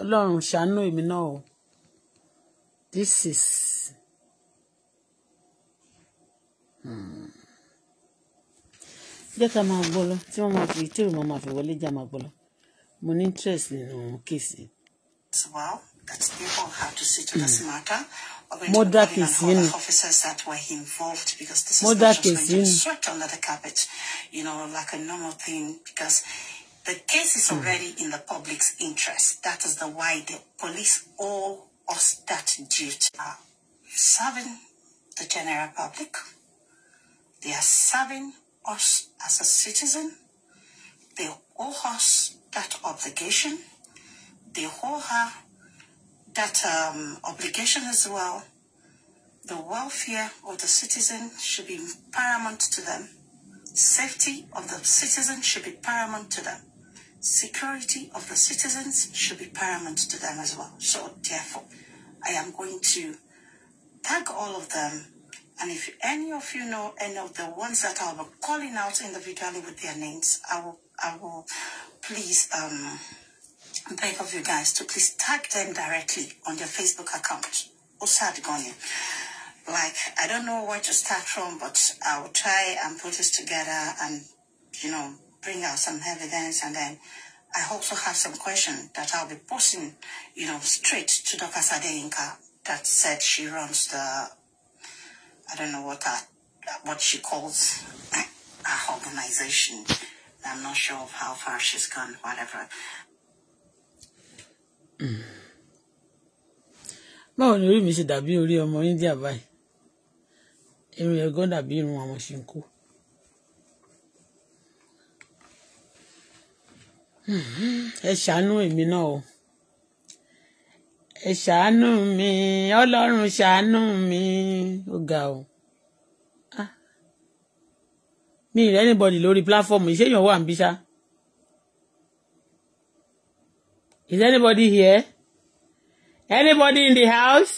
ọlọ́run ṣàánú èmi náà o this is hmm, jẹ́ ká máa gbọ́ lọ tí wọ́n máa fi tí òun máa fi wọlé já máa gbọ́ lọ mo ní interest nínú kéèsì. well that people have to see hmm. to this matter murder case yìí ni murder case yìí ni. The case is hmm. already in the public's interest. That is the why the police owe us that duty. serving the general public. They are serving us as a citizen. They owe us that obligation. They owe her that um, obligation as well. The welfare of the citizen should be paramount to them. Safety of the citizen should be paramount to them security of the citizens should be paramount to them as well. So therefore, I am going to tag all of them. And if any of you know any of the ones that I'll be calling out individually with their names, I will, I will please um, beg of you guys to please tag them directly on their Facebook account, Osad Like, I don't know where to start from, but I will try and put this together and, you know, bring out some evidence and then I also have some questions that I'll be posting, you know, straight to Dr. Sadeinka that said she runs the, I don't know what her, what she calls a organization. I'm not sure of how far she's gone, whatever. báwo ni orí mi ṣe dàbí orí ọmọ India báyìí irun ẹ̀gbọ́n dàbí irun machine ṣìnkú. ẹ ṣàánú èmi náà o ẹ ṣàánú mi ọlọ́run ṣàánú mi ó ga o ah. mi rẹ anybody lórí platform yìí ṣéyàn wà níbí ṣá is anybody here anybody in the house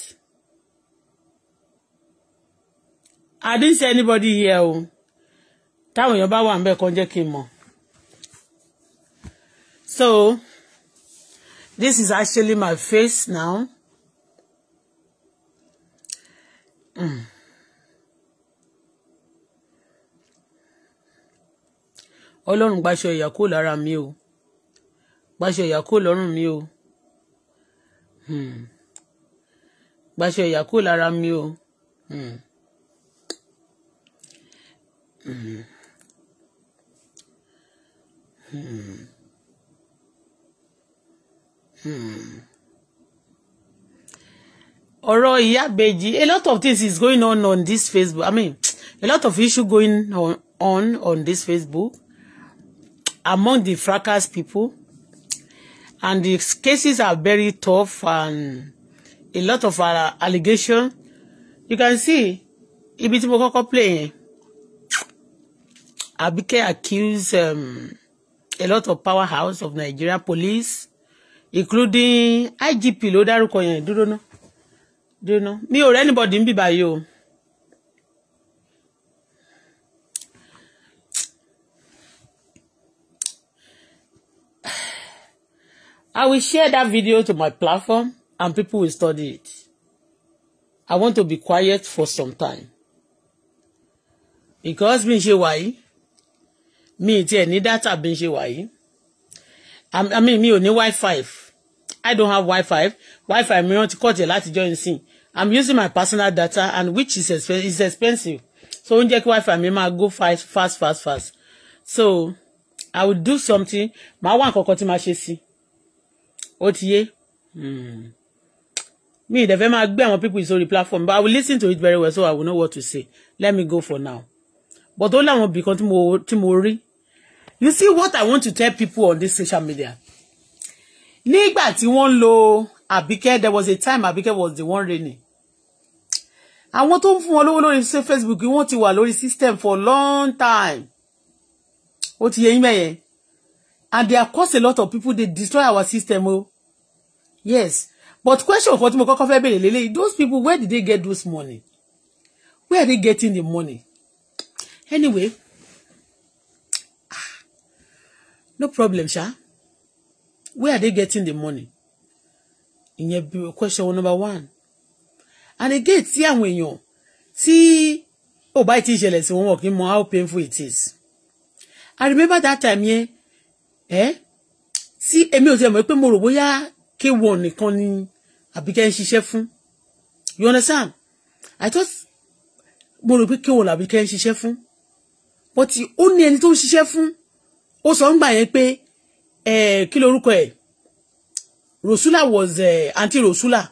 I didn't see anybody here o táwọn èèyàn bá wà níbẹ̀ kan jẹ́ kí n mọ̀ so this is actually my face now mm. ọlọ́run gbaṣọ ìyà kúrò lára mi o gbaṣọ ìyà kúrò lọ́rùn mi o hmm. gbaṣọ ìyà kúrò lára mi o hmm. Hmm. Hmm. Hmm. ọ̀rọ̀ ìyábejì a lot of things is going on on this Facebook I mean a lot of issue going on on, this Facebook among the fracas people and the cases are very tough and a lot of uh, allegation you can see ibi tí mo kọ́kọ́ play yẹn Abike accuse um, a lot of powerhouse of Nigeria police including IGP ló dárúkọ yẹn dúró ná dúró ná mi ò rẹ́ anybody ń bì báyìí o. I will share that video to my platform and people will study it. I want to be quiet for some time. Because bí n ṣe wà yìí, mi ì tiẹ̀ ní data bí n ṣe wà I mean mi ò ní Wi-Fi I don't have Wi-Fi. Wi-Fi mìíràn ti kọ̀tì láti join sin. I'm using my personal data and which is, is expensive. So oúnjẹ kí Wi-Fi mi máa go fast fast fast fast. So I will do something. Màá wá nǹkan kan tí màá ṣe sí. Ó ti yé. Hmm. Mi ìdẹ̀fẹ́ máa gbé àwọn people sórí platform but I will listen to it very well so I will know what to say. Let me go for now. But ó láwọn ibì kan tí mo rí. You see what I want to tell people on this social media nígbà tí wọ́n ń lo Àbíkẹ́ there was a time Àbíkẹ́ was the one reigning àwọn tó ń fún wọn lówó lórí Facebook wọ́n ti wà lórí system for long time ó ti yẹ yín and they have caused a lot of people they destroy our system o oh. yes but question kan tí mo kọ́kọ́ fẹ́ béèrè lélẹ́yìí those people where did they get those money where are they getting the money anyway ah, no problem Sha where are they getting the money In your question number one and again tí àwọn èèyàn tí ò bá ti ṣẹlẹ̀ sí wọn kì í how painful it is i remember that time yẹn ẹ eh? tí èmi ò tiẹ̀ mọ̀ pé mo rò bóyá k1 nìkan ni àbíkẹ́ ń ṣiṣẹ́ fún you understand i thought mo rò pé k1 àbíkẹ́ ń ṣiṣẹ́ fún but ó ní ẹni tó ń ṣiṣẹ́ fún ó sọ ń gbà eh, kí lorúkọ ẹ̀ Rosula was eh, aunty Rosula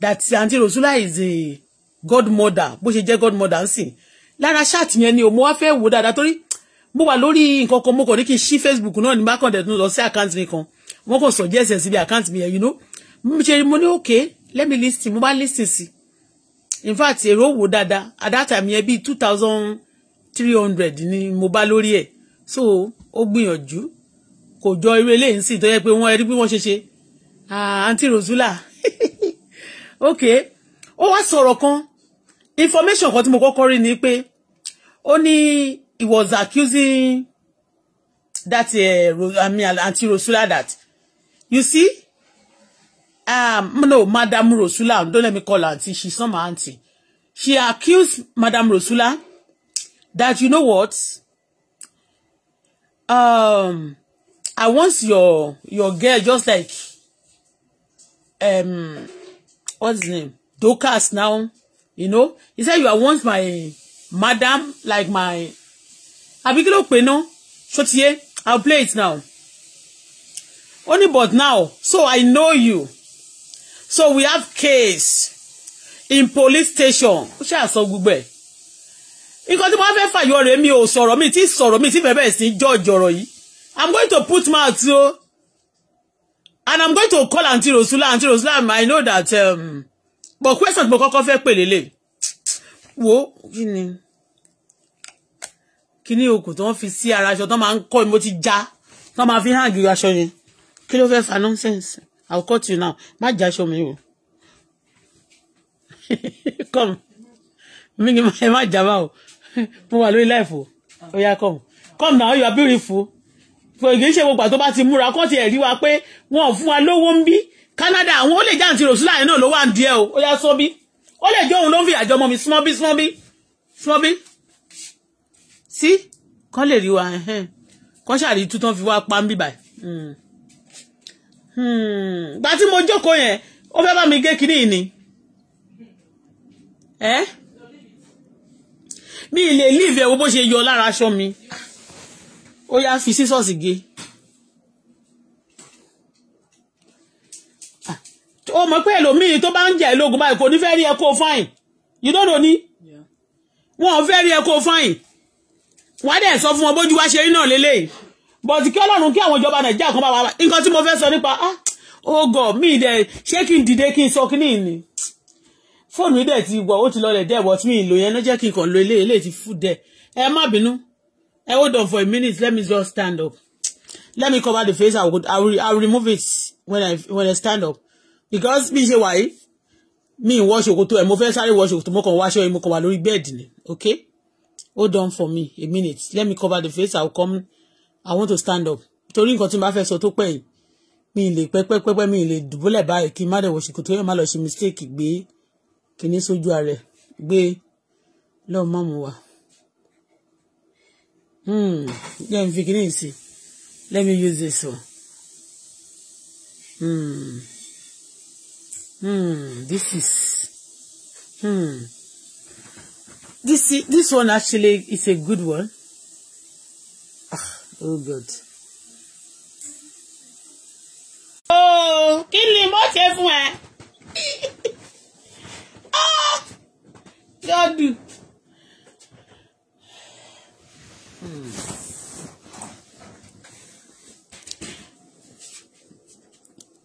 that anti Rosula is a godmother bó ṣe jẹ́ godmother ń sìn lára ṣáàtì yẹn ni o mo wá fẹ́ wò dáadáa torí mo wà lórí nǹkan kan mo kàn ní kí n ṣí Facebook náà ní mákàndẹ̀ tó lọ sí àkáǹtì mi kan wọ́n kàn suggest síbi àkáǹtì mi yẹn you know mo ṣe mo ní okay let me listen mo bá listen sí in fact èrò wò dáadáa at that time yẹn bíi two thousand three hundred ni mo bá lórí ẹ̀ so ó gbìyànjú kò jọ irú eléyìí ń sìn tó yẹ pé wọ́n rí bí wọ́n ṣe ṣe àǹtí rosula ok ó wá sọ̀rọ̀ kan information kan tí mo kọ́kọ́ rí ni pé ó ní he was accusing that uh, I mean, auntie Rosula that you see um no madam Rosula don't let me call her auntie she's not my auntie she accused madam Rosula that you know what um I want your your girl just like um what's his name Dorcas now you know he said you are once my madam like my àbí Peno. ló pè I'll play it now only but now so I know you so we have case in police station ó ṣe àsọ gbogbo ẹ̀ nǹkan tí wọ́n fẹ́ fàyọ rẹ̀ mi ò sọ̀rọ̀ mi ti sọ̀rọ̀ mi ti fẹ́ bẹ̀rẹ̀ sí jọ́ọ̀jọ̀rọ̀ yìí I'm going to put mouth so oh. and I'm going to call Auntie Rosula Auntie Rosula I know that um, but questions, but mo kọ́kọ́ fẹ́ pè lélẹ̀ wo kí ni kí ni okùn tí wọ́n fi sí ara aṣọ tí wọ́n máa ń kọ́ mo ti já tí wọ́n máa fi hàn gíga aṣọ yẹn kí ló fa nonsense I'll will cut you now My já show me. o come mi ni ẹ má já bá o mo wà lórí láìfò ó yá come come now you are beautiful kì í ṣe gbogbo àti tó bá ti múra kó ti ẹ̀rí wa pé wọn ò fún wa lówó ń bí Canada àwọn ó lè jẹ́ àǹtí rosula yẹn náà ló wà ń di ẹ o ó yá sọ bí ó lè jẹ́ òun ló ń fi àjọ ọmọ mi súnmọ́ bí súnmọ́ bí súnmọ́ bí sí kán lè rí wa kán ṣàrí tuntun fi wá pa ń bíbà hmm. hmm. gba tí mo jókòó yẹn ó fẹ́ bá mi gé kinní yìí ni mi ì lè leave ẹ̀ wo bó ṣe yọ lára aṣọ mi ó yá fi sísọ́ọ̀sì gé ó ah, mọ̀ pé ẹlòmíì tó bá ń jẹ́ ìlógun báyìí kò ní fẹ́ rí ẹ kó fáìn you don't know ni wọn ò fẹ́ rí ẹ kó fáìn wọn á dẹ̀ sọ fún wọn bójú wá ṣe rí náà lélẹ́yìí but kí ọlọ́run kí àwọn ìjọba nàìjíríà kan bá wà wá nǹkan tí mo fẹ́ sọ nípa ah oh god mi dẹ̀ ṣé kí n dìde kí n sọ kíní ni fóònù mi dẹ̀ ti wọ̀ ó ti lọlẹ̀ dẹ̀ wọ̀ tí mi ì lò yẹn ló jẹ́ kí n kàn lo eléyìí eléyìí ti fú dẹ̀ ẹ má bínú Hey, hold on for a minute. Let me just stand up. Let me cover the face. I will, I will, I will remove it when I, when I stand up. Because me say why? Me wash ṣòkòtò ẹ̀. Mo fẹ́ sáré wash ṣòkòtò. Mo Make wá aṣọ yìí. Mo kàn wà lórí bẹ́ẹ̀dì ni. Okay? Hold on for me a minute. Let me cover the face. I'll come. I want to stand up. Torí nǹkan tí mo bá fẹ́ sọ tó pẹ́ yìí. Mi lè pẹ́pẹ́pẹ́pẹ́ mi lè dùbúlẹ̀ báyìí kí n má dẹ̀ wash ṣòkòtò yẹn má lọ ṣe mistake gbé Kini sójú ara ẹ̀ gbé lọ́ọ̀ mu wà. Hmm. Jẹ́ if you can see, Let me use this one. Hmm. Hmm. This is. Hmm. This this one actually is a good one. Ah, oh God. Oh, kí ni mo ṣe fún Ah! God. Hmm.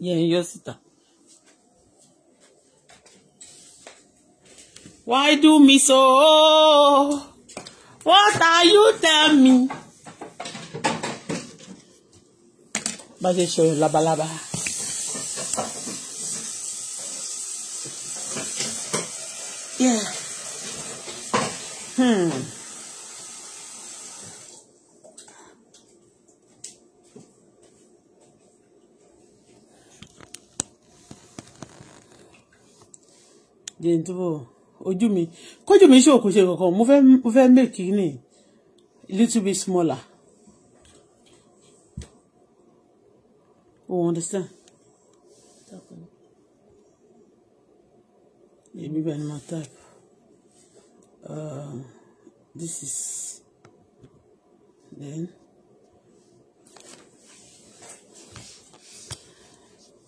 yẹ ń yọ síta. Why do me so? What are you tell me? But Bá ṣe laba laba. jẹ́ n túbọ̀ ojú mi kójú mi ṣòkò ṣe kankan mo fẹ́ mo fẹ́ make ní little bit smaller o oh, understand. èmi bẹ́ẹ̀ ni mo type uh, this is then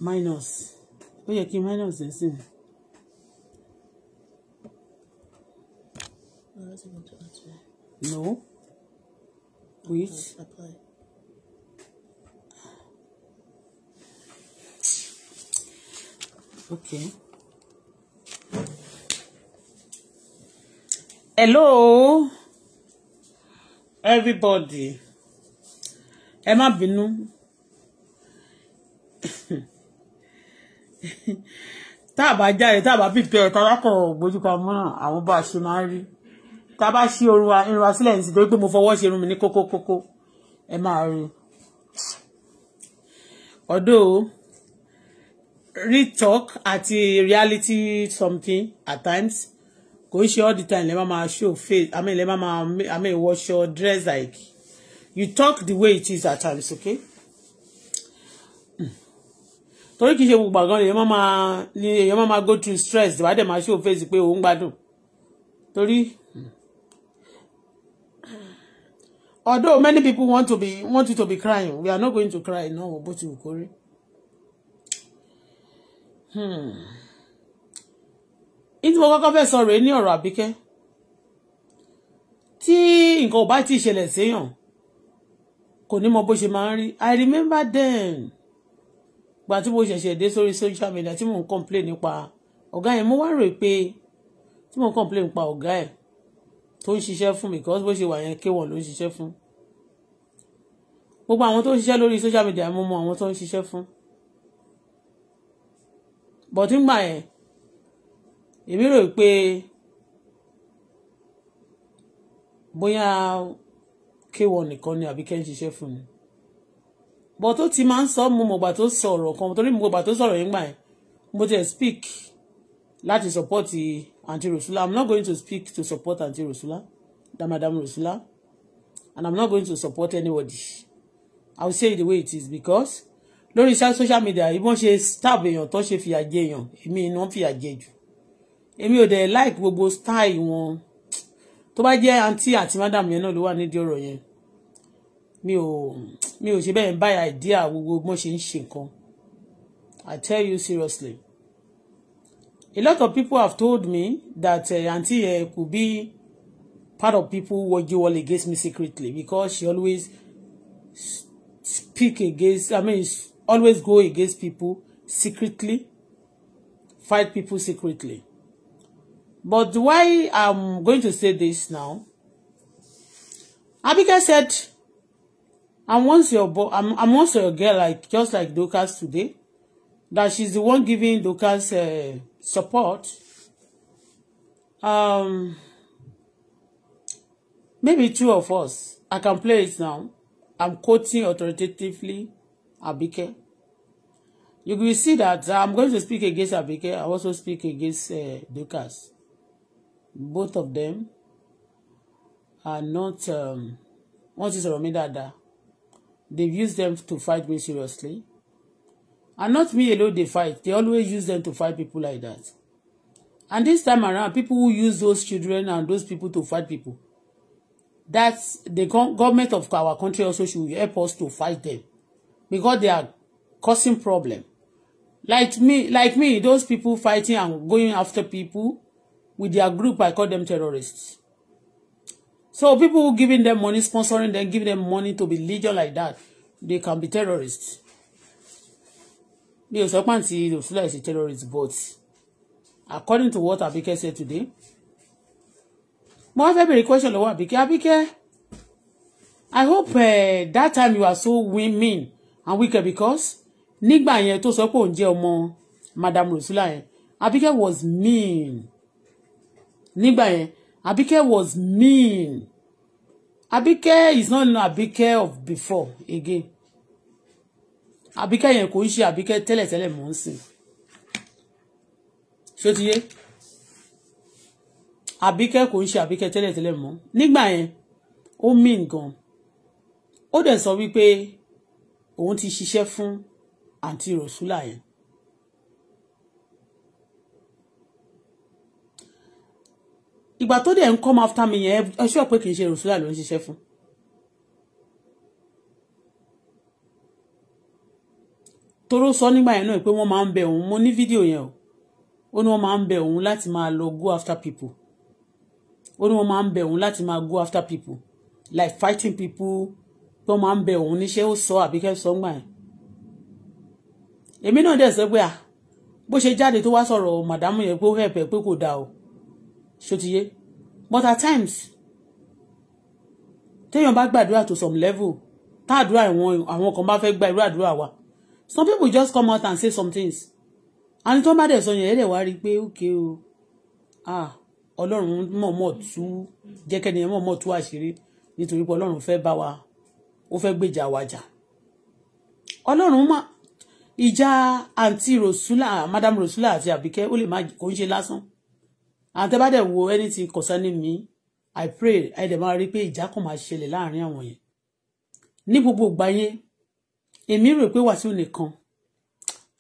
minus ó yẹ kí minus ẹ̀ sí mi. doesn't want to answer. No. Wait. Apply. Okay. Hello, everybody. Emma má bínú. tá a bá jáde tá a bá bí pé ọ̀tá lákọ̀ọ́ gbójú kan mọ́nà àwọn a ṣe tá a bá ṣí orun wa irun wa sílẹ̀ ní sítorí pé mo fọwọ́ ṣe irun mi ní kókó ẹ máa rí ọ̀dọ́ real talk àti reality something at times kò ń ṣe all the time lè má máa show face àmì lè má máa àmì ìwọṣọ dress like you talk the way it is at times okay torí kì í ṣe gbogbo àgọ́ èèyàn máa máa èèyàn máa go through stress ìwádìí máa show face pé òun gbádùn torí although many people want to be want you to be crying we are not going to cry no, but you worry hmm ìtí mo kọ́kọ́ fẹ́ sọ rèé ní ọ̀rọ̀ àbíkẹ́ tí nǹkan ò bá ti ṣẹlẹ̀ séèyàn kò ní i remember then gba tí mo ṣẹ̀ṣẹ̀ dé sórí social media Ti mo ń complain nípa ọ̀gá yẹn mo wá rò pé tí mò complain nípa ọ̀gá yẹn tó ń ṣiṣẹ́ fún mi because bó ṣe wà yẹn kéwọ̀n ló ń ṣiṣẹ́ fún gbogbo àwọn tó ń ṣiṣẹ́ lórí social media mo mọ àwọn tó ń ṣiṣẹ́ fún but nígbà yẹn èmi rò pé bóyá kéwọ̀n nìkan ni àbí kẹ́ ń ṣiṣẹ́ fún mi but ti máa ń sọ mo mọ̀gbà tó sọ̀rọ̀ kan torí mo mọ̀gbà tó sọ̀rọ̀ yẹn gbà yẹn mo ti ẹ̀ speak láti support aunty Rosula i'm not going to speak to support aunty Rosula that madam Rosula and i'm not going to support anybody i will say it the way it is because lórí social media ìbọn ṣe stab èèyàn tó ṣe fìyà jẹ èèyàn èmi ni wọn fìyà jẹ jù èmi ò dẹ̀ like gbogbo style wọn tó bá jẹ́ àǹtí àti madam yẹn náà ló wà nídìí ọ̀rọ̀ yẹn mi ò mi ò ṣe bẹ́ẹ̀ báyà ìdí àwòwò bọ́n ṣe ń ṣe nǹkan i tell you seriously a lot of people have told me that uh, eh, auntie uh, could be part of people working all against me secretly because she always speak against i mean always go against people secretly fight people secretly but why i'm going to say this now Abike said i'm once your bo i'm, I'm once your girl like just like Dorcas today that she's the one giving Dorcas uh, support. Um, maybe two of us. I can play it now. I'm quoting authoritatively Abike. You will see that uh, I'm going to speak against Abike. I also speak against uh, Dukas. Both of them are not. Um, wọ́n ti sọ̀rọ̀ They've used them to fight me seriously and not me alone They fight they always use them to fight people like that and this time around people who use those children and those people to fight people thats the government of our country also should help us to fight them because they are causing problem like me like me those people fighting and going after people with their group I call them terrorists so people who giving them money sponsoring them giving them money to be legion like that they can be terrorists mi ò sọ pé àǹtí Òṣùlà is a terrorist but according to what Abike said today mo wá fẹ́ bèrè question lọ́wọ́ Abike Abike I hope uh, that time you are so mean and wicked because nígbà yẹn tó sọ pé òun jẹ́ ọmọ madam Òṣùlà yẹn Abike was mean nígbà yẹn Abike was mean Abike is not Abike of before again àbíkẹ́ yẹn kò ń ṣe àbíkẹ́ tẹ́lẹ̀tẹ́lẹ̀ mò ń sìn ṣó ti yé àbíkẹ́ kò ń ṣe àbíkẹ́ tẹ́lẹ̀tẹ́lẹ̀ mọ́ nígbà yẹn ó mean gan ó dẹ̀ sọ wípé òun ti ṣiṣẹ́ fún àǹtí rọ̀ṣúlà yẹn ìgbà tó dẹ̀ ń come after me yẹn ẹ ṣọ́ pé kì í ṣe rọ̀ṣúlà ló ń ṣiṣẹ́ fún Toro sọ nígbà yẹn náà pé wọ́n máa ń bẹ òun mo ní fídíò yẹn o ó ní wọ́n máa ń bẹ òun láti máa lọ go after people ó ní wọ́n máa ń bẹ òun láti máa go after people like fighting people pé wọ́n máa ń bẹ òun níṣẹ́ ó sọ àbíkẹ́ sọ ńgbà yẹn èmi náà dẹ̀ sọ pé à ah, bó ṣe jáde tó wá sọ̀rọ̀ màdámù yẹn pé ó hẹ̀pẹ̀ pé kò dáa o ṣòtìyé but at times téèyàn bá gbàdúrà to some level tá àdúrà àwọn kan bá fẹ́ gba irú àdúrà wa some people just come out and say some things and tó bá dẹ̀ sọ yẹn ẹ̀rẹ̀ wá rí i pé okay o ah ọlọ́run mọ̀ọ́mọ̀ tú jẹ́kẹ́ni ẹ̀ mọ̀ọ́mọ̀ tú àṣírí nítorí pé ọlọ́run fẹ́ bá wa ó fẹ́ gbèjà wa jà ọlọ́run mà ìjà àǹtí rosula madam rosula àti àbíkẹ́ ó lè má kó ń ṣe lásán àǹtẹ́ bá dẹ̀ wo anything concerning me i pray ẹ̀ dẹ̀ máa rí i pé ìjà kan máa ṣẹlẹ̀ láàrin àwọn yẹn ní gbogbo ìgbà èmi rò pé Wàsíù nìkan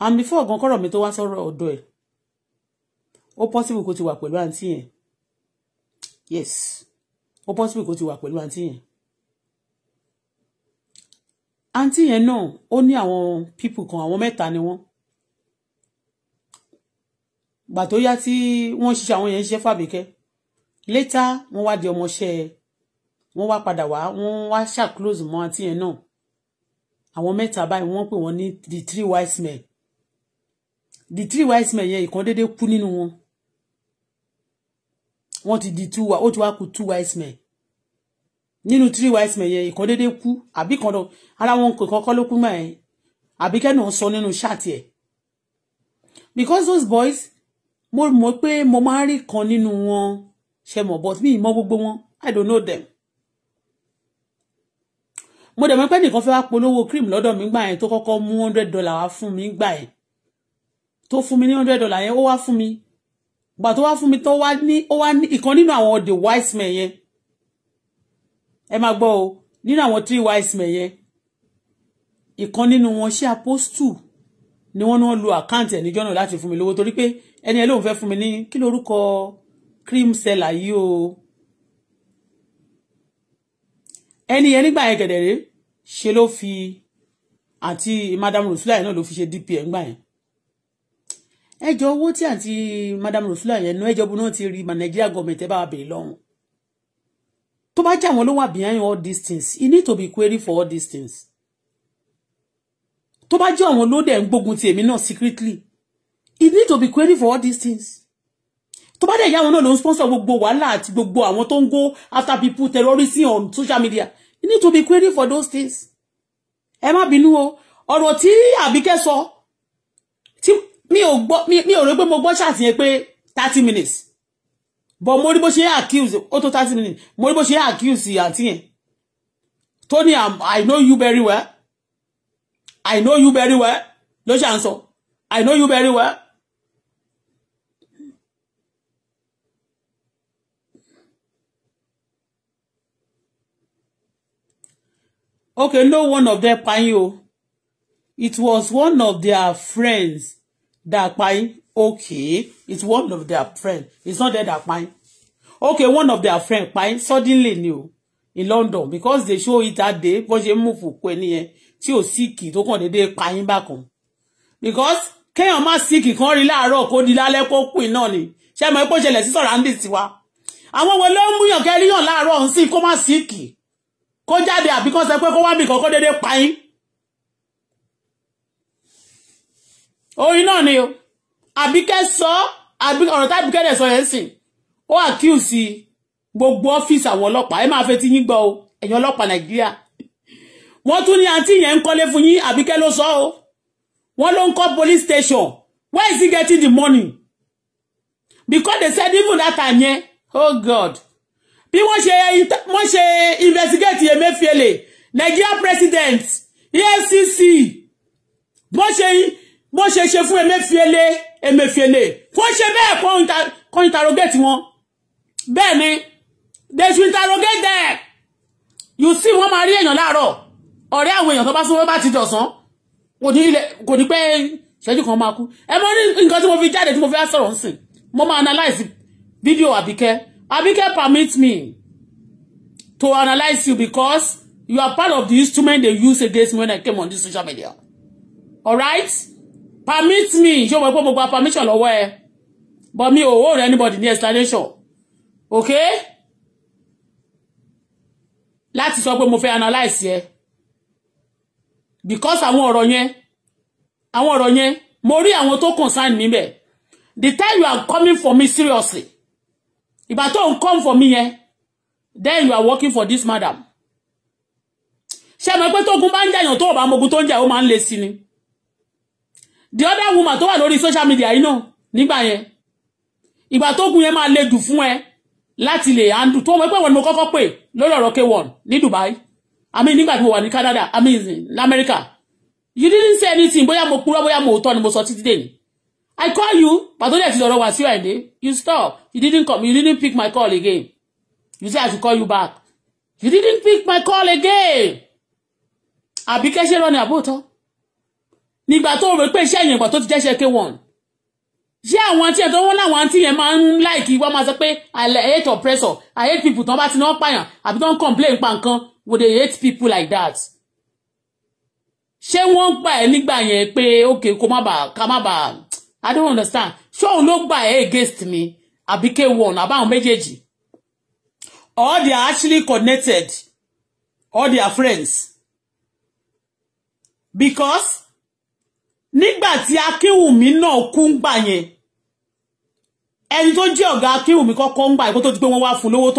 and before gan kọ́rọ̀ mi tó wá sọ̀rọ̀ ọ̀dọ̀ ẹ̀ ó possible kó ti wà pẹ̀lú àǹtí yẹn yes ó possible kó ti wà pẹ̀lú àǹtí yẹn àǹtí yẹn náà ó ní àwọn pípù kan àwọn mẹ́ta ni wọ́n gbà tó yá tí wọ́n ṣiṣẹ́ àwọn yẹn ń ṣiṣẹ́ fàbíkẹ́ later wọ́n wá di ọmọọṣẹ́ wọ́n wá padà wá wọ́n wá ṣàkóso mọ́ àǹtí yẹn náà àwọn mẹ́ta báyìí wọ́n pè wọ́n ní the three wise men the three wise men yẹn ìkan déédéé kú nínú wọn wọ́n ti di two ó ti wá kù two wise men nínú three wise men yẹn ìkan déédéé kú àbí kan lọ ara wọn kò kọ́kọ́ ló kú mọ́ ẹ̀ àbí kẹ́nu sọ nínú ṣáàtì ẹ̀ because those boys mo mọ̀ pé mo máa ń rí kan nínú wọn ṣe mọ̀ but mi ì mọ̀ gbogbo wọn I don't know them mo dẹ̀ mọ̀ pé nìkan fẹ́ wá polówó cream lọ́dọ̀ mi gbà yẹn tó kọ́kọ́ mú hundred dollar wá fún mi gbà yẹn tó fún mi ní hundred dollar yẹn ó wá fún mi gbà tó wá fún mi tó wá ní ó wá ní ìkan nínú àwọn the wise men yẹn ẹ máa gbọ́ o nínú àwọn three wise men yẹn ìkan nínú wọn ṣé apostu. ni wọ́n ní wọ́n lu àkáǹtì ẹ̀ níjọ́ náà láti fún mi lówó torí pé ẹni ẹ lóun fẹ́ fún mi ní kí lórúkọ cream seller yìí o ẹni yẹn nígbà yẹn gẹ̀dẹ̀rẹ́ ṣe ló fi àti madam rosula yẹn náà ló fi ṣe dp ẹ̀ ńgbà yẹn ẹjọ owó tí àti madam rosula yẹn nu ẹjọ bu náà ti rí ma Nigeria government ẹ bá bèè lọ́hùn tó bá jẹ́ àwọn ló wà behind all these things you need to be query for all these things tó bá jẹ́ àwọn ló dẹ̀ ń gbógun ti èmi náà secretly you need to be query for all these things tó bá dẹ̀ yá wọn náà ló ń sponsor gbogbo wàhálà àti gbogbo àwọn tó ń go after people terrorism on social media you need to be query for those things ẹ má bínú o ọ̀rọ̀ tí àbíkẹ́ sọ tí mi ò gbọ́ mi ò rò pé mo gbọ́ ṣàtìyẹn pé thirty minutes but mo rí bó ṣe accuse ó tó thirty minutes mo rí bó ṣe accuse àtìyẹn Tony I know you very well I know you very well ló ṣà ń sọ I know you very well. okay no one of them pa you. it was one of their friends that pa okay it's one of their friends it's not them that pa okay one of their friends pa suddenly new in London because they show it that day But bó move for fòkó she tí ò síkì tó the day pa back home because kéèyàn má síkì kan rí láàárọ̀ kó di lálẹ́ kó pin náà ni ṣé mo ẹ kó ṣẹlẹ̀ sí sọ̀rọ̀ andy tiwa àwọn wo ló ń múyàn kẹríyàn láàárọ̀ ọ̀hún sí kó má síkì kó jáde àbí kó sọ pé kó wá mi kọ́kọ́ déédéé pa yín orin náà ni o àbíkẹ́ sọ àbí ọ̀rọ̀ tábí kẹ́dẹ̀ sọ yẹn sìn ó àkíyèsí gbogbo ọ́fíìsì àwọn ọlọ́pàá ẹ máa fẹ́ tí yín gbọ́ o ẹ̀yin ọlọ́pàá nàìjíríà wọ́n tún ní àǹtí yẹn ń kọ́lé fún yín àbíkẹ́ ló sọ o wọ́n ló ń kọ́ police station where is he getting the money because they said even that time yẹn oh god bí wọ́n ṣe wọ́n ṣe investigate Emefiele Nigeria president EFCC wọ́n ṣe wọ́n ṣe ṣe fún Emefiele Emefiele wọ́n ṣe bẹ́ẹ̀ kọ́ interrogate wọn bẹ́ẹ̀ ni they should interrogate them you see wọ́n máa rí èèyàn láàárọ̀ ọ̀rẹ́ àwọn èèyàn tó bá sún wọ́n bá ti dọ̀sán kò ní pẹ́ ṣẹ́jú kan máa kú ẹ mọ ní nǹkan tí mo fi jáde tí mo fi á sọ̀rọ̀ ń sìn mo máa analyze fídíò àbíkẹ́ Abike permit me to analyze you because you are part of the instrument they use against me when I came on this social media. Alright? Permit me. Ṣé o mọ̀ permission or where, But me or hold anybody near explanation. Okay? Láti sọ pé mo fẹ́ analyze yẹ. Because I want to run àwọn I want to run yẹn, Mori I want to concern me. The time you are coming for me seriously ìgbà tó ń come for me eh? then you are working for this madam She mọ̀ pé tógun bá ń jẹ̀yàn tó ọ̀bà mogun tó ń jẹ́ ó máa the other woman tó wà lórí social media yìí náà nígbà yẹn ìgbà tógun yẹn máa le jù fún ẹ láti lè handle tó mọ̀ pé wọn ni mo kọ́kọ́ pè lórí ọ̀rọ̀ k1 Dubai I mean nígbà tí mo wà ní Canada I mean lamẹ́ríkà you didn't say anything bóyá mo purọ́ bóyá mo tọ́ ni mo so títí I call you, but don't let it know what's your You stop. You didn't come. You didn't pick my call again. You say I should call you back. You didn't pick my call again. I ṣe rán ni àbótọ́. Nígbà tó rò pé iṣẹ́ yẹn ìgbà tó ti jẹ́ṣẹ́ K1. Ṣé àwọn àǹtí yẹn tó wọ́n láwọn àǹtí yẹn máa ń láìkí wọ́n máa sọ pé I hate oppressor. I hate people tán bá ti no pààyàn àbí tán ń complain pa nǹkan. We dey hate people like that. Ṣé wọ́n gbà ẹ́ nígbà yẹn pé okay kó má bàa ká má bàa I don't understand So ló gbà ẹ́ against me àbí k1 àbáwọn méjèèjì all they are actually connected all their friends because nígbà tí akínwùmí náà kú ń gbà yẹn ẹni tó jẹ́ ọ̀gá akínwùmí kọ́kọ́ ń gbà yẹn kó tó ti pé wọ́n wá fún lówó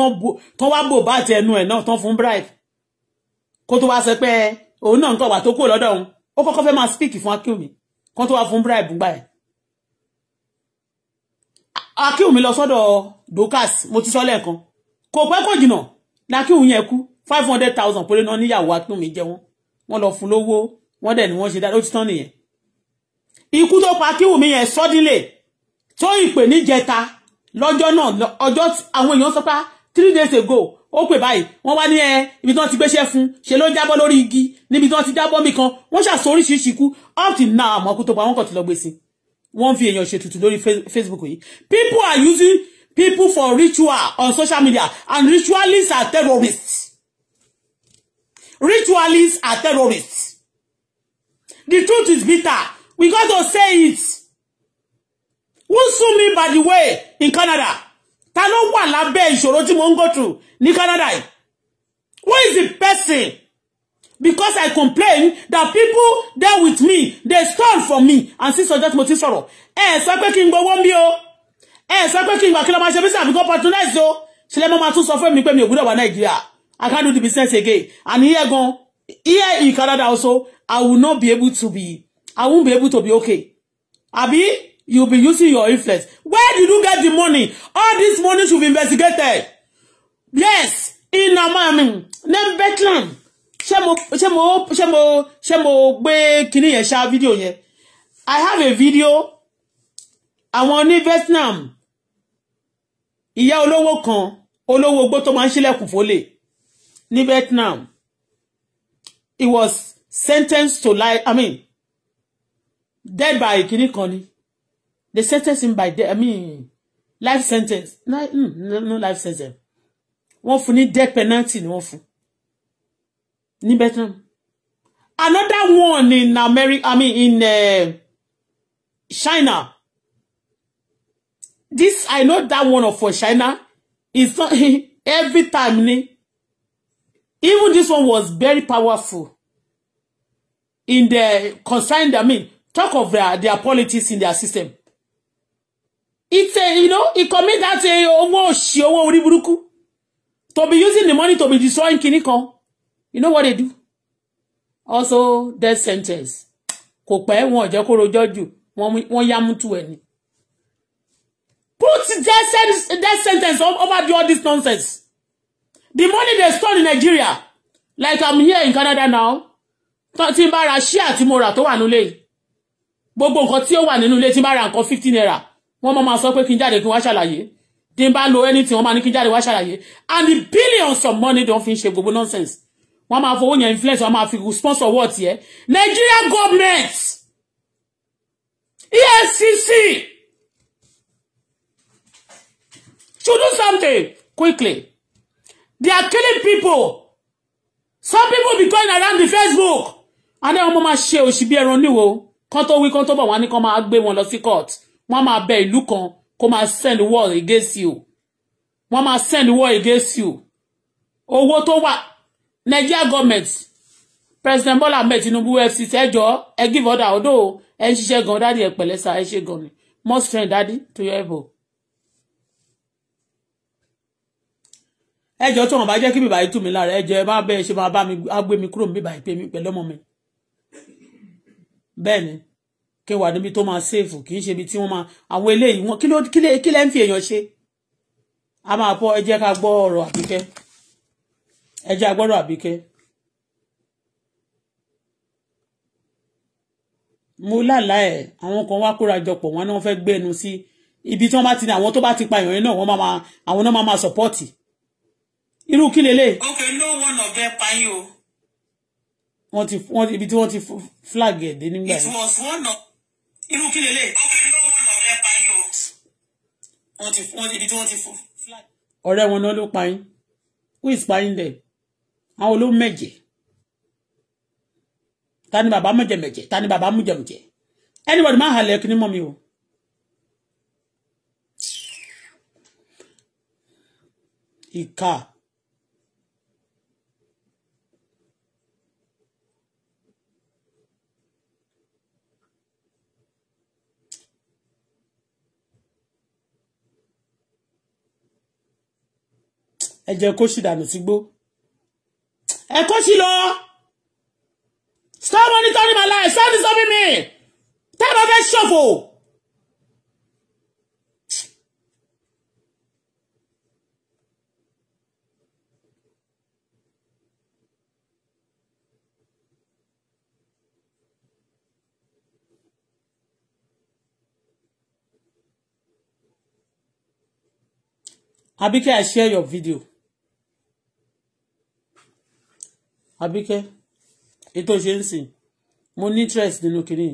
tán wá bò bá àti ẹnu ẹ̀ náà tán fún bribe kó tó wá sọ pé òun náà ń kọ̀ wà tó kúrò lọ́dọ̀ òun ó kọ́kọ́ fẹ́ máa speak fún akínwùmí kó tó wá fún bribe gbà yẹn akíhùn umi lọ sọ́dọ̀ Dorcas mo ti sọ lẹ́ẹ̀kan kò pẹ́ jina na lákíhùn yẹn kú five hundred thousand péré náà níyàwó akíhùn mi jẹ wọ́n wọ́n lọ fún lówó wọ́n dẹ̀ ni wọ́n ṣe dáadáa ó ti tán nìyẹn ikú tó pa akíhùn mi yẹn sọ́dínlẹ̀ tó ìpè níjẹta lọ́jọ́ náà ọjọ́ àwọn èèyàn sọ pé ah, three days ago ó pè báyìí wọ́n wá ní ẹ eh, ibi tí wọ́n ti gbéṣẹ́ fún ṣe ló jábọ́ lórí igi níbi tí wọ́n ti jábọ́ mi kan wọ́n ṣàṣọ oríṣiríṣi ikú up till now àmọ́ kú tó pa wọ́n kàn ti lọ gbé wọ́n fi èèyàn ṣètùtù lórí Facebook yìí people are using people for ritual on social media and ritualists are terrorists ritualists are terrorists the truth is bitter we got to say it who sue me by the way in Canada ta ló wà lábẹ́ ìṣòro tí mo ń go through ní Canada yìí who is the person because I complain that people there with me they stole from me and since ọjọ́ that mo eh, so ẹ sọ go one bio, eh, so o ẹ sọ pé my service gbà kí patronize yo. ṣe let my tún suffer me mi pé mi ò gbúdọ̀ wá I can't do the business again and here go here in Canada also I will not be able to be I won't be able to be okay abi you'll be using your influence where did you get the money all this money should be investigated yes in amami nem Bethlehem ṣé mo ṣé mo ṣé mo ṣé mo gbé kinní yẹn ṣá fídíò yẹn i have a video àwọn ní Vietnam ìyá olówó kan olówó ogbó tó máa ń ṣílẹ̀kùn fólè ní Vietnam he was sentenced to life i mean dead by kinní kan ni they sentenced him by death i mean life sentence hmm, no no life sentence wọ́n fún ní death penalty ni wọ́n fún ní Vietnam another one in America I mean in uh, China this I know that one for China is not every time ni even this one was very powerful in the concern I mean talk of their, their politics in their system it's a you know it commit that eh, owó òṣì owó orí Buruku to be using the money to be destroying kinní kan you know what they do also death sentence kò pẹ́ wọn jẹ́ kó rojọ́ jù wọ́n yá mútu ẹ̀ ni put death sentence, death sentence over the all this nonsense the money they stole in Nigeria like I'm here in Canada now tí n bá ra ṣíà tí mo rà tó wà nílé yìí gbogbo nǹkan tí ó wà nínú ilé tí n bá ra nǹkan fifty naira wọ́n mọ̀ máa sọ pé kí n jáde kí n wá ṣàlàyé tí n bá lo anything wọ́n máa ní kí n jáde wá ṣàlàyé and the billions of money don fi ń ṣe gbogbo nonsense wọ́n máa fowó yẹn influence wọ́n máa fi sponsor wọ́ọ̀ tiẹ̀ Nigeria government EFCC should do something quickly they are killing people some people be going around the Facebook and then wọ́n máa ṣe òṣì bí ẹran níwò kán tó wí kán tó bọ̀ wọ́n á ní kán máa gbé wọn lọ sí court wọ́n máa bẹ ìlú kan kó máa send war against you wọ́n máa send war against you owó tó wà Nigeria government President Bola Ahmed Tinubu FCC ẹjọ́ ẹ give order ọ̀dọ́ ẹ ń ṣiṣẹ́ gan dáàdi ẹ pẹ̀lẹ́ sá ẹ ṣe gan ni more strength dáàdi to your elbow. ẹjọ́ tí wọ́n bá jẹ́ kí bíbá yìí tù mí lára ẹjọ́ ẹ bá bẹ́ẹ̀ ṣe máa bá mi gbé mi kúrò bíbá yìí pé mi pẹ̀lú ọmọ mi. bẹ́ẹ̀ ni kí wà níbi tó máa ṣèfù kì í ṣe ibi tí wọ́n máa àwọn eléyìí wọn kí lẹ́ ń fi èèyàn ṣe. a máa pọ̀ ẹ jẹ́ ká gbọ́ ọ̀rọ̀ àbíkẹ́ ẹ jẹ́ agbọ́rọ̀ mo lálà ẹ̀ àwọn kan wá kóra jọpọ̀ wọn ni wọ́n fẹ́ gbé sí ibi tí wọ́n bá ti ní àwọn tó bá ti pa èèyàn náà wọ́n máa àwọn náà máa máa sọ̀pọ́ọ̀tì irú kí lélẹ̀. ok no one of them pa you. o. wọ́n ti wọ́n ibi tí wọ́n ti flag ẹ̀ dé nígbà yẹn. it was one of irú kí lélẹ̀. ok no one of them pa you. o. wọ́n ti wọ́n ibi tí wọ́n ti flag. ọ̀rẹ́ wọn náà ló pa yín who is pa yín there àwọn olówó mẹ̀jẹ̀ ta ni bàbá mẹ̀jẹ̀mẹ̀jẹ̀ ta ni bàbá mẹ̀jẹ̀mẹ̀jẹ̀ anybody máa halẹ̀ kí ni mọ́ mi o. ìka ẹ jẹ́ kó ṣì dànù sígbó. Si ẹ̀kọ́ sí lọ stop monitoring my life stop disturbing me tẹ́lẹ̀ fẹ́ ṣòfò. Abike, I share your video. Àbíkẹ́ ètò ṣe ń sìn mo ní interest nínú kìíní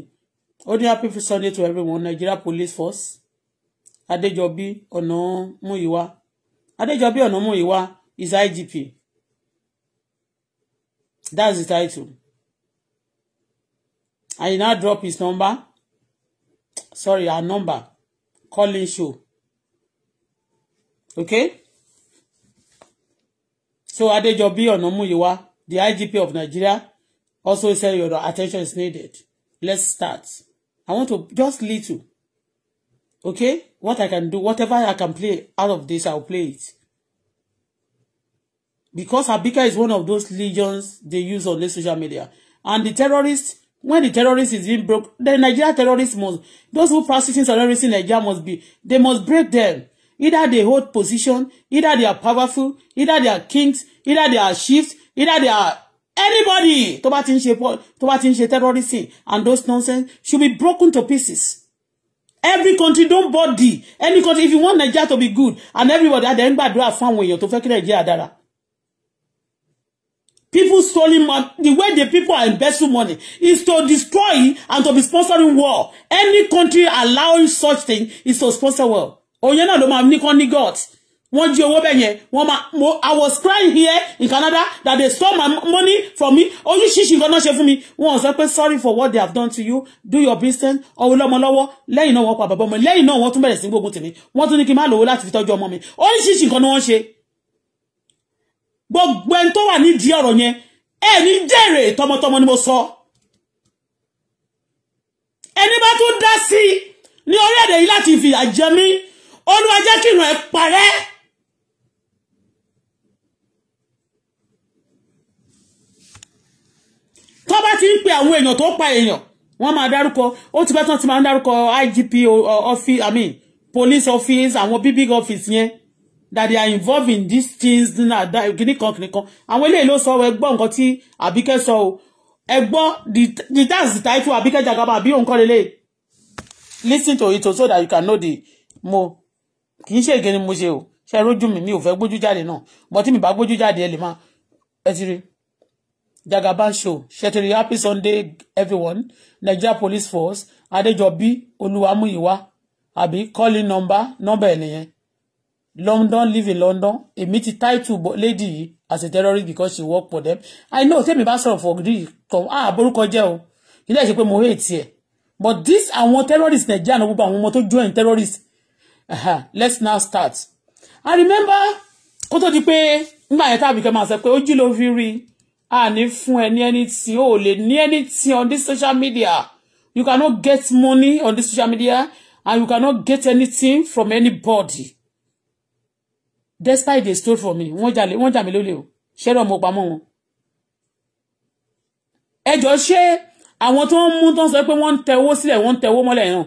ó ní happy sunday to everyone Nigeria police force Adéjọbí Ọ̀nàmúyíwá Adéjọbí Ọ̀nàmúyíwá is IGP that's the title and he now drop his number sorry her number calling show okay so Adéjọbí Ọ̀nàmúyíwá the IGP of Nigeria, also said your attention is needed. Let's start. I want to just little. Okay? What I can do, whatever I can play out of this, I'll play it. Because Abika is one of those legions they use on the social media. And the terrorists, when the terrorist is being broke, the Nigeria terrorists must, those who practicing terrorism in Nigeria must be, they must break them. Either they hold position, either they are powerful, either they are kings, either they are chiefs, either they are anybody to bá ti ń ṣe tó bá ti terrorism and those nonsense should be broken to pieces every country don body any country if you want Nigeria to be good and everybody at adé ń gbàdúrà fún àwọn èèyàn tó fẹ́ kí Nigeria dára people stealing money the way the people are investing money is to destroy and to be sponsoring war any country allowing such thing is to sponsor war òun yẹn náà ló máa ní kán gods wọ́n jí owó bẹ́ẹ̀ yẹn wọ́n mo i was crying here in Canada that they stole my money from me oríṣiríṣi nǹkan náà ṣe fún mi wọ́n so pé sorry for what they have done to you do your business ọwọ́ lọ́mọ lọ́wọ́ lẹ́yìn náà wọ́n pa bàbá ọmọ lẹ́yìn náà wọ́n tún bẹ̀rẹ̀ sí gbógun tèmi wọ́n tún ní kí n má lówó láti fi tọ́jú ọmọ mi oríṣiríṣi nǹkan ni wọ́n ṣe gbogbo ẹni tó wà nídìí ọ̀rọ̀ yẹn ẹni Tomo Tomo, ni mo sọ ẹni bá tún dá sí i ní orí èdè yìí láti fìyà jẹ mí olúwa jẹ́ kí ìràn tó bá ti ń pe àwọn èèyàn tó pa èèyàn wọ́n máa dárúkọ ó ti pẹ́ ti máa ń dárúkọ IGP office I mean police office àwọn big big office yẹn that they are involved in these things kìnìkan kìnìkan àwọn eléyìí ló sọ ọ ẹgbọ́ nǹkan tí Àbíkẹ́ sọ o ẹgbọ́ the that's the title Àbíkẹ́ Jagaba àbí òun kọ́ lélẹ̀ listen to it so that you can know the mo kì í ṣe ìgé ni mo ṣe o ṣe rójú mi mi ò fẹ́ gbójú jáde náà bọ́tí mi bá gbójú jáde ẹ lè máa ẹ ti rí i. Jagaban Show. Shetiri happy Sunday, everyone. Nigeria Police Force. Adejobi Oluwamuyiwa. Abi calling number number ẹnìyẹn. London live in London. Èmi ti title lady as a terrorist because she work for them. I know me bá some for gree come ah borúkọ jẹ́ o. Ilé ìṣe put more hate here. But this àwọn terrorist Nigeria náà gbogbo àwọn ọmọ join terrorists. Uh-huh. Let's now start. I remember kó tó di pé nígbà yẹn tábìkẹ́ máa sọ pé ojú ló fi rí àní fún ẹ ní anything o lè ní anything on this social media you cannot get money on this social media and you cannot get anything from anybody despite they stole from me wọ́n jalè wọ́n jà mí lólè o ṣẹ́rọ̀ mo pamọ́ wọn. ẹ jọ ṣé àwọn tó ń mú tó ń sọ pé wọ́n ń tẹ owó sílẹ̀ wọ́n ń tẹ owó mọ́lẹ̀ náà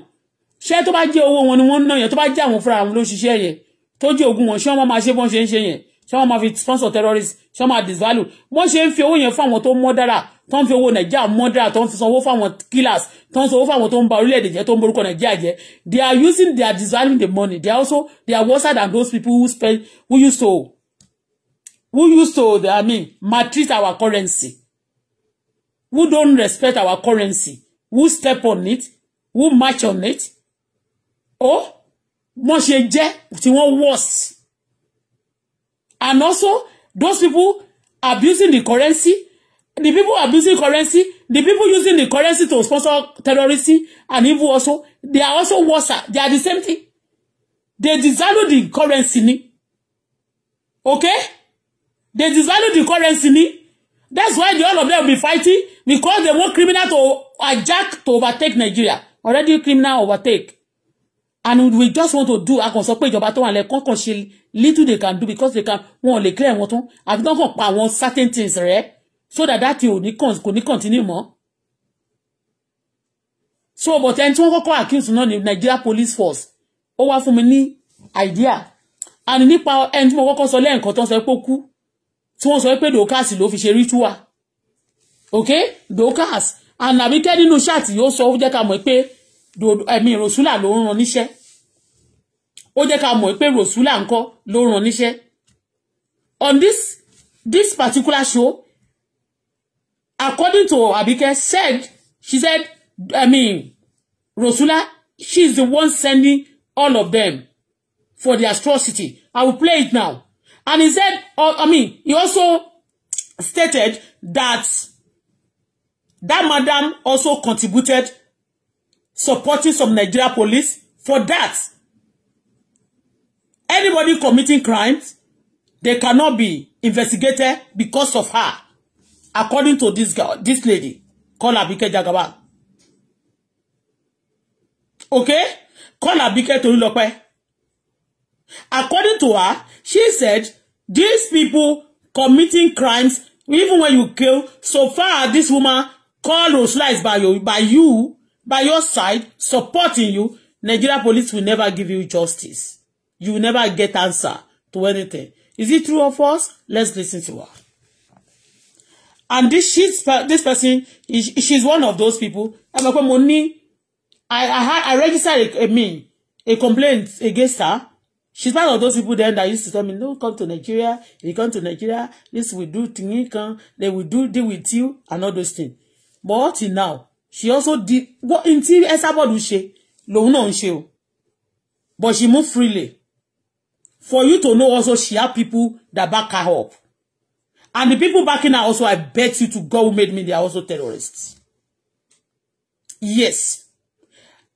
ṣé tó bá jẹ́ owó wọn ni wọ́n ń ná yẹn tó bá jẹ́ àwọn fúnra wọn ló ṣiṣẹ́ yẹn tó jẹ́ ògùn wọn ṣé wọ́n máa ṣe bọ́n ṣe ń ṣe yẹn ṣé wọ́n máa fi sponsor terrorist ṣé wọ́n máa disvalue wọ́n ṣe ń fi owó yẹn fún àwọn tó mọ́ dára tó ń fi owó nàìjíríà mọ́ dára tó ń fi sanwó fún killers tó ń sanwó fún àwọn tó ń ba orílẹ̀-èdè jẹ́ tó ń borúkọ nàìjíríà jẹ́ they are using they are disvaluing the money they are also they are worse than those people who spend who used to who used to I mean maltreat our currency who don't respect our currency who step on it who march on it oh wọ́n ṣe jẹ́ tí wọ́n worse and also those people abusing the currency the people abusing currency the people using the currency to sponsor terrorism and evil also they are also worse they are the same thing they devalue the currency ni okay they devalue the currency ni that's why the all of them be fighting because they want criminal to hijack to overtake Nigeria already criminal overtake and we just want to do a kàn sọ pé ìjọba tó wà lẹ kàn ṣe little they can do because they can wọn ò lè clear wọn tán àfi kàn kàn pa àwọn certain things rẹ so that that thing ò ní kò ní continue mọ́ so but ẹni tí wọ́n kọ́kọ́ accuse náà ni Nigeria Police Force ó wá fún mi ní idea and nípa ẹni tí mo kọ́kọ́ sọ lẹ́ẹ̀kan tó ń sọ pé ó kú tí wọ́n sọ pé Dorcas ló fi ṣe ritual okay Dorcas and àbíkẹ́ nínú ṣáàtì yóò sọ ó jẹ́ ká mọ̀ pé ẹ̀mí ìrọ̀súlà ló ń ran níṣẹ́ ó jẹ́ ká mọ̀ pé rosula ńkọ́ ló ràn níṣẹ́ on this this particular show according to Abike said she said I mean Rosula she is the one sending all of them for the atrocity I will play it now and he said uh, I mean he also stated that that madam also contributed supporting some Nigeria police for that Anybody committing crimes, they cannot be investigated because of her, according to this girl, this lady called Abike Jagaban. Okay? Called Abike Tolulope. According to her, she said, these people committing crimes, even when you kill, so far this woman called Roslice by you, by you, by your side, supporting you, Nigeria police will never give you justice you will never get answer to anything. Is it true or false? Let's listen to her. And this she's this person is she's one of those people. I'm like, money. I I had I registered a, a me a complaint against her. She's one of those people then that used to tell me, no, come to Nigeria. If you come to Nigeria, this will do Tingikan, they will do deal with you and all those things. But till now, she also did what in Esabod ṣe, lòun náà ń ṣe o. But she moved freely for you to know also she had people that back her up. And the people backing her also, I bet you to God who made me, they are also terrorists. Yes.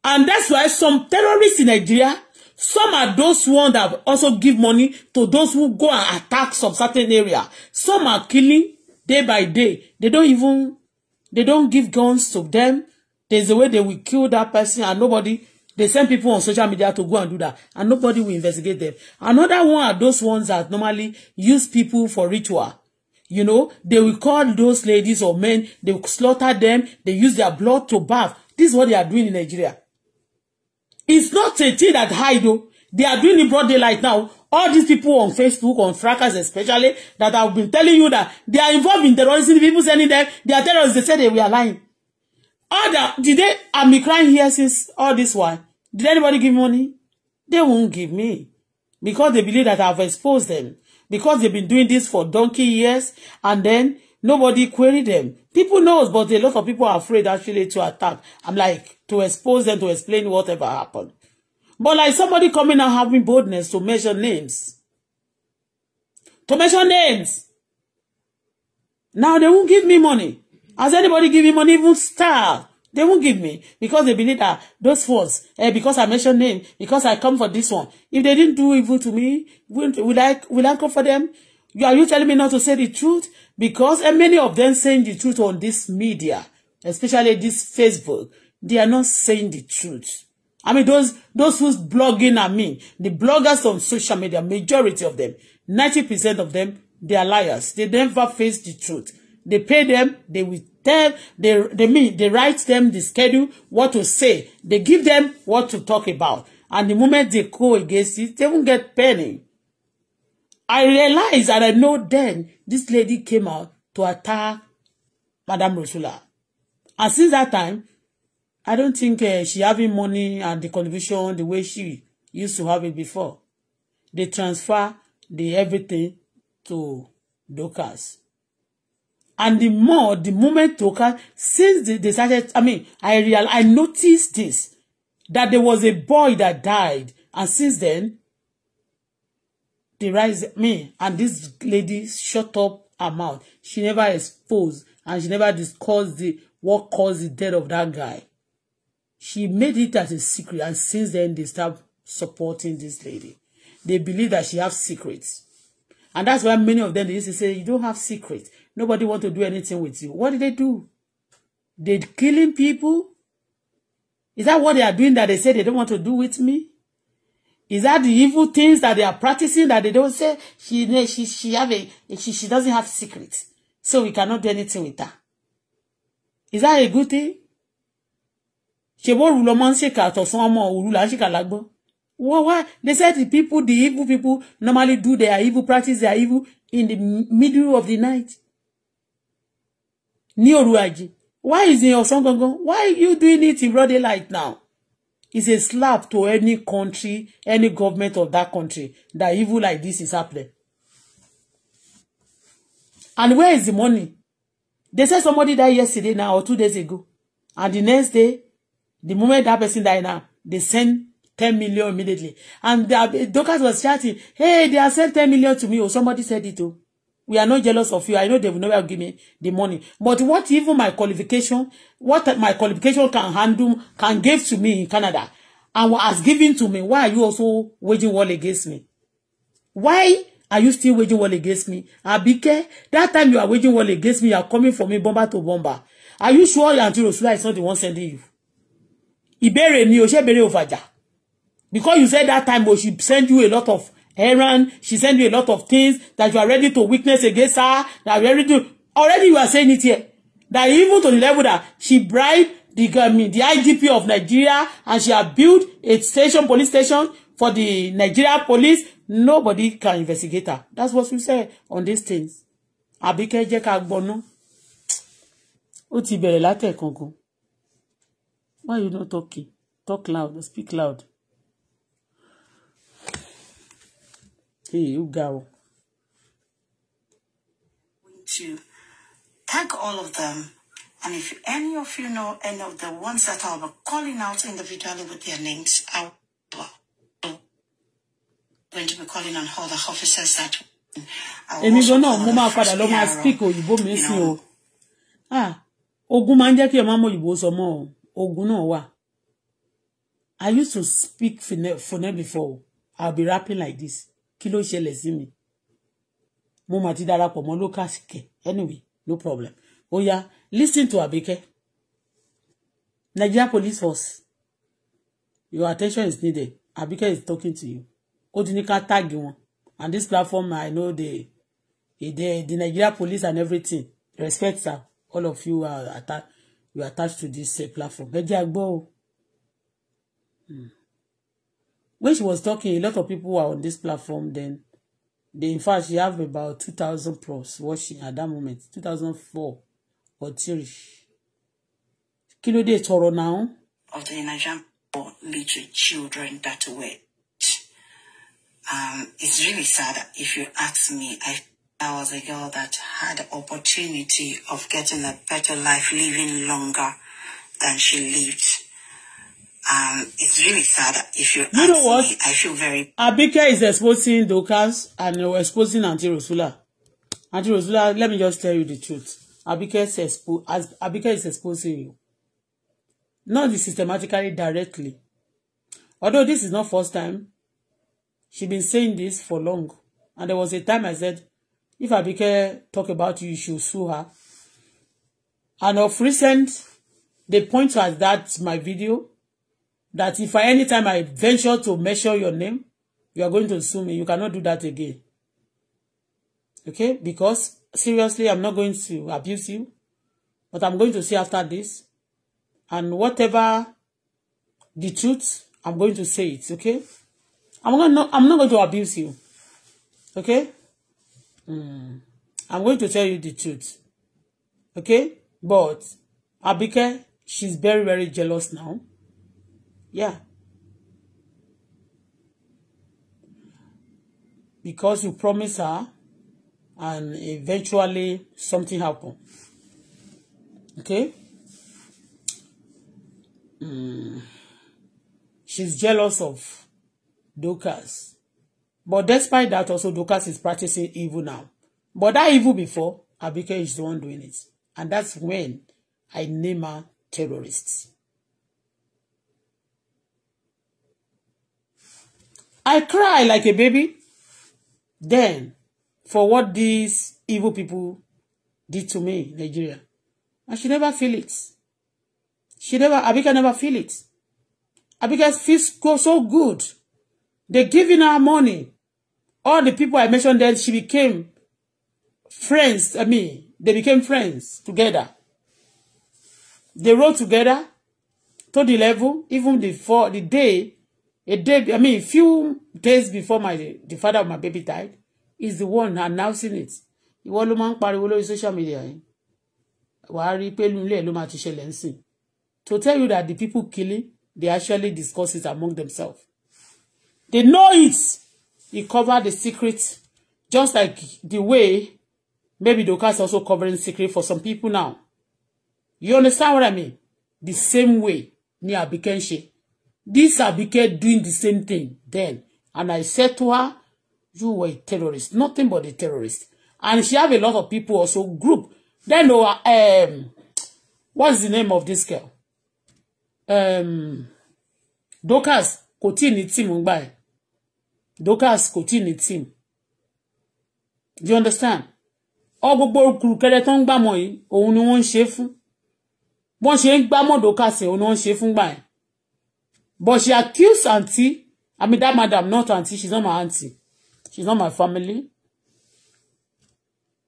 And that's why some terrorists in Nigeria, some are those ones that also give money to those who go and attack some certain area. Some are killing day by day. They don't even, they don't give guns to them. There's a way they will kill that person and nobody They send people on social media to go and do that, and nobody will investigate them. Another one are those ones that normally use people for ritual. You know, they will call those ladies or men, they will slaughter them, they use their blood to bath. This is what they are doing in Nigeria. It's not a thing that hide though. They are doing it broad daylight now. All these people on Facebook, on Fracas especially, that I've been telling you that they are involved in terrorism. People sending them, they are terrorists. They say they were lying. All that did they, I'm crying here since all this while. Did anybody give money? They won't give me because they believe that I've exposed them because they've been doing this for donkey years and then nobody queried them. People knows, but a lot of people are afraid actually to attack. I'm like, to expose them, to explain whatever happened. But like somebody coming and having boldness to measure names. To measure names. Now they won't give me money. Has anybody given money even star? They won't give me because they believe that those ones, eh, because I mentioned name, because I come for this one. If they didn't do evil to me, will, will I will I come for them? are you telling me not to say the truth? Because and eh, many of them saying the truth on this media, especially this Facebook, they are not saying the truth. I mean, those those who's blogging, I mean, the bloggers on social media, majority of them, 90% of them, they are liars. They never face the truth they pay them, they will tell, they, they mean, they write them the schedule, what to say. They give them what to talk about. And the moment they go against it, they won't get penny. I realized and I know then this lady came out to attack Madame Rosula. And since that time, I don't think uh, she having money and the contribution the way she used to have it before. They transfer the everything to Dokas and the more the moment to come since they, they started i mean i real i noticed this that there was a boy that died and since then they rise me and this lady shut up her mouth she never exposed and she never discussed the what caused the death of that guy she made it as a secret and since then they start supporting this lady they believe that she have secrets and that's why many of them they used to say you don't have secrets Nobody want to do anything with you. What did they do? They killing people? Is that what they are doing that they say they don't want to do with me? Is that the evil things that they are practicing that they don't say she she she have a she she doesn't have secrets, so we cannot do anything with her? Is that a good thing? ṣe bó òru lọmọ ń ṣèkà àtọ̀sán ọmọ òru Well, why? They said the people, the evil people normally do their evil practice, their evil in the middle of the night ní òru àjí why is in ọ̀sán gangan why you doing it in broad daylight now it's a slap to any country any government of that country that evil like this is happening and where is the money they say somebody died yesterday now or two days ago and the next day the moment that person die now they send ten million immediately and the, the doctors was shouting hey they have sent ten million to me or somebody said it oh we are not jealous of you i know they will never give me the money but what even my qualification what my qualification can handle can give to me in canada and what has given to me why are you also waging war against me why are you still waging war against me abike that time you are waging war against me you are coming for me bomber to bomber are you sure aunty rosula is not the one sending you ìbéèrè ni o ṣe béèrè òfàjà because you said that time o she send you a lot of Aaron, she send you a lot of things that you are ready to witness against her, that you are ready to, already you are saying it here. That even to the level that she bribed the government, um, the IGP of Nigeria, and she had built a station, police station for the Nigeria police. Nobody can investigate her. That's what we say on these things. Àbíkẹ́ jẹ́ ká gbọ́nú. Ó ti bẹ̀rẹ̀ látẹ̀kankan. Why you no talking? Talk loud, speak loud. Hey, you go. To tag all of them, and if any of you know any of the ones that are calling out individually with their names, I'll. going to be calling on all the officers that. Èmi gan náà mo máa padà lọ máa speak òyìnbó mi sí o. Ah, ogun máa ń jẹ́ kí ẹ máa mọ òyìnbó sọ mọ́ o. Ogun náà wà. I used to speak Funne before. I'll be rapping like this kí ló ṣẹlẹ̀ sí mi mo mà ti darapọ̀ mọ́ local care anyway no problem Oya, yá listen to Abike Nigeria police force your attention is needed Abike is talking to you ó ti ní ká táàgì wọn and this platform i know the the the Nigeria police and everything respect sir all of you are attached you are attached to this uh, platform ẹ jẹ́ àgbọ̀ o. Hmm. when she was talking, a lot of people were on this platform then. They, in fact, she have about 2,000 pros watching at that moment, 2004 or 3. Kí dé tọrọ now? Of the Nigerian little children that were. Um, it's really sad if you ask me. I, I was a girl that had the opportunity of getting a better life, living longer than she lived. Um, it's really sad. If you, you know what? Me, I feel very. Abika is exposing Dorcas and exposing Auntie Rosula. Auntie Rosula, let me just tell you the truth. Abika is, expo- Abike is exposing you. Not systematically, directly. Although this is not first time, she's been saying this for long. And there was a time I said, if Abike talk about you, you should sue her. And of recent, they point to that my video that if I anytime I venture to measure your name, you are going to sue me. You cannot do that again. Okay? Because seriously, I'm not going to abuse you. But I'm going to say after this. And whatever the truth, I'm going to say it. Okay? I'm going not I'm not going to abuse you. Okay? Mm. I'm going to tell you the truth. Okay? But Abike, she's very, very jealous now. Yeah. Because you promise her and eventually something happened. Okay? Mm. She's jealous of Dorcas. But despite that, also Dorcas is practicing evil now. But that evil before, Abike is the one doing it. And that's when I name her terrorists. I cry like a baby. Then, for what these evil people did to me, Nigeria. And she never feel it. She never, Abika never feel it. Abika feels so good. They're giving her money. All the people I mentioned that she became friends, I mean, they became friends together. They rode together to the level, even before the day a day, I mean, a few days before my the father of my baby died, is the one announcing it. Ìwọ ló máa ń pariwo lórí social media yìí. Wàá rí pé lulẹ̀ ló máa ti ṣẹlẹ̀ ń To tell you that the people killing, they actually discuss it among themselves. They know it. He covered the secret, just like the way maybe Doka is also covering secret for some people now. You understand what I mean? The same way ni abikenshe. This Abike doing the same thing then. And I said to her, you were a terrorist, nothing but a terrorist. And she have a lot of people also group. Then, oh, um, what's the name of this girl? Um, Doka's kò tí ní team ń gbà ẹ̀. Dorcas team. Do you understand? Ogo gbogbo kùrùkẹrẹ tó ń gbàmọ̀ yìí, òun ni wọ́n ń ṣe fún. Bọ́n ṣe ń gbàmọ̀ Dorcas, òun ni wọ́n ń But she accused auntie. I mean, that madam, not auntie. She's not my auntie. She's not my family.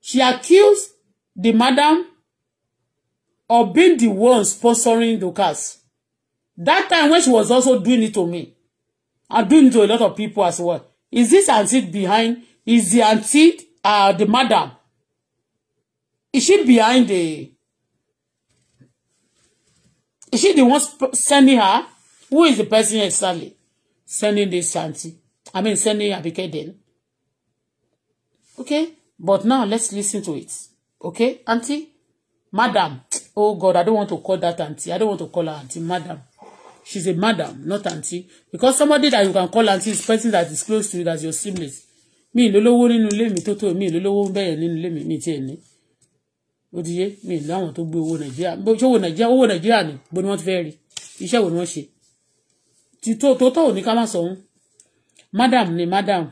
She accused the madam of being the one sponsoring the Dorcas. That time when she was also doing it to me. And doing it to a lot of people as well. Is this auntie behind? Is the auntie, uh, the madam? Is she behind the... Is she the one sending her? Who is the person exactly sending this auntie? I mean, sending Abike then. Okay? But now let's listen to it. Okay, auntie? Madam. Oh God, I don't want to call that auntie. I don't want to call her auntie. Madam. She's a madam, not auntie. Because somebody that you can call auntie is person that is close to you, that's your siblings. Mi lólówó nínú ilé mi tó tó mi lólówó bẹ́ẹ̀ nínú ilé mi mi tiẹ̀ ní. Ó ti la mi láwọn tó gbé owó Nàìjíríà. Ṣé owó Nàìjíríà owó Nàìjíríà ni? Bo ni wọ́n ti fẹ́ wo ni wọ́n ṣe? ti tó tó tó ní ká má sọ òun madam ni madam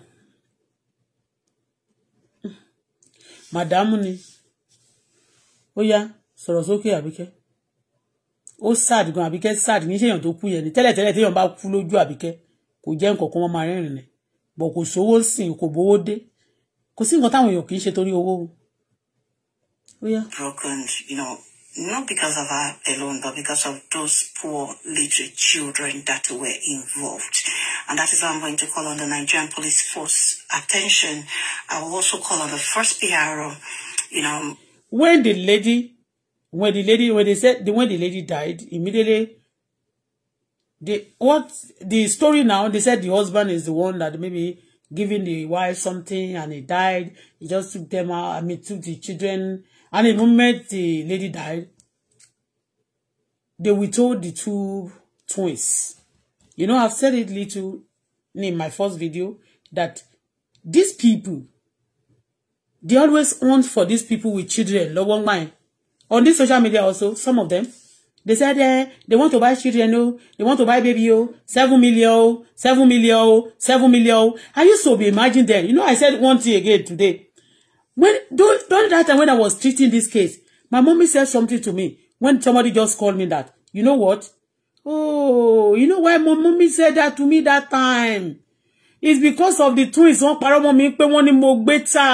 madamu ni ó yá sọ̀rọ̀ sókè àbíkẹ́ ó sad gan àbíkẹ́ sad ní sèyàn tó kú yẹn ni tẹ́lẹ̀tẹ́lẹ̀ téèyàn bá kú lójú àbíkẹ́ kò jẹ́ nǹkan kan wọ́n máa rẹ́rìn ni bọ̀ kò sówó sìn kò bówó dé kò sí nǹkan táwọn èèyàn kì í ṣe torí owó o ó yá. you know not because of her alone, but because of those poor little children that were involved. And that is why I'm going to call on the Nigerian police force attention. I will also call on the first PRO, you know. When the lady, when the lady, when they said, when the lady died, immediately, the, what, the story now, they said the husband is the one that maybe giving the wife something and he died. He just took them out, I mean, took the children And the moment the lady died, they withhold the two twins. You know, I've said it little in my first video that these people, they always want for these people with children, lọ́wọ́ ń gbà On this social media also, some of them, they said eh, they want to buy children, oh, they want to buy baby, oh, seven million, oh, seven million, oh, seven million. Oh. I used to be imagine them. You know, I said one thing again today. When during that time when I was treating this case, my mommy said something to me when somebody just called me that. You know what? Oh, you know why my mommy said that to me that time? It's because of the twins. Wọ́n parọ́ mọ́ mi pé wọ́n ní mo gbé tà.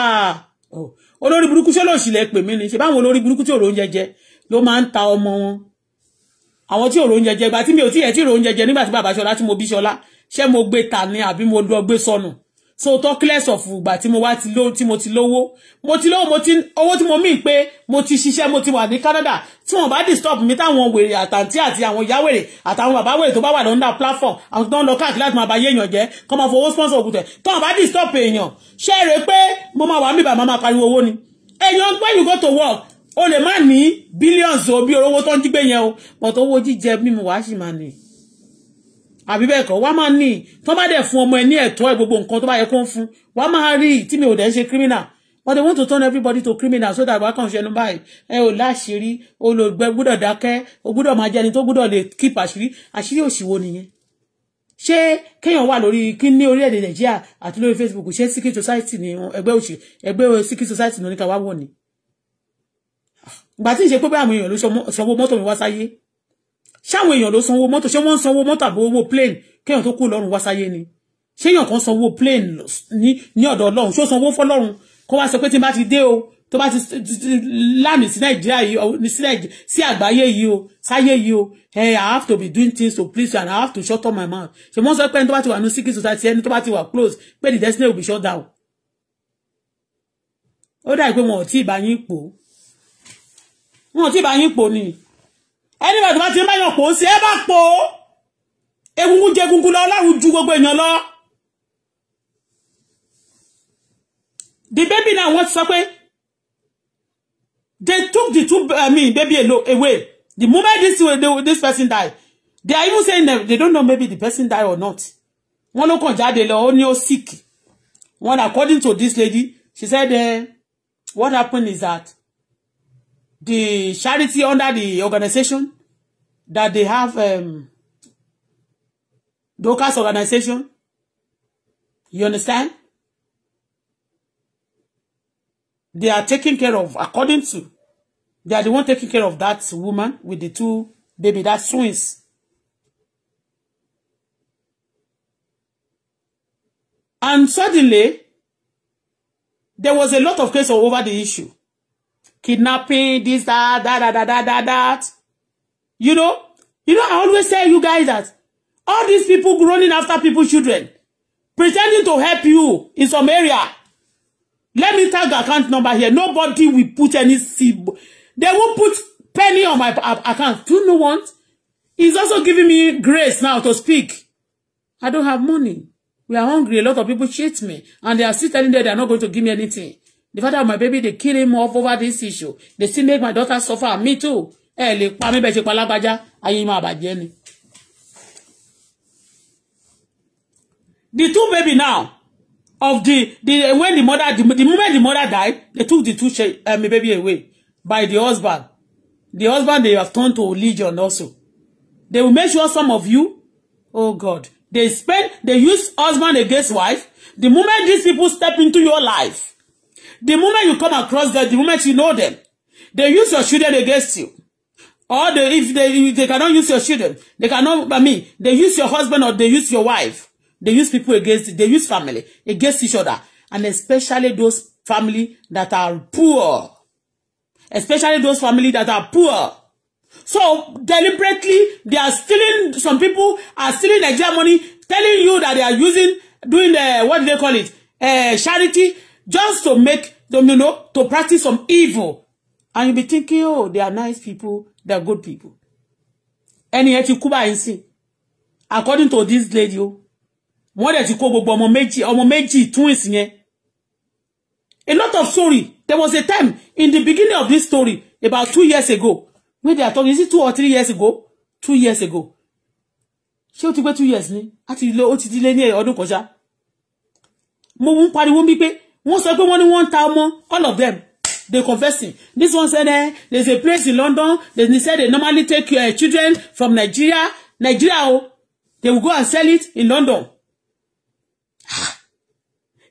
Oh, olórí burúkú ṣé ló ṣìlẹ̀ pè mí ni? Ṣé báwọn olórí burúkú tí òrò ń jẹjẹ ló máa ń ta ọmọ wọn? Àwọn tí òrò ń jẹjẹ gba tí mi ò tí ẹ̀ tí òrò ń jẹjẹ nígbà tí bàbá Ṣọlá tí mo bí Ṣọlá ṣé mo gbé tà ni àbí mo lọ gbé sọnù? so talkless of ìgbà tí mo wá ti lówó tí mo ti lówó mo ti lówó mo ti owó tí mo mí pé mo ti ṣiṣẹ́ mo ti wà ní Canada tí wọ́n bá disturb mi táwọn wèrè àtàntí àti àwọn ìyá wèrè àtàwọn bàbá wèrè tó bá wà lọ́ndà platform àwọn tó ń lọ káàkiri láti máa ba yé èèyàn jẹ́ kó máa fowó sponsor òkùtẹ̀ tó wọ́n bá disturb èèyàn ṣé èrè pé mo máa wà mìbà máa pariwo owó ni èèyàn when you go to work o lè má ní billions o bí orówó tó ń jí gbé yẹn o but owó jíjẹ mímu wàá sì máa nìyí àbí bẹ́ẹ̀ kọ́ wá máa ní tó bá dẹ̀ fún ọmọ ẹ ní ẹ̀tọ́ ẹ gbogbo nǹkan tó bá yẹ kó ń fún wá máa rí tí mi ò dẹ̀ ń ṣe criminal but they want to turn everybody to criminal so that wá kàn ṣẹnu báyìí ẹ ò láṣìírí o lò gbẹ gbúdọ̀ dákẹ́ o gbúdọ̀ máa jẹni tó gbúdọ̀ lè keep àṣírí àṣírí òṣìwò nìyẹn ṣé kéèyàn wà lórí kíní orílẹ̀-èdè nàìjíríà àti lórí facebook ṣé secret society ni ẹgbẹ́ òṣì ẹgbẹ́ secret society ní oníkàwá wọ̀ ni gbàtí ìṣe pé báwọn èèyàn ló sanwó mọ́tò mi wá sáyé ṣáwọn èèyàn ló sanwó mọ́tò ṣé wọ́n sanwó mọ́tò àbí owó plane kéèyàn tó kú lọ́run wá sáyé ni ṣé èèyàn kan sanwó plane ní ní ọ̀dọ̀ ọlọ́run ṣó sanwó fọlọ́run kó wá sọ pé tí n bá ti dé o tó bá ti láàmì sí nàìjíríà yìí ní sílẹ̀ sí àgbáyé yìí o sáyé yìí o hey i have to be doing things to please you and i have to shut up my mouth ṣe wọ́n sọ pé ẹni tó bá ti wà ní secret society ẹni tó bá ti wà close pé the destiny will be shut down ó dà pé wọn ò tí ì bá yín pò wọn ò tí ì bá yín pò ni ẹni bàtí bá ti báyàn pò ó sí ẹ bá pò ó egungun jẹ egungun lọ ọlọ́run ju gbogbo èèyàn lọ. the baby now wọ́n ti sọ pé they took the two uh, I mean baby away the moment this this person die they are even saying that they don't know maybe the person die or not wọ́n ló kàn jáde lọ ó ní ó sick one according to this lady she said uh, what happened is that the charity under the organization that they have um, Dorcas organization. You understand? They are taking care of, according to, they are the one taking care of that woman with the two baby, that twins. And suddenly, there was a lot of case over the issue kidnapping, this, that, that, that, that, that, that, that. You know? You know, I always say you guys that all these people running after people's children, pretending to help you in some area. Let me tell the account number here. Nobody will put any seed. They won't put penny on my account. Do you know what? He's also giving me grace now to speak. I don't have money. We are hungry. A lot of people cheat me. And they are sitting there. they are not going to give me anything the father of my baby they kill him off over this issue they still make my daughter suffer me too ẹ lè pa mí bẹ́ẹ̀ ṣe pa lágbájá ayé máa bàjẹ́ ni. the two baby now of the the when the mother the, the moment the mother die they took the two um, baby away by the husband the husband they have turned to religion also they will make sure some of you oh God they spend they use husband against wife the moment these people step into your life The moment you come across them, the moment you know them, they use your children against you. Or they, if they if they cannot use your children, they cannot. I mean, they use your husband or they use your wife. They use people against. They use family against each other, and especially those family that are poor. Especially those family that are poor. So deliberately, they are stealing. Some people are stealing Nigerian money, telling you that they are using doing the what do they call it? Uh, charity just to make them, you know, to practice some evil. And you be thinking, oh, they are nice people, they are good people. Ẹni yẹn ti kú and see, According to this lady, oh, wọ́n dẹ̀ ti kó gbogbo ọmọ méjì, ọmọ méjì twins yẹn. A lot of story. There was a time in the beginning of this story, about two years ago, when they are talking, is it two or three years ago? Two years ago. She ó ti two years ni? Àti ó ti dílé ní ọdún kan ṣá. Mo ń pariwo won't be pé wọ́n sọ pé wọ́n ní wọ́n ta ọmọ all of them they confessing this one said eh, there's a place in London they said they normally take uh, children from Nigeria Nigeria o oh, they will go and sell it in London ah.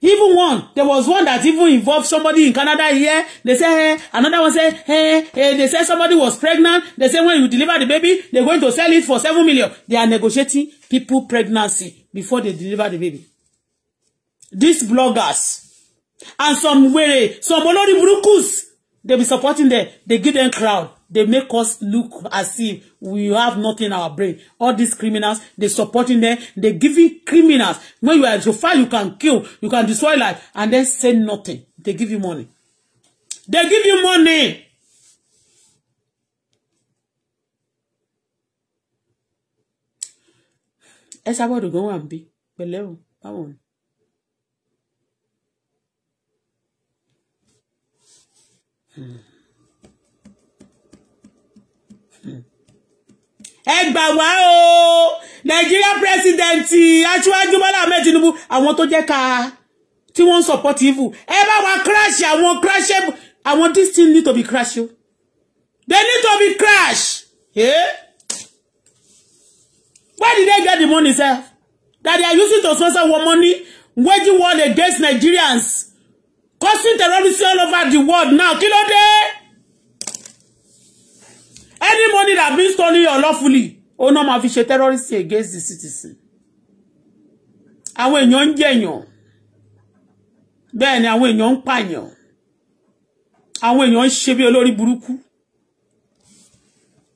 even one there was one that even involved somebody in Canada here they say eh, another one say "Hey, eh, eh, hey." they say somebody was pregnant they say when you deliver the baby they're going to sell it for seven million they are negotiating people pregnancy before they deliver the baby these bloggers And some were some olórí burúkús, they be supporting them. They give them crowd. They make us look as if we have nothing in our brain. All these criminals, they supporting them. They giving criminals. When you are so far, you can kill, you can destroy life, and then say nothing. They give you money. They give you money. ẹ sábọ̀dọ̀ gan wà ń bí pẹ̀lẹ́ come on. ẹ gbà wá o nàìjíríà pírẹsidẹǹtì aṣíwájú bọ́lá ahmed tinubu àwọn tó jẹ́ ká tí wọ́n ń support evil ẹ bá wa crash àwọn crash àwọn this thing need to be crash o they need to be crash eh? where did they get the money sef that they are using to sponsor war money waging war against nigerians causing terrorism all over the world now kí ló dé any money that been stolen unlawfully ó náà máa fi ṣe terrorism against the citizen àwọn èèyàn ń jẹ̀yàn bẹ́ẹ̀ ni àwọn èèyàn ń pààyàn àwọn èèyàn ń ṣe bí olórí burúkú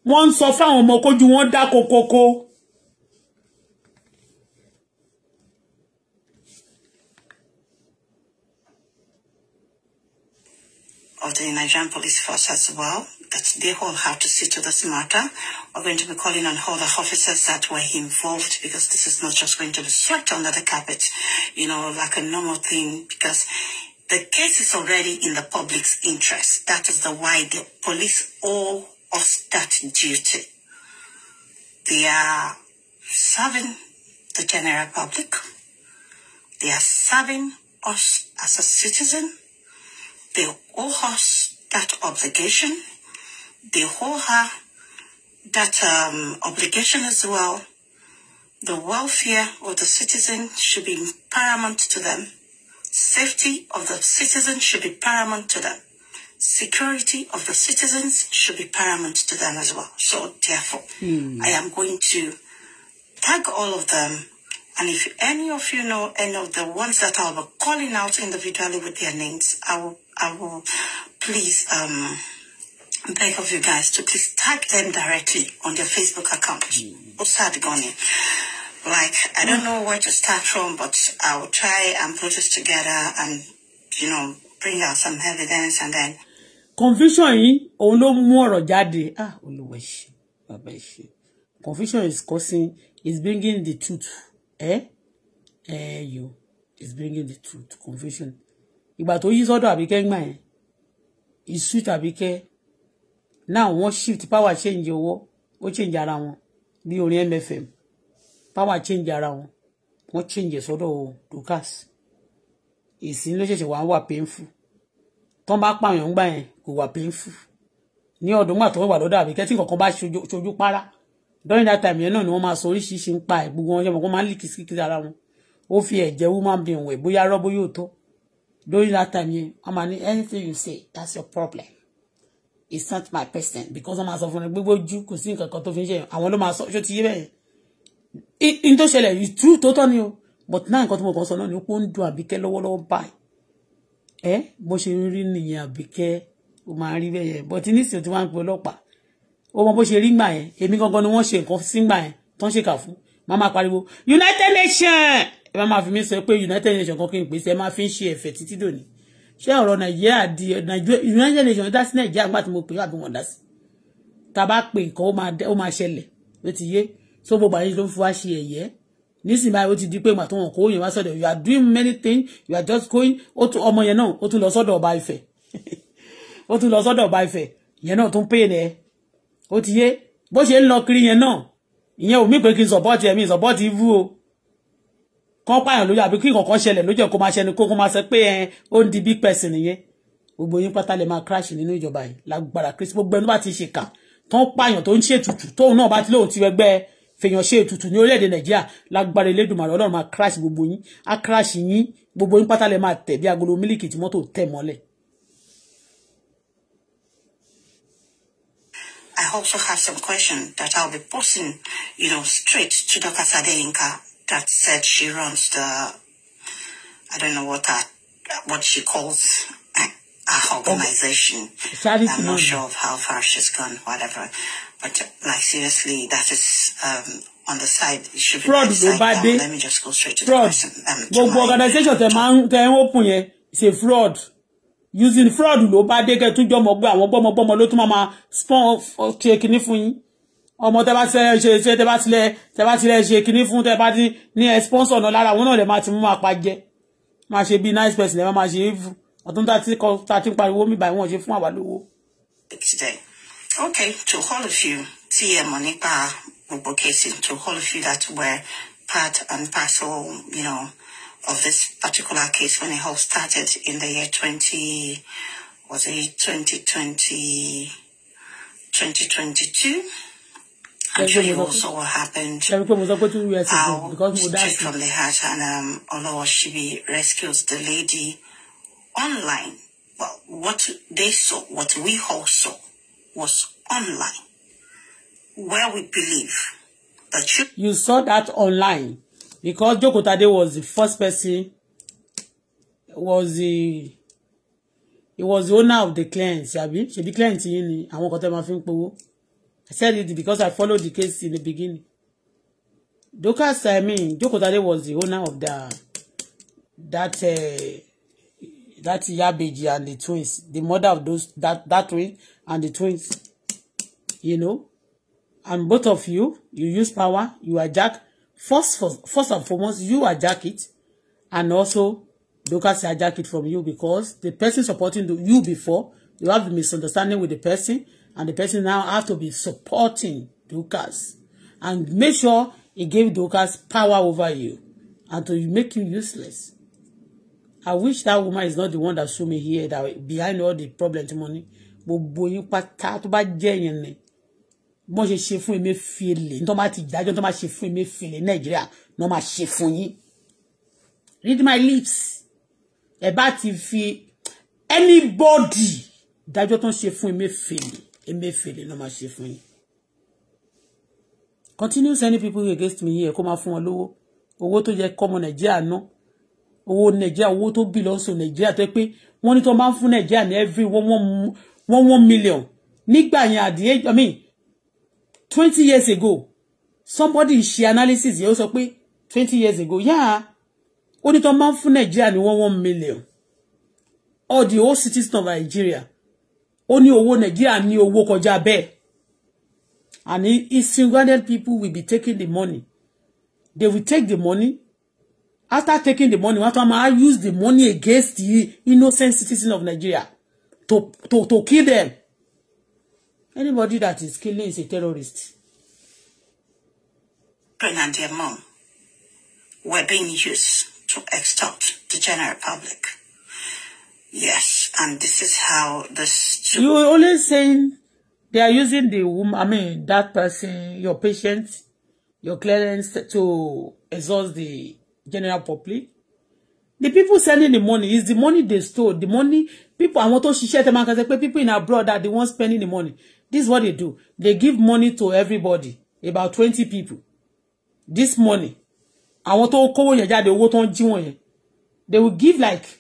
wọ́n ń sọ fáwọn ọmọ kójú wọn dá kokoko. of the Nigerian Police Force as well, that they all have to see to this matter. We're going to be calling on all the officers that were involved because this is not just going to be swept under the carpet, you know, like a normal thing because the case is already in the public's interest. That is the why the police owe us that duty. They are serving the general public. They are serving us as a citizen they owe us that obligation. They owe her that um, obligation as well. The welfare of the citizen should be paramount to them. Safety of the citizen should be paramount to them. Security of the citizens should be paramount to them as well. So therefore, mm. I am going to tag all of them. And if any of you know any of the ones that I'll be calling out individually with their names, I will I will please um, beg of you guys to please tag them directly on their Facebook account. Mm. Like, I don't know where to start from, but I will try and put this together and, you know, bring out some evidence and then. Confusion Oh no, more mú ọ̀rọ̀ Ah, olùwẹ̀ ṣe, bàbá ṣe. Confusion is causing, is bringing the truth. Eh? Eh, you. Is bringing the truth. Confusion ìgbà tó yí sọ́dọ̀ àbíkẹ́ ńgbà yẹn ìsúìt àbíkẹ́ náà wọ́n shift power change owó ó change ara wọn bí orin MFM power change ara wọn wọ́n change sọ́dọ̀ Dorkas ìsìn ló ṣẹ̀ṣẹ̀ wà ń wà painful tọ́n bá pààyàn ńgbà yẹn kò wà painful ní ọdún gbà tó wà lọ́dọ̀ tí kankan bá ṣojú para during that time yẹn náà ni wọ́n máa sọ oríṣiríṣi ń pa ẹ̀ gbogbo wọn yẹn wọ́n máa ń lìkìsíkìsí ara wọn ó fi ẹ̀jẹ̀ woman being wẹ̀ bóyá rọ́ bóyá òótọ́ during that time yẹn a máa anything you say that's your problem it's not my person because I'm máa sọ fún mi gbogbo ojú kò sí nǹkan kan tó fi ń ṣe àwọn ló máa sọ ṣó ti yé bẹ́ẹ̀ in tó ṣẹlẹ̀ it's true tó tọ́ ni o but náà nǹkan tó mọ̀ kan sọ náà ni ó ń dùn àbíkẹ́ lọ́wọ́lọ́wọ́ báyìí ẹ bó ṣe ń rí nìyẹn àbíkẹ́ ó máa rí bẹ́ẹ̀ yẹn but nísìnyí tí wọ́n á ń pe ọlọ́pàá ó mọ bó ṣe rí gbà yẹn èmi gangan ni wọ́n ṣe nǹkan sí gbà yẹn tó ń ṣèkà fún màmá pariwo United Nations ẹ bá máa fi mí sọ pé united nations kan kí n pèsè ẹ máa fi ń ṣe ẹ̀fẹ̀ títí dòní ṣé ọ̀rọ̀ nàìjíríà di united nations dá sí nàìjíríà nígbà tí mo pè é àbí wọn dá sí tá bá pè nǹkan ó máa ṣẹlẹ̀ ló ti yé so gbogbo àyè ló ń fi wá ṣe ẹ̀yẹ́ nísìnyí báyìí ó ti di pé màtó wọn kó yẹn wá sọ́dọ̀ you are doing many things you are just going ó tún ọmọ yẹn náà ó tún lọ sọ́dọ̀ ọba Ifẹ̀ ó tún lọ sọ́dọ̀ ọba Ifẹ̀ yẹn náà tún pè é ó ti yé bó ṣe ń lọ kiri yẹn náà ìyẹn ò mí pé kí n support ẹ̀ mi support o kán pààyàn lójú àbí kí kankan ṣẹlẹ̀ lójú ẹ̀ kó máa ṣẹni kó kó máa sọ pé ẹ ó ń di big person nìyẹn gbogbo yín pátá lè máa crash nínú ìjọba yìí lágbára kristi gbogbo ẹni bá ti ṣe kà tán pààyàn tó ń ṣètùtù tóun náà bá ti lóun ti ẹgbẹ́ fèèyàn ṣe ètùtù ní orílẹ̀-èdè nàìjíríà lágbára elédùnmarè ọlọ́run máa crash gbogbo yín á crash yín gbogbo yín pátá lè máa tẹ̀ bí agolo mílìkì tí mọ́tò tẹ̀ mọ́lẹ̀. I also have some questions that I'll be posting, you know, straight to Dr. Sadeyinka that said she runs the, I don't know what that what she calls her organization. Oh, I'm not sure of how far she's gone, whatever. But like seriously, that is um, on the side. It should be fraud side down. Day. Let me just go straight to fraud. the person. Um, Gbogbo organization tẹ máa ń tẹ ń open yẹn ṣe fraud using fraud ló bá dé kẹ́ tún jọmọ gbé àwọn gbọmọgbọmọ ló tún máa máa spawn ṣe kinní fún yín ọmọ tẹ bá ti ṣe ṣe tẹ bá ti tẹ bá ti ṣe kinní fún tẹ bá ti ní ẹ sponsor náà lára àwọn náà lè máa ti mú máa jẹ máa ṣe bí nice person lè máa ṣe é ọdún tá ti kọ tá ti ń pariwo mi báyìí wọn ṣe fún àwa today okay to all of you tí ẹ mọ̀ nípa gbogbo kéèsì to all of you that were part and parcel you know, of this particular case when it all started in the year twenty, was it twenty twenty, twenty twenty two? I'm sure you all what happened. How straight from the heart and um, Olawashibi rescues the lady online. Well, what they saw, what we all saw, was online, where we believe that you. You saw that online because Joko Tade was the first person, was the. He was the owner of the client, Sabi. She the client you. I àwọn kan tẹ́ my fi ń I said it because I followed the case in the beginning. Dorcas, I mean, Jokotade was the owner of the that uh, that Iyabeji and the twins, the mother of those that that twin and the twins. You know, and both of you, you use power, you are Jack. First, first, first and foremost, you hijack it, and also Dorcas hijack it from you because the person supporting you before, you have the misunderstanding with the person and the person now has to be supporting Dukas, and make sure he gave Dukas power over you and to make you useless. I wish that woman is not the one that show me here that behind all the problems, money. But ní you yín pátá tó bá jẹ́ yẹn she bọ́n me feeling, fún matter that don't matter she tó me feeling, Nigeria, no matter she wọ́n máa read my lips About if ti anybody that don't she ṣe me feeling. Emefiele ló máa ṣe fún yín continue sending people against me here kó máa fún wọn lówó owó tó yẹ kọ́mọ nàìjíríà ná owó nàìjíríà owó tó bì lọ́sùn nàìjíríà tó pé wọ́n ní tó máa ń fún nàìjíríà ní every one one million nígbà yẹn at the age i mean twenty years ago somebody ṣe analysis yẹn ó sọ pé twenty years ago yáa ó ní tó máa ń fún nàìjíríà ní one one million all the whole citizens of nigeria ó ní owó nàìjíríà ní owó kọjá bẹ́ẹ̀ and insignificant people will be taking the money they will take the money after taking the money wọn tún máa use the money against the innocent citizens of Nigeria to to to kill them anybody that is killing is a terrorist. Pregnant their mom were being used to extort the general public. Yes, and this is how this. You always saying they are using the woman, I mean, that person, your patient, your clients to exhaust the general public. The people sending the money is the money they stole. The money people, àwọn tó ṣiṣẹ́ share. máa kan ṣe people in abroad that they want spending the money. This is what they do. They give money to everybody, about 20 people. This money, I want to call jáde, owó tó ń jí wọn yẹn. They will give like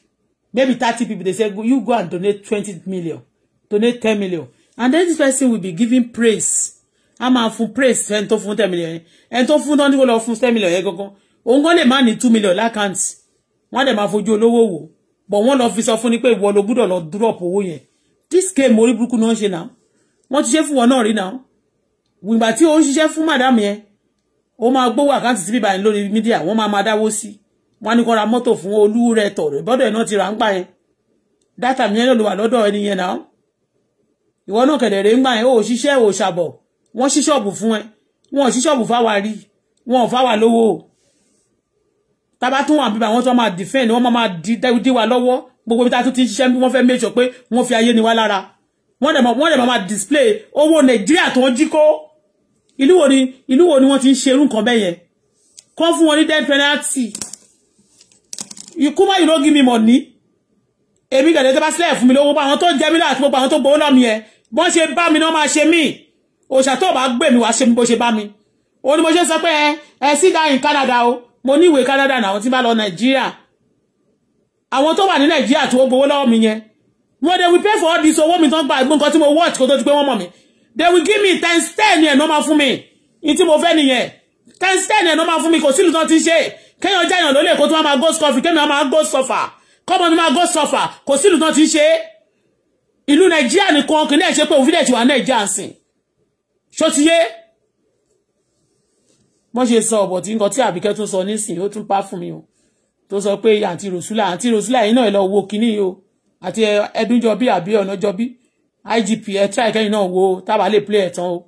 maybe 30 people, they say, you go and donate 20 million, donate 10 million. And then this person will be giving praise. A máa praise fẹ́ni tó fún 10 million. and tó fún tán tí kò lọ fún 10 million yẹn gangan. Òun gan lè má ní 2 million lákàntì. Wọ́n dẹ̀ máa fojú olówó wò. But one officer for sọ fún ni pé ìwọ ló gbúdọ̀ lọ drop owó This game orí burúkú náà ń ṣe náà. Wọ́n ti ṣe fún wọn náà rí náà. Ìgbà tí ó ń ṣiṣẹ́ fún màdàmù yẹn, ó máa gbówó àkáǹtì sí bíbá yẹn lórí mídíà, wọ́n máa máa dáwó sí wọ́n ní kó ra mọ́tò fún olúrẹ tọ̀rọ̀ ìbọ́dọ̀ ẹ̀ náà ti rà ń gbà yẹn dátà mi yẹn ló wà lọ́dọ̀ ẹni yẹn náà ìwọ náà kẹ̀dẹ̀ rẹ̀ ń gbà yẹn ó ṣiṣẹ́ ò ṣàbọ̀ wọ́n ṣí ṣọ́ọ̀bù fún ẹ wọ́n ṣí ṣọ́ọ̀bù fáwa rí wọ́n fáwa lówó tábà tún wà bíbá wọn tó máa dìfẹ́ǹdì wọ́n máa dí wa lọ́wọ́ gbogbo bí ta tún ti ń ṣiṣẹ́ bí wọ́n fẹ́ méjọ pé wọ́n fi ayé ni wá lára wọ́n dẹ̀ wọ́n dẹ̀ máa display owó nàìjíríà tó ń jí kó ìlú wo ni ìlú wo ni wọ́n ti ń ṣerú nǹkan bẹ́yẹn kọ́ fún wọn ní death penalty you kuma you no give me money èmi gẹ̀dẹ̀ tó bá sílẹ̀ fún mi lówó bá àwọn tó jẹ́ mi láti gbogbo àwọn tó gbowó náà mi ẹ̀ bọ́n ṣe bá mi náà máa ṣe mí òṣà tó bá gbé mi wá ṣe mi bó ṣe bá mi ó ní mo ṣe sọ pé ẹ sí dáhìn Canada o mo ní ìwé Canada náà àwọn tí bá lọ Nàìjíríà àwọn tó wà ní Nàìjíríà tó gbowó lọ́wọ́ mi yẹn wọ́n dey we pay for all this owó mi tán gba ẹ̀gbọ́n nǹkan tí mo watch kó tó ti pé wọ́n mọ̀ mi they will give me ten ten yẹn ní wọ́n máa fún mi ní tí mo fẹ́ nìyẹn times ten yẹn ní wọ́n máa fún mi kò sílùú tán ti ṣe kéèyàn jáyàn lólè kó tó máa go suffer kéèyàn máa go suffer kọ́mọ tó máa go suffer kò sí ìlú tán ti ṣe ìlú nàìjíríà nìkan kì í náà ṣe pé òfin ẹ̀ṣẹ̀ wà nàìjíríà sìn ṣó ti yé wọ́n ṣe sọ ọ̀bọ̀ tí nǹkan tí àbíkẹ́ tó sọ nísìn ó tún pa fún mi o tó sọ pé àǹtí rosula àǹtí rosula yìí náà ẹ lọ wo kinní o àti ẹdúnjọbí àbí ọ̀nàjọbí igp ẹ tíra ìkẹyìn náà wo tábà lè play ẹ̀tàn o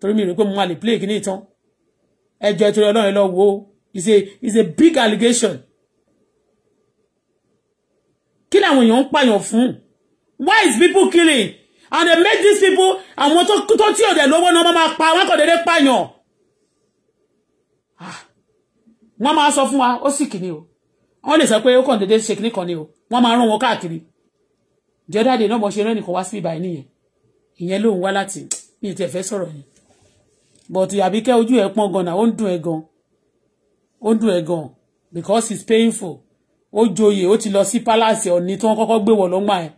torí mi rò pé mo máa lè play kinní ìtàn ẹ jẹ́ torí ọlọ́run ẹ lọ wo o Is a is a big allegation kí làwọn èèyàn ń pààyàn fún why is people killing and they make these people àwọn tó tó tí ọ̀dẹ̀ lọ́wọ́ náà wọ́n máa pa wọ́n kò dédé pààyàn ah. wọ́n máa sọ fún wa ó sì kìíní o wọ́n lè sọ pé ó kàn dédé ṣe kìíní kan ni o wọ́n máa rán wọn káàkiri jọ́dáde náà mo ṣe rẹ́ nìkan wá sí ibà nìyẹn ìyẹn lòun wá láti mi ì tẹ̀ fẹ́ sọ̀rọ̀ yẹn bọ̀tù àbíkẹ́ ojú ẹ̀ pọ́n gan-an ó ń dùn ẹ̀ gan ó dùn ẹ̀ gan because it's painful ó joyè ó ti lọ sí palace ọ̀ní tí wọ́n kọ́kọ́ gbé wọ̀ lọ́gbà ẹ̀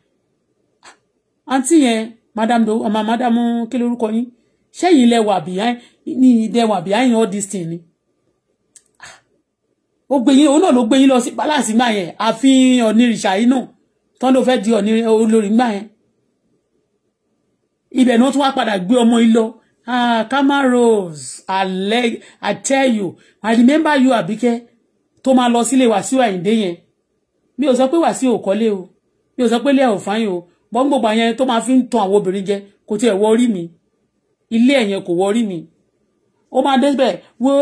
àǹtí yẹn madam do ọmọ madam kí lórúkọ yín ṣẹ́yìn ilẹ̀ wà behind ní ilẹ̀ wà behind all this thing ni ó gbé yín òun náà ló gbé yín lọ sí palace gbà yẹn àfihàn onírìṣà yín náà tán ló fẹ́ di olórí gbà yẹn ibẹ̀ ni wọ́n tún wá padà gbé ọmọ yín lọ ah Karma Rose I leg. I tell you I remember you Abike tó máa lọ sílé Wàsíù Àyìndé yẹn mi ò sọ pé Wàsíù ò kọ́lé o mi ò sọ pé ilé ẹ̀ ò fáyín o bọ́n gbogbo àyẹn tó máa fi ń tan àwọn obìnrin jẹ kò tiẹ̀ wọ orí mi ilé ẹ̀yẹn kò wọ mi ó máa débẹ̀ wo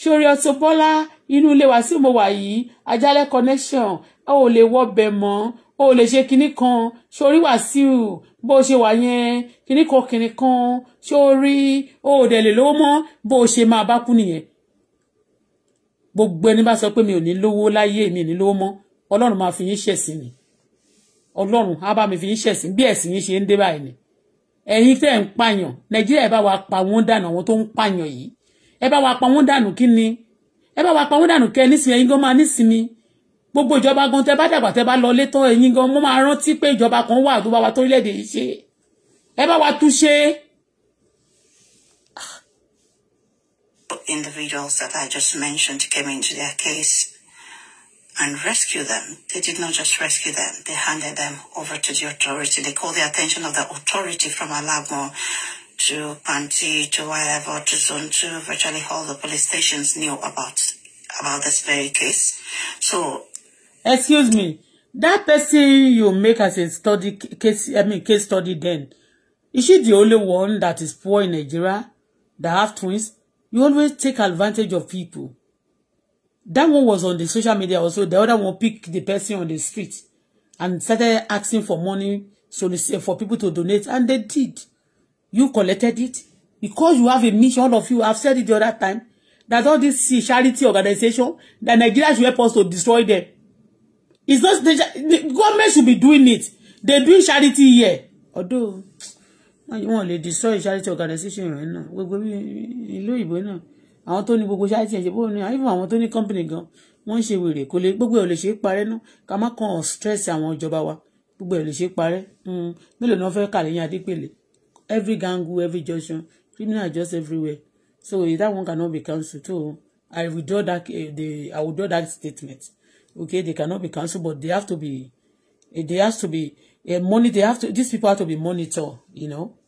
sórí Auto Bola inú ilé Wàsíù mo wà yìí Ajálẹ̀ connection ó lè wọ́ bẹ̀ mọ́ o lè ṣe kinní kan sórí wàsíù bó ṣe wà yẹn kinní kan kinní kan sórí o ò dẹ̀ lè lówó mọ́ bó ṣe máa bá kú nìyẹn gbogbo ẹni bá sọ pé mi ò ní lówó láyé mi ò ní lówó mọ́ ọlọ́run máa fi yín ṣẹ̀sìn ni ọlọ́run á bá mi fi yín ṣẹ̀sìn bí ẹ̀sìn yín ṣe ń dé báyìí ni ẹ̀yin tẹ́ ń pààyàn nàìjíríà ẹ bá wa pa wọ́n dànù àwọn tó ń pààyàn yìí ẹ bá wa pa wọ́n dànù kí ni ẹ gbogbo ìjọba gan tẹ bá dàgbà tẹ bá lọ létọ́ ẹ̀yin gan mo máa rántí pé ìjọba kan wà tó bá wa torílẹ̀ yìí ṣe ẹ bá wa tún ṣe. Individuals that I just mentioned came into their case and rescued them. They did not just rescue them, they handed them over to the authority. They called the attention of the authority from Alamo to Panti to wherever to Zone 2. Virtually all the police stations knew about about this very case. So excuse me that person you make as a study case i mean case study then is she the only one that is poor in Nigeria that have twins you always take advantage of people that one was on the social media also the other one picked the person on the street and started asking for money so for people to donate and they did you collected it because you have a mission all of you I've said it the other time that all this charity organization that Nigeria should help us to destroy them it's not the, the government should be doing it they doing charity here although you want lè destroy charity organization rẹ náà gbogbo ìlú òyìnbó náà àwọn tó ní gbogbo charity ẹ̀ ṣe bó even want to tó ní company gan wọ́n ń ṣe wèrè kó lè gbogbo ẹ̀ ò lè ṣe é parẹ́ náà ká má kàn stress I want. wa gbogbo ẹ̀ ò lè ṣe é parẹ́ hmm, mélòó ni wọ́n fẹ́ kà lẹ́yìn adépèlé every gang, every junction criminal just everywhere so that one cannot be cancelled too. i withdraw that uh, the i withdraw that statement. Okay, they cannot be cancelled, but they have to be, eh, they have to be, eh, money, they have to, these people have to be monitored, you know.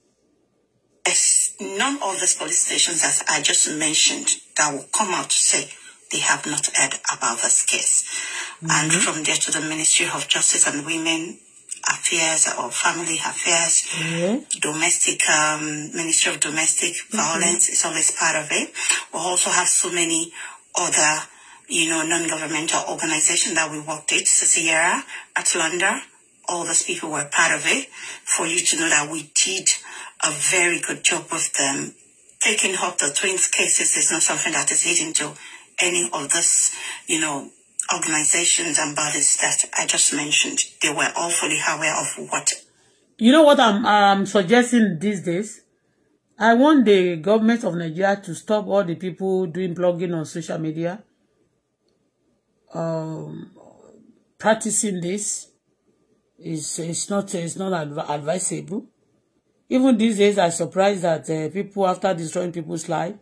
As none of these police stations, as I just mentioned, that will come out to say they have not heard about this case. Mm -hmm. And mm-hmm. from there to the Ministry of Justice and Women affairs or family affairs, mm -hmm. domestic, um, Ministry of Domestic mm-hmm. Violence mm -hmm. is always part of it. We also have so many other you know, non-governmental organization that we worked with, Sierra, Atlanta, all those people were part of it, for you to know that we did a very good job with them. Taking up the twins cases is not something that is hidden to any of this, you know, organizations and bodies that I just mentioned. They were all fully aware of what. You know what I'm um, suggesting these days? I want the government of Nigeria to stop all the people doing blogging on social media um, practicing this is it's not it's not adv advisable. Even these days, I'm surprised that uh, people, after destroying people's life,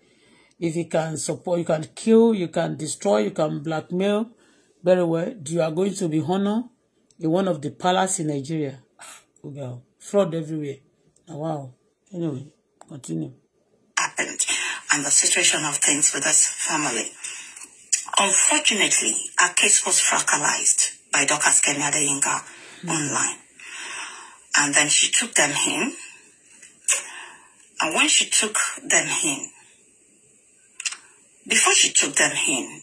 if you can support, you can kill, you can destroy, you can blackmail, very well, you are going to be honored in one of the palace in Nigeria. girl, ah, oh, Fraud everywhere. Oh, wow. Anyway, continue. Happened and the situation of things with this family. Unfortunately, our case was fractalized by Dr. Skemi Adeyinka mm. online. And then she took them in. And when she took them in, before she took them in,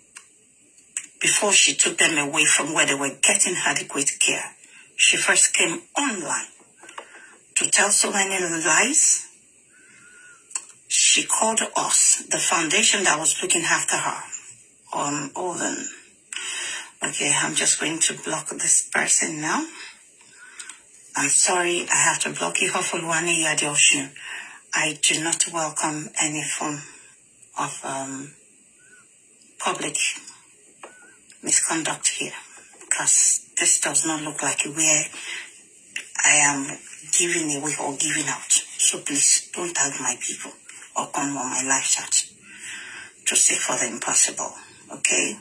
before she took them away from where they were getting adequate care, she first came online to tell so many lies. She called us, the foundation that was looking after her, um, oven. Okay, I'm just going to block this person now. I'm sorry, I have to block you for one year I do not welcome any form of um, public misconduct here because this does not look like where I am giving away or giving out. So please don't tag my people or come on my live chat to say for the impossible okay?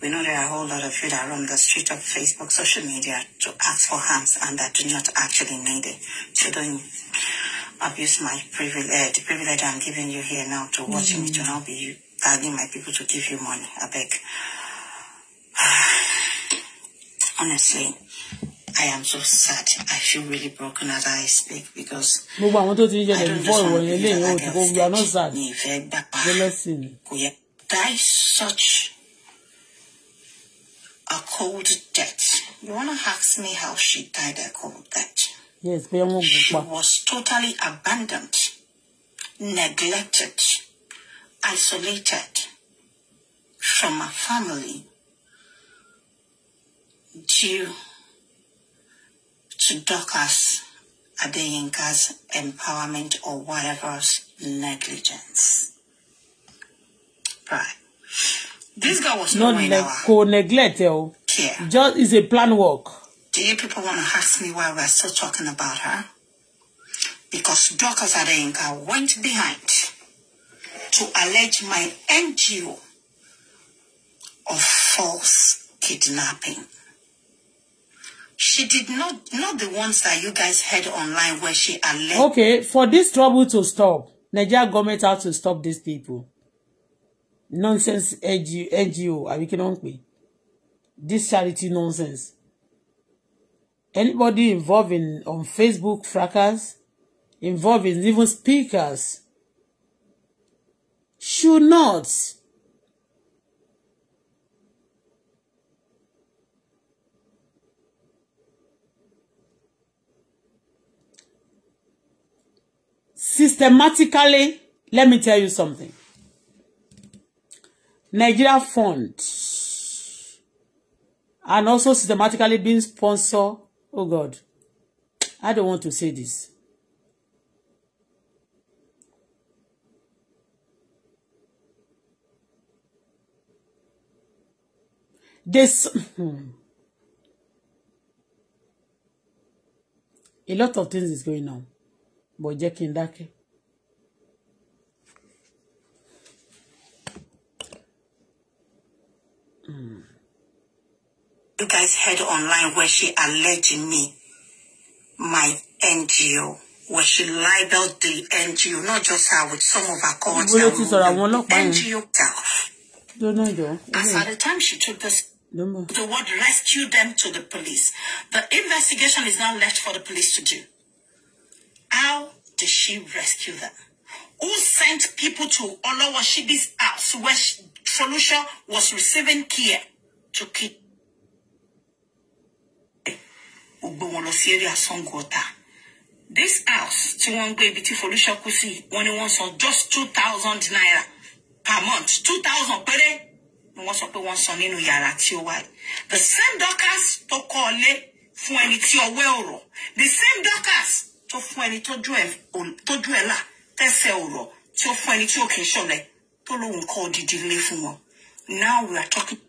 We know there are a whole lot of you that run the street of Facebook, social media to ask for hands and that do not actually need it. So don't abuse my privilege, uh, the privilege I'm giving you here now to watch mm. me, to mm. not be begging my people to give you money. I beg. Honestly, I am so sad. I feel really broken as I speak because I don't just want to be that at that stage die such a cold death. You want to ask me how she died a cold death? Yes, she was totally abandoned, neglected, isolated from her family due to Dorcas Adeyinka's empowerment or whatever's negligence. Right. This guy was not ne co neglect. Oh. Just is a plan work. Do you people want to ask me why we're still talking about her? Because Dr. Zarenka went behind to allege my NGO of false kidnapping. She did not, not the ones that you guys heard online where she alleged. Okay, for this trouble to stop, Nigeria government has to stop these people. nonsense ngo àbí kí ló ń pè this charity nonsense anybody involved in on Facebook fracas involved in even speakers should not systematically let me tell you something Nigeria Fund, and also systematically being sponsored. Oh God, I don't want to say this. This a lot of things is going on, but jẹ́ kí n Mm. You guys heard online where she alleged me, my NGO, where she libeled the NGO, not just her, with some of her calls. NGO girl. As at the time she took this the word rescue them to the police. The investigation is now left for the police to do. How did she rescue them? Who sent people to Olawashibi's house where she, solution was receiving care to keep. ó gbé wọn lọ sí area Sangota this house tí wọ́n ń gbé ibi tí Folúṣọ́ kú sí wọ́n ní wọ́n san just two thousand naira per month two thousand péré ni wọ́n sọ pé wọ́n san nínú yàrá tí ó wà the same doctors tó kọ́ ọ lé fún ẹni tí ọwẹ́ ọ̀rọ̀ the same doctors tó fún ẹni tójú ẹ̀ là tẹ́sẹ̀ ọ̀rọ̀ tí ó fún ẹni tí ó kì í ṣọ̀lẹ̀ tó lóun kọ́ odidi ilé fún wọn now we are talking.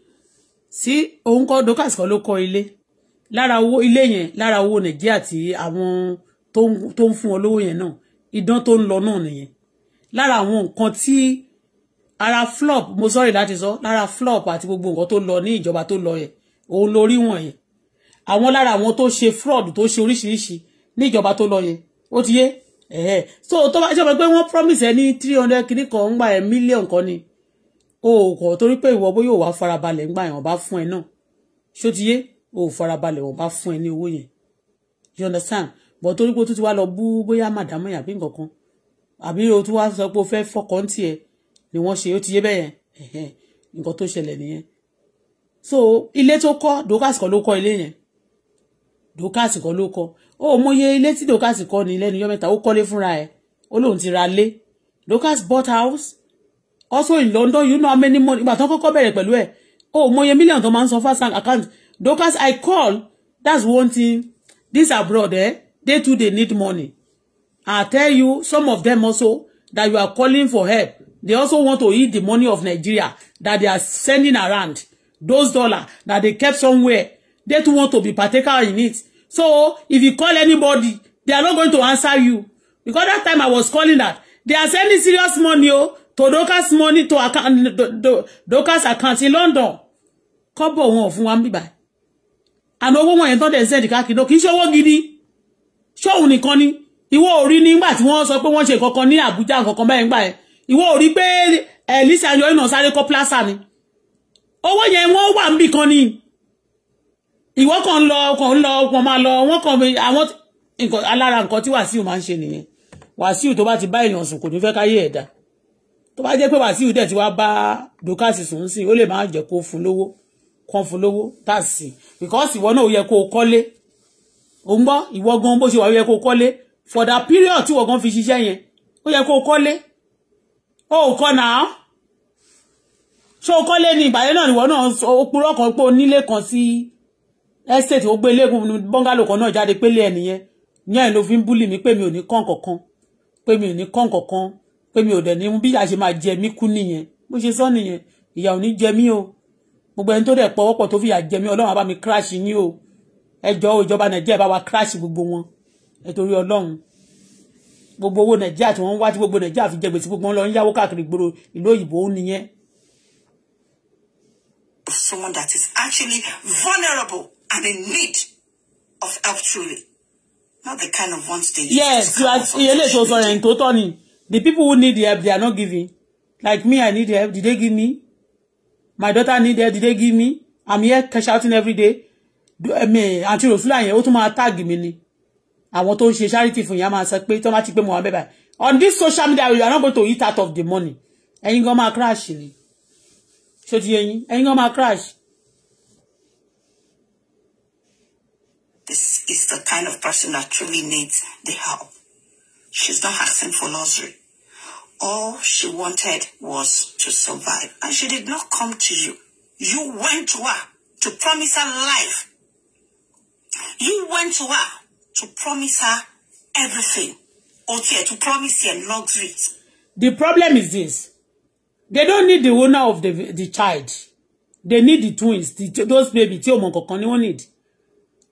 sí òun kọ́ Dorcas kan ló kọ́ ilé lára owó ilé yẹn lára owó nàìjíríà tí àwọn tó ń fún wọn lówó yẹn náà idán tó ń lọ náà nìyẹn lára àwọn nǹkan tí ara flop mo sọrí láti sọ lára flop àti gbogbo nǹkan tó lọ ní ìjọba tó lọ yẹn òun lórí wọn yẹn àwọn lára àwọn tó ṣe fraud tó ṣe oríṣiríṣi ní ìjọba tó lọ yẹn ó ti yé ẹ̀hẹ́ so tó bá ṣe mọ̀ pé wọ́n promise ẹ three hundred kìíní kan ń gbà ẹ million? kan ni o kò torí pé ìwọ bóyá ò wá farabalẹ̀ ń gbà yẹn ọba fún ẹ náà ṣó ti yé o ò farabalẹ̀ ọba fún ẹ ní owó yẹn you understand But torí pé o tún ti wá lọ bú bóyá màdámọ̀ yàbí nǹkan kan àbí o tún wá sọ pé o fẹ́ fọkàn tiẹ̀ ni wọ́n ṣe ó ti yé bẹ́yẹn ẹ̀hẹ́n nǹkan tó ṣẹlẹ̀ nìyẹn so ilé tó kọ́ Dorcas kan ló kọ́ ilé yẹn Dorcas kan ló kọ́ ó mọye ilé tí Dorcas kọ́ ni lẹ́nu yọ mẹ́ta ó kọ́lé fúnra ẹ̀ ó lóun ti ra lé Dorcas bought house also in London you know how many money ìgbà tó kọ́kọ́ bẹ̀rẹ̀ pẹ̀lú ẹ̀ ó mọye million tó máa ń san first bank account Dorcas I call that's one thing this abroad eh, they too they need money I tell you some of them also that you are calling for help they also want to eat the money of Nigeria that they are sending around those dollar that they kept somewhere they too want to be partaker in it So if you call anybody, they are not going to answer you. Because that time I was calling that. They are sending serious money oh, to Doka's money to account, do, do, Dorcas account in London. Kọ́bọ̀ of one fún wa ń bíbá. Àná owó wọn yẹn tán dẹ̀ sẹ́ẹ̀dì káàkiri náà kì í ṣe owó gidi. Ṣóhun nìkan ni ìwọ ò rí nígbà tí wọ́n sọ pé wọ́n ṣe kankan ní Àbújá kankan bẹ́ẹ̀ nígbà yẹn. Ìwọ ò rí pé Elisa eh, Anjorin náà sáré kọ́ plaza ni. Owó yẹn wọ́n wà ń bì kan ni ìwọ kan lọ kan lọ wọn máa lọ wọn kan àwọn nǹkan alára nǹkan tí Wàsíù máa ń ṣe nìyẹn Wàsíù tó bá ti bá èèyàn sùn kò ní fẹ́ káyé ẹ̀dá tó bá jẹ́ pé Wàsíù dẹ̀ ti wá bá Dorcas sùn sí ó lè máa jẹ́ kó fún lówó kan fún lówó tààsì because ìwọ náà ó yẹ kó o kọ́lé ò ń gbọ́ ìwọ gan bó ṣe wà ó yẹ kó kọ́lé for that period tí ìwọ gan fi ṣiṣẹ́ yẹn ó yẹ kó o kọ́lé ó ò kọ́ náà ṣé o kọ́lé ní ìbàyẹn náà ìwọ náà ó purọ́ kan pé o nílé kan sí estate ó gbé léegun bọ́ngàlò kan náà jáde pélé ẹ̀ nìyẹn ní ẹ̀ ló fi ń búlì mí pé mi ò ní kàn kankan pé mi ò ní kàn kankan pé mi ò dẹ̀ ní bí ìyá ṣe máa jẹ mí kú nìyẹn bó ṣe sọ nìyẹn ìyá ò ní jẹ mí o gbogbo ẹni tó dẹ̀ pọ̀wọ́pọ̀ tó fi ìyà jẹ mí ọlọ́run á mi crash yín o ẹjọ́ ìjọba nàìjíríà bá wa crash gbogbo wọn nítorí ọlọ́run gbogbo owó nàìjíríà tí wọ́n ń wá tí gbogbo nàìjíríà fi jẹ gbèsè gbogbo wọn lọ ń yáwó káàkiri gbòòrò ìlú òyìnbó nìyẹn. someone that is actually vulnerable and in need of help truly. Not the kind of ones they use. Yes, you are eléso sọ̀rọ̀ ẹni tó tọ́ ni. The people who need the help, they are not giving. Like me, I need the help. Did they give me? My daughter need help. Did they give me? I'm here shouting every day. Eh, mi àti Rosula you ó tún máa tag mi ni. Àwọn tó ń charity fún your man. sọ pé tí wọ́n bá ti On this social media, you are not going to eat out of the money. you gan máa crash ni. you? o you yẹ yín? crash. This is the kind of person that truly needs the help. She's not asking for luxury. All she wanted was to survive. And she did not come to you. You went to her to promise her life. You went to her to promise her everything. Okay, to promise her luxury. The problem is this. They don't need the owner of the, the child. They need the twins, the, those babies, tí ọmọ kankan ni wọ́n need.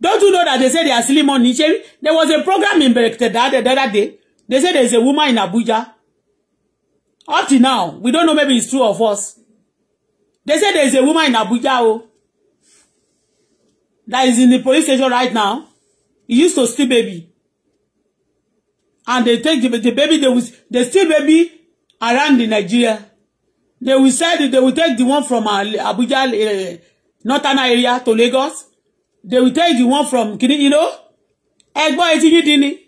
Don't you know that they say they are stealing money? There was a program in Berektedah the other day. They said there's a woman in Abuja. Up to now, we don't know maybe it's true of us. They said there's a woman in Abuja oh, that is in the police station right now. He used to steal baby. And they take the, the baby, they, will, they steal baby around the Nigeria. They will sell, they will take the one from uh, Abuja, uh, northern area to Lagos they will take the one from kini you know ẹ̀gbọ́n etí dídí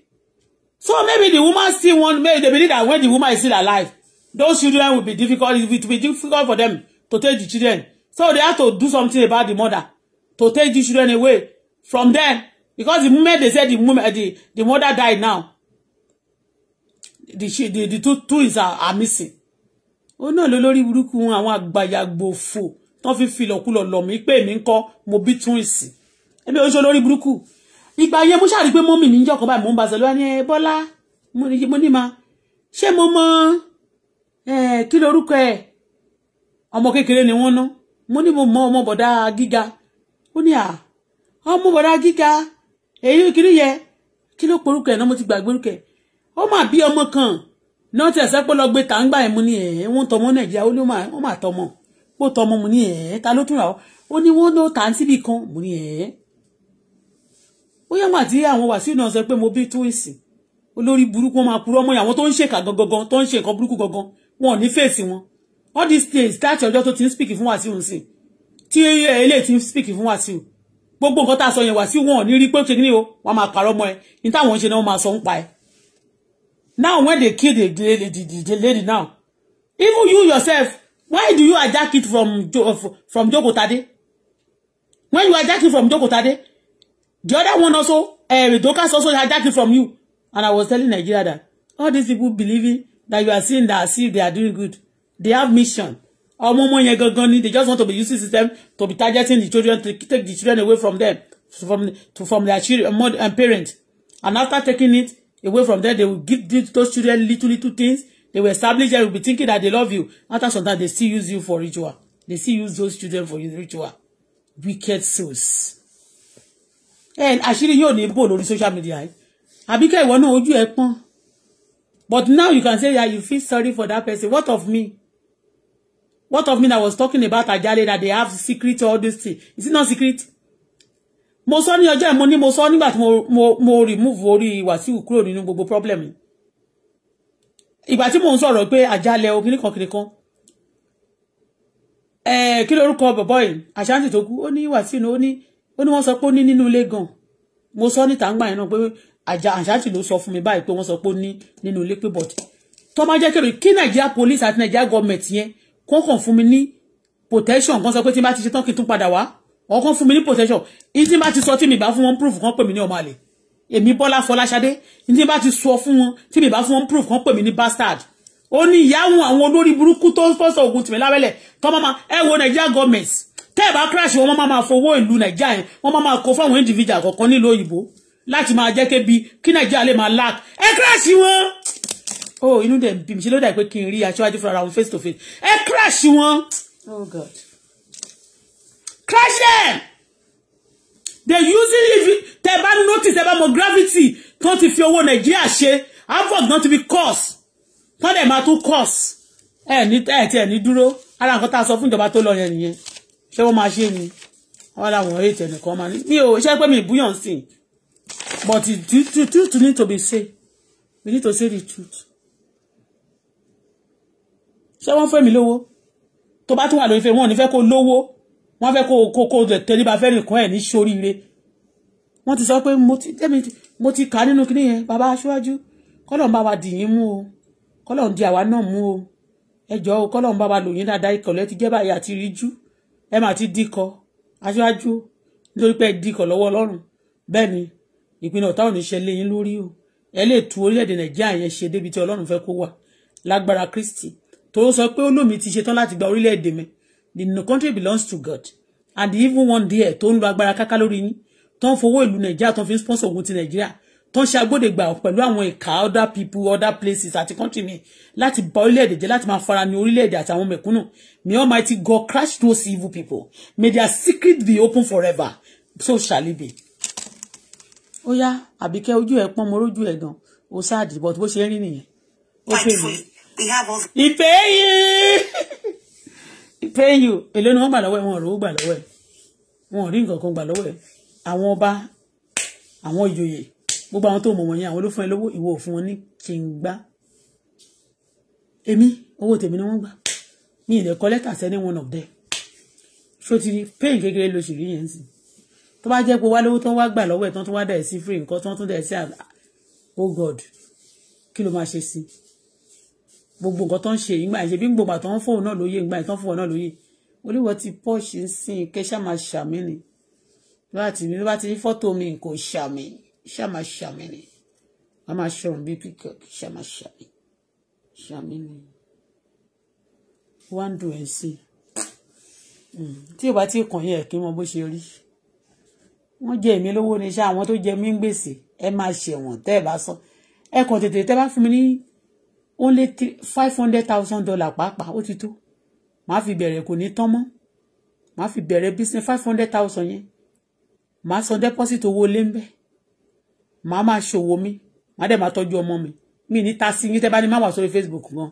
so maybe the woman still want maybe they believe that when the woman is still alive those children will be difficult it will be difficult for them to take the children so they have to do something about the mother to take the children away from them because the moment they said the moment eh, the the mother died now the the the two twins are, uh, are missing ó náà ló lórí burúkú àwọn àgbàyàgbò fò tán fi filọkulọ lọ mí pé èmi ń kọ mo bí twins ebi oṣù lori burúkú ìgbà yẹn mo ṣàrí pé mọ́mì mi ń jọ̀kọ́ báyìí mo ń bàṣẹ lọ́wọ́ ní ẹ bọ́lá mo ní ma ṣé mo eh kí lorúkọ ẹ ọmọ kékeré ni wọ́n ná mo ní mo mọ ọmọ bọ̀dá gíga ó ní à ọmọ bọ̀dá gíga èyí kiri yẹ kí ló porúkọ ẹ náà mo ti gbàgbé orúkọ e, ó mà bí ọmọ kan náà tí ẹsẹ pé lọ gbé tàǹgbà ẹ mo ní ẹ wọ́n tọmọ nàìjíríà ó ní wọ́n mà tọmọ pò tọmọ mo ní ẹ ta ló tún rà ó ní wọ́n ló tà ń síbì kan mo ní ẹ bóyá mà tí àwọn wàsíù náà sọ pé mo bí túwìsì olórí burúkú wọn máa purọ́ mọ́ àwọn tó ń ṣèkà gangan tó ń ṣe nǹkan burúkú gangan wọn ò ní fèsì wọn all these things láti ọjọ́ tó ti ń speak fún wàsíù nsìn tí eh, eléyìí ti ń speak fún wàsíù gbogbo nǹkan tá a sọ yẹn wàsíù wọn ò ní rí pé ó ṣe ní o wọn máa parọ́ mọ́ ẹ ní táwọn ń ṣe náà wọn máa sọ ń pa ẹ now when they kill the lady the, the lady now even you yourself why do you hijack it from from Joko Tade when you hijack it from Joko Tade The other one also, uh, eh, Dokas also hijacking from you. And I was telling Nigeria that all these people believing that you are seeing that see they are doing good. They have mission. Ọmọ ọmọ yẹn gangan they just want to be using system to be targeting the children to take the children away from them from to from their children and eh, parents and after taking it away from them they will give those children little little things they will establish they will be thinking that they love you after some time they still use you for ritual they still use those children for ritual wicked souls ẹ eh, àṣírí yóò ní bò lórí social media yìí àbíkẹ́ ìwọ náà ojú ẹ pọ́n but now you can say yeah, you feel sorry for that person what of me what of me that was talking about Ajale that they have secret all this thing is it not secret mo sọ ní ọjọ́ ẹ̀ mo ní mo sọ nígbà tí mo mo remove orí Wàsíù kúrò nínú gbogbo problem yìí ìgbà tí mò ń sọ̀rọ̀ pé àjálẹ̀ obìnrin kan kiri kan eh, kí lórúkọ bọ̀bọ̀ yìí àṣáǹtì tó kú ó ní Wàsíù ó ní ó ní wọ́n sọ pé ó ní nínú ilé gan mo sọ níta ń gbà yẹn náà pé àjà àṣàtì ló sọ fún mi báyìí pé wọ́n sọ pé ó ní nínú ilé pé bọ̀dì tó bá jẹ́ kéré kí nàìjíríà police àti nàìjíríà gọọmẹ̀ntì yẹn kó kàn fún mi ní protection kan sọ pé tí n bá ti ṣe tán kí n tún padà wá wọn kàn fún mi ní protection ìyí tí n bá ti sọ tí mi bá fún wọn proof kan pè mí ní ọmọ àlè èmi bọ́lá fọláṣadé ìyí tí bá ti sọ fún wọn tí mi bá fún wọn proof kan pè mí ní bastard ó ní ìyáhùn àwọn olórí burúkú tó ń sponsor ogun tìmí lábẹ́lẹ̀ tọ́mọ́mọ́ ẹ wo nàìjíríà gọọmẹ̀ntì tẹ́ ẹ̀ bá crash wọn máa máa fowó ìlú nàìjíríà yẹn wọ́n máa máa kó fáwọn individual kọ̀ọ̀kan nílùú òyìnbó láti máa jẹ́ kébi kí nàìjíríà lè máa lack ẹ crash wọn o inú dẹ̀ ń bí mi ṣe ló dà pé kí n rí aṣáájú fúnra wọn face to face ẹ crash wọn oh god crash them they using if tẹ bá notice ẹ bá mọ gravity tó ti fi owó nàìjíríà ṣe havoc náà ti fi cause tó dẹ̀ máa tún cause ẹ ní ẹ tiẹ̀ ní dúró ara nǹkan tá a sọ fún ìjọba tó lọ yẹn nìyẹn ṣé wọ́n máa ṣe ni wọ́n láwọn ètò ẹnìkan máa ní mi ò ṣe pé mi búyàn sí i but the truth need to be said we need to say the truth ṣé wọ́n fẹ́ mi lówó tó bá tún wà lórí fẹ́ wọn ò ní fẹ́ kó lówó wọ́n fẹ́ kó kó kó tẹríba fẹ́ nìkan ẹ̀ ní ṣoríire wọ́n ti sọ pé mo ti kà nínú kinní yẹn bàbá aṣáájú kọ́lọ̀ ń bá wa dì mú o kọ́lọ̀ ń di àwa náà mú o ẹjọ́ o kọ́lọ̀ ń bá wa lò dáadáa ìkọ̀lẹ́ ti jẹ́ báyìí àti ríjú ẹ máa ti díkọ aṣáájú nítorí pé ẹ díkọ lọ́wọ́ ọlọ́run bẹ́ẹ̀ ni ìpinnu ọ̀tá ò ní ṣẹlẹ̀ yín lórí o ẹ lè tu orílẹ̀-èdè nàìjíríà yẹn ṣe débi tí ọlọ́run fẹ́ kó wà lágbára kristi tó sọ pé olómi ti ṣetán láti gba orílẹ̀-èdè mi the country belongs to god and even one there tó ń lo agbára káká lórí yín tó ń fowó ìlú nàìjíríà tó ń fi sponsor ogun ti nàìjíríà tó ń ṣe agbódegbà pẹ̀lú àwọn ìka other people other places àti country mi láti bà orílẹ̀-èdè jẹ́ láti máa fara ní orílẹ̀-èdè àti àwọn mẹ̀kúnnù may almighty go crush those evil people may their secret be open forever so shall it be. ó yá àbíkẹ́ ojú ẹ̀ pọ́n mo rójú ẹ̀ gan o sáàdì but bó ṣe ń rí nìyẹn ó pè mí. ìpè yìí ìpè yìí èlò ni wọ́n gbà lọ́wọ́ ẹ̀ wọn ò rówó gbà lọ́wọ́ ẹ̀ wọn ò rí nǹkan kan gbà lọ́wọ́ ẹ̀ àwọn ọba àwọn ìjòyè gbogbo àwọn tó mọ̀ wọ̀nyí àwọn ló fún ẹ lówó ìwọ ò fún wọn ní kí n gbá èmi owó tèmi ni wọ́n gbà mi ì kọ lẹ́tà sẹ́ni one of them ṣó ti pain kékeré lóṣù rí yẹn sí tó bá jẹ́ pé wá lówó tó ń wá gbà lọ́wọ́ ẹ̀ tó ń tún wá dẹ̀ sí free nǹkan tó tún dẹ̀ sí oh god kí ló máa ṣe sí gbogbo nǹkan tó ń ṣe ìgbà ìṣe bí gbogbo àtọ́ ń fóun náà lóye ìgbà ìtọ́ fóun náà lóye olúwọ ti pọ́ọ̀ṣì ń sìn kẹ́ṣà máa ṣàmì ni ló bá ti ní fọ́tò mi kò ṣàmì Shama ni wọ́n máa ṣọ̀rùn bíi peacock ṣàmàṣàmì ṣàmì ni wọ́n ń dùn ẹ̀ sí hmm. tí ò bá tí kàn yẹn kí mo bó ṣe rí wọ́n jẹ èmi lówó ní iṣẹ́ àwọn tó jẹ mí ń gbèsè ẹ máa ṣẹ̀wọ̀n tẹ́ ẹ bá sọ ẹ kàn tètè tẹ́ bá fún mi ní ó five hundred thousand dollar pàápàá ó ti tó màá fi bẹ̀rẹ̀ kò ní tán mọ́ màá fi bẹ̀rẹ̀ business five hundred thousand yẹn màá san deposit owó lé ń bẹ́ẹ̀ màá máa ṣòwò mi màá dẹ̀ máa tọ́jú ọmọ mi mi ní ta sí yín tẹ́ bá ní má wà sórí Facebook gan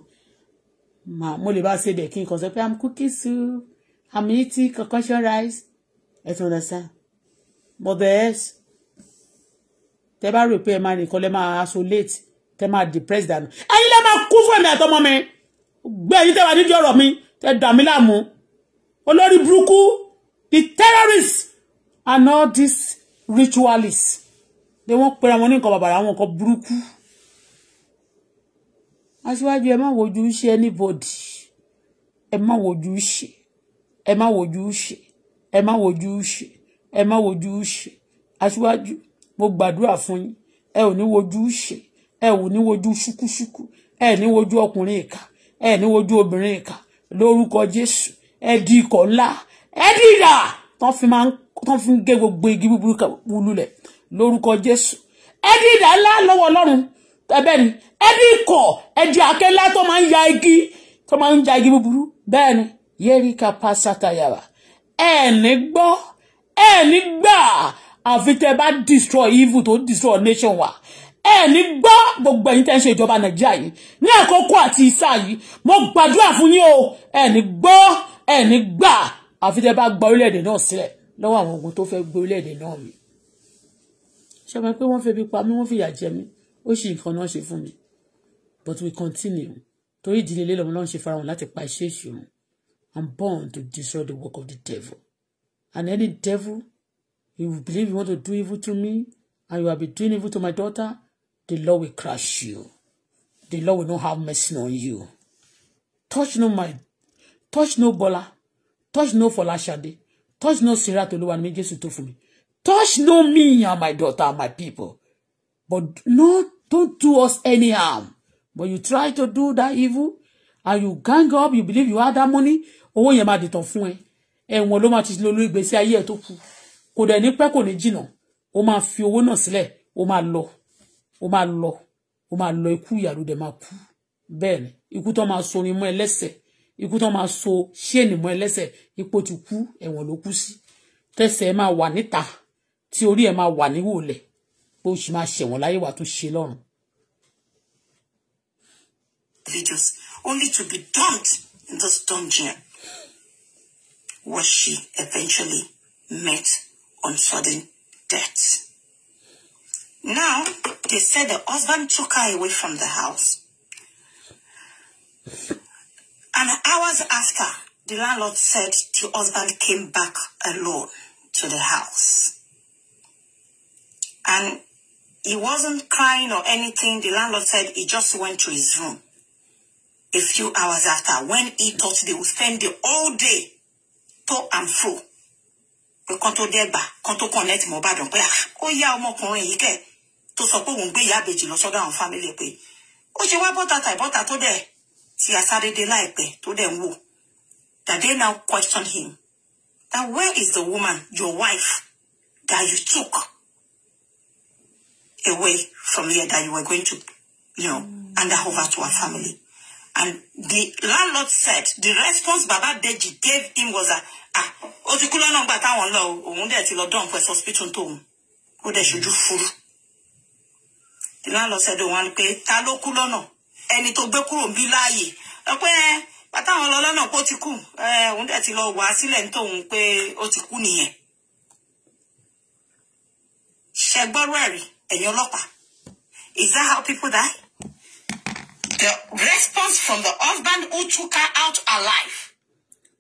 màá mo lè bá ṣe bẹ̀ kí n kàn sọ pé i'm cooking soup i'm eating concussion rice ẹ ti understand but the else tẹ́ bá rò pé ẹ máa nìkan lẹ́ máa isolate tẹ́ máa depressed dànù ẹ̀yin lẹ́ máa kú fún ẹ̀mí àtọmọ mi gbé ẹ̀yin tẹ́ wà nídìí ọ̀rọ̀ mi tẹ́ dà mí láàmú olórí burúkú the terrorists and all these ritualists pé wọ́n pera wọn ní nǹkan bàbàrà àwọn nǹkan burúkú aṣíwájú ẹ má wojú ṣe anybody ẹ má wojú ṣe ẹ má wojú ṣe ẹ má wojú ṣe ẹ má wojú ṣe aṣíwájú mo gbàdúrà fún yín ẹ ò ní wojú ṣe ẹ ò ní wojú ṣúkúṣúkú ẹ ní wojú ọkùnrin ìka ẹ ní wojú obìnrin ìka lórúkọ Jésù ẹ di ikọ̀ ńlá ẹ dìrà tán fi ń gé gbogbo igi búburú lulẹ̀ lórúkọ jésù ẹdí ìdá ńlá lọ́wọ́ ọlọ́run bẹ́ẹ̀ ni ẹdí ikọ̀ ẹdí akẹ́lá tó máa ń ya igi tó máa ń ja igi búburú bẹ́ẹ̀ ni yẹ́ríkà pásátayàrá ẹ̀ẹ́nì gbọ́ ẹ̀ẹ́nì gbà àfi tẹ́ bá destroy evil tó destroy nation wa ẹ̀ẹ́nì gbọ́ gbogbo ẹ̀yin tẹ́ ń ṣe ìjọba nàìjíríà yìí ní àkókò àti ìsà yìí mo gbàdúrà fún yín o ẹ̀ẹ́nì gbọ́ ẹ̀ẹ́nì gbà àfi tẹ́ bá gba orílẹ̀-èdè náà sílẹ̀ lọ́wọ́ àwọn ogun tó fẹ́ gbé orílẹ̀-èdè náà mi ṣe mọ̀ pé wọ́n fi pa mí wọ́n fìyà jẹ mí ó sì nǹkan náà ṣe fún mi but we continue torí ìdílé ilé lọ́mọ náà ṣe farahàn láti pa iṣẹ́ ìṣòro I'm born to destroy the work of the devil and any devil you believe you want to do evil to me and you have been doing evil to my daughter the law will crush you the law will not have mercy on you touch no my, touch no Bola touch no Folashade touch no Sarah Toluwanimi Jésù tó fún mi Touch no me and ah, my daughter and my people. But no, don't do us any harm. But you try to do that evil and you gang up, you believe you have that money, owó yẹn máa dìtàn fún ẹ. Ẹ̀wọ̀n ló máa ti lọ lórí ìgbésí ayé ẹ̀ tó kù. Kò dẹ̀ ní pẹ́ kò ní jìnà. O máa fi owó náà sílẹ̀, o máa lọ. O máa lọ. O máa lọ ikú ìyàrá dẹ̀ máa kú. Bẹ́ẹ̀ni, ikú tó máa so orin mọ́ ẹ lẹ́sẹ̀. Ikú tó máa so ṣéènì mọ́ ẹ lẹ́sẹ̀. Ipò ti kú, ẹ̀wọ̀n ló kú sí. Tẹ̀sẹ̀ máa wà níta tí orí ẹ̀ máa wà níwòlẹ̀ pé ó sì máa ṣẹ̀wọ̀n láyé wà tó ṣe lọ́run. Religious only to be dumped in this dungeon was she eventually met on sudden death. Now they said the husband took her away from the house. And hours after, the landlord said the husband came back alone to the house. And he wasn't crying or anything. The landlord said he just went to his room a few hours after when he thought they would spend the whole day to and fro. pé kán tó dẹ́gbà kán tó connect mọ́ Ìbàdàn pé ah, ó yá ọmọkùnrin yìí kẹ̀ tó sọ pé òun gbé ìyá àbèjì lọ sọ́dọ̀ àwọn fámílì pé ó ṣe wá bọ́tà tàì bọ́tà tó dẹ̀ ti asárede láìpẹ́ tó dẹ̀ ń wò that they now question him that where is the woman your wife that you took away from here that you were going to, you know, mm. hand over to our family. And the landlord said the response Baba Deji gave him was a ah, ó ti kú lọ́nà gbà táwọn lọ òun dẹ̀ ti lọ dán pẹ̀ hospital tóun ó dẹ̀ ṣojú furu. The landlord said òun á ní pé ta ló kú lọ́nà ẹni tó gbé kúrò ń bí láàyè lọ pé pátáwọn lọ lọ́nà pé ó ti kú òun dẹ̀ ti lọ wá sílẹ̀ nítòun pé ó ti kú nìyẹn. ṣẹgbọ́rọ̀ ẹ̀rí your ọlọ́pàá is that how people die? the response from the husband who took her out alive.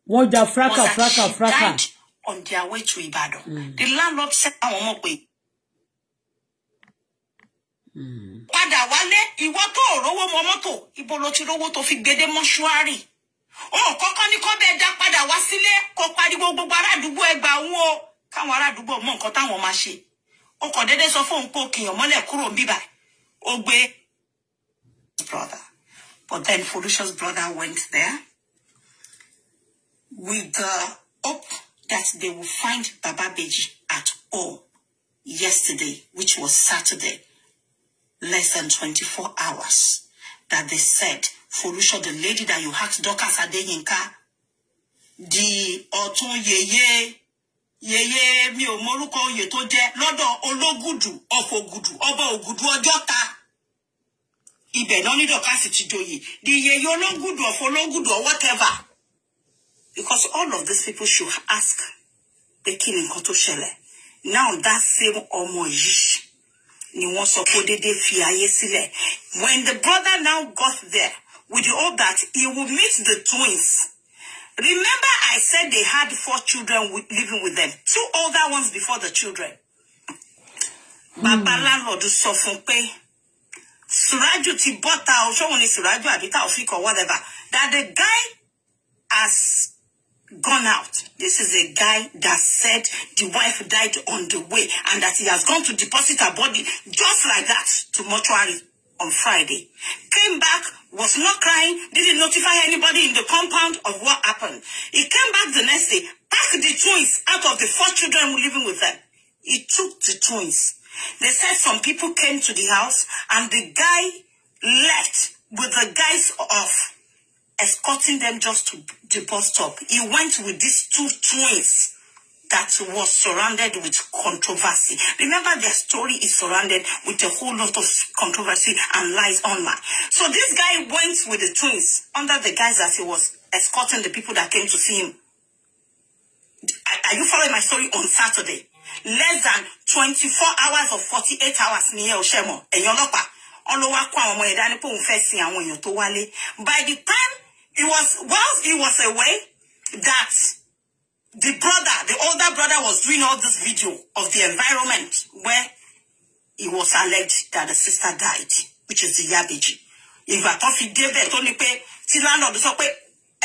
wọ́n ja fraka fraka fraka. was died on their way to Ibadan. Mm. the landlord said àwọn ọmọ pé. Hmm. Pada wale, ìwọ tó rówó mọ mọ́tò ibo ló ti rówó tó fi gbédé mọ́ṣúárì ó kọ́kọ́ ní kó bẹ́ẹ̀ dá padà wá sílé gbogbo ará àdúgbò ẹgbàá òun o káwọn ará àdúgbò mọ nǹkan ó kàn déédéé sọ fóun pé òkèèyàn mọ́lẹ̀ kúrò ń bíbà ó gbé brother but then Folusho's brother went there with the hope that they will find Baba Beji at home yesterday which was Saturday less than twenty-four hours that they said Folusho the lady that you asked Dorcas Adeyinka the ọ̀tún yeye yèyé mi ò mọrúkọ oyè tó jẹ lọ́dọ̀ ológùdù ọfọ ògùdù ọba ògùdù ọjọ́ ta ibẹ̀ náà ní dọkásì ti joyè di yèyé ológùdù ọfọ ológùdù or whatever because all of these people should ask pé kí ni nǹkan tó ṣẹlẹ̀ now that same ọmọ yìí ni wọ́n sọ pé déédéé fi ayé sílẹ̀ when the brother now got there with the hope that he will meet the twins. Remember, I said they had four children with, living with them, two older ones before the children. Bàbá hmm. landlord sọ fún pé Suraju ti bọ́ta Oṣòwò ni Suraju àbí Taofik or whatever that the guy has gone out. This is a guy that said the wife died on the way and that he has gone to deposit her body just like that to mortuary on Friday. Came back, was not crying, didn't notify anybody in the compound of what happened. He came back the next day, packed the twins out of the four children living with them. He took the twins. They said some people came to the house and the guy left with the guys of escorting them just to the bus stop. He went with these two twins that was surrounded with controversy. Remember, their story is surrounded with a whole lot of controversy and lies online. So this guy went with the twins under the guise that he was escorting the people that came to see him. Are you following my story on Saturday? Less than 24 hours or 48 hours ni oshemo ò ṣe mọ̀ ẹ̀yin ọlọ́pàá wọ́n ló wá kó àwọn ọmọ by the time he was while he was away that the brother, the older brother was doing all this video of the environment where it was alleged that the sister died, which is the Yabeji. Ìgbà tó fi débẹ̀ tó ní pay, tí landlord sọ pé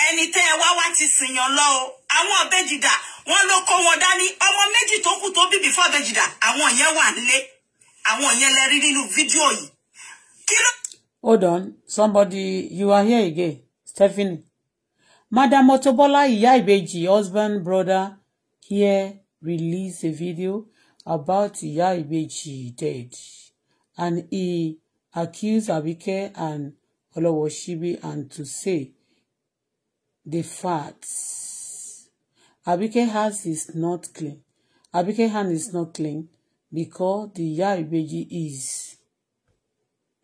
ẹni tẹ́ ẹ wá wá ti sìn yàn lọ o. Àwọn ọ̀bẹ́jì dà wọ́n ló kó wọn dání. Ọmọ méjì tó kù tó bí before ọ̀bẹ́jì dà àwọn yẹn wà nílé. Àwọn yẹn lẹ rí nínú fídíò yìí. Hold on, somebody, you are here again, Stephanie. Madam Otobola Iya-Ibeji husband brother here released a video about Iya-Ibeji dead and he accused Abike and Olowoshibi and to say the facts. Abike house is not clean. Abike hand is not clean because the Iya-Ibeji is.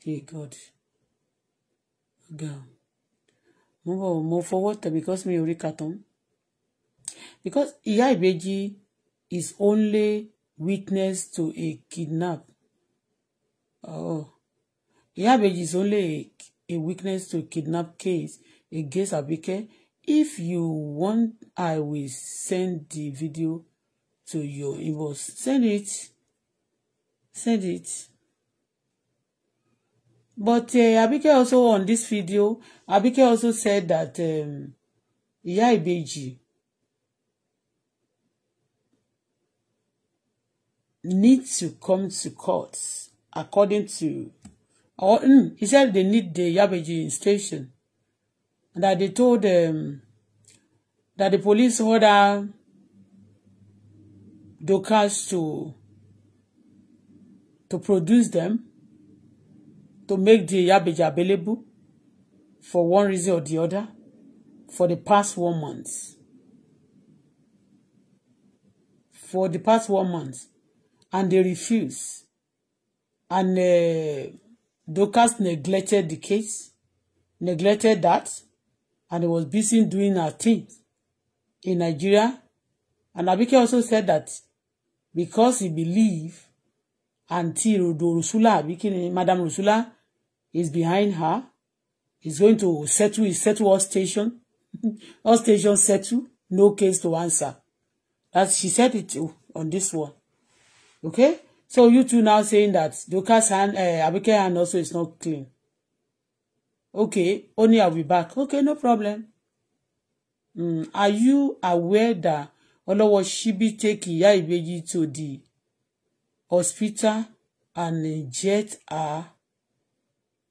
Hey God. God mo bọ̀ mo fọwọ́ tẹ̀ because mi ò rí kàtán because ìyá ìbejì is only witness to a kidnap oh ìyá ìbejì is only a, a witness to a kidnap case against Abike if you want I will send the video to your inbox send it send it. But uh, Abike also on this video, Abike also said that um, Iya Ibeji need to come to court according to, or mm, he said they need the Iya Ibeji station. That they told um, that the police order Dokas to to produce them to make the Iyabeji available for one reason or the other for the past one month. For the past one month. And they refuse. And uh, Dorcas neglected the case, neglected that, and was busy doing her thing in Nigeria. And Abike also said that because he believed until Rosula, Abike, Madam Rosula, is behind her. He's going to settle, settle all station. all station settle. No case to answer. As she said it on this one. Okay? So you two now saying that Dorcas hand, uh, eh, Abike hand also is not clean. Okay, only I'll be back. Okay, no problem. Mm, are you aware that Olowo Shibi take Iya Ibeji to the hospital and jet her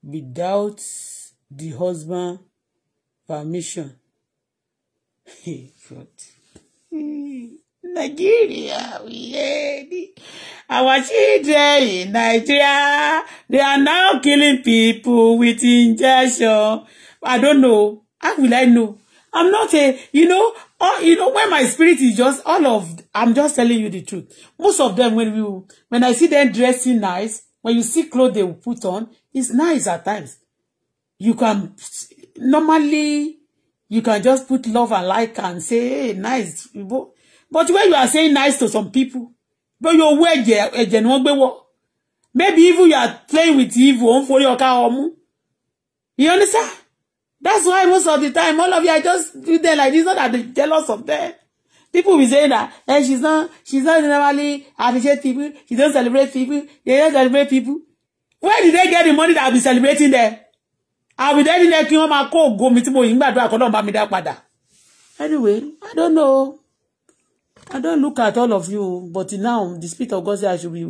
without the husband permission. Hey God. Nigeria, we ready. Our children in Nigeria, they are now killing people with injection. I don't know. How will I know? I'm not a, you know, all, you know, when my spirit is just all of, I'm just telling you the truth. Most of them, when we, when I see them dressing nice, When you see clothes they will put on, it's nice at times. You can normally you can just put love and like and say, hey, nice. But when you are saying nice to some people, but you wear ẹ̀jẹ̀ ni wọ́n gbé wọ̀. Maybe even you are playing with evil on for your car ọmú. You understand? That's why most of the time all of you are just do there like this, not that they jealous of them. People be saying that and eh, she's not she's not normally appreciate people. She don't celebrate people. They don't celebrate people. Where did they get the money that I'll be celebrating there? I'll be there in there kí wọ́n go kó ògo mi tí mo yìí ń gbàdúrà kọ́ náà Anyway, I don't know. I don't look at all of you, but now the Spirit of God say I should be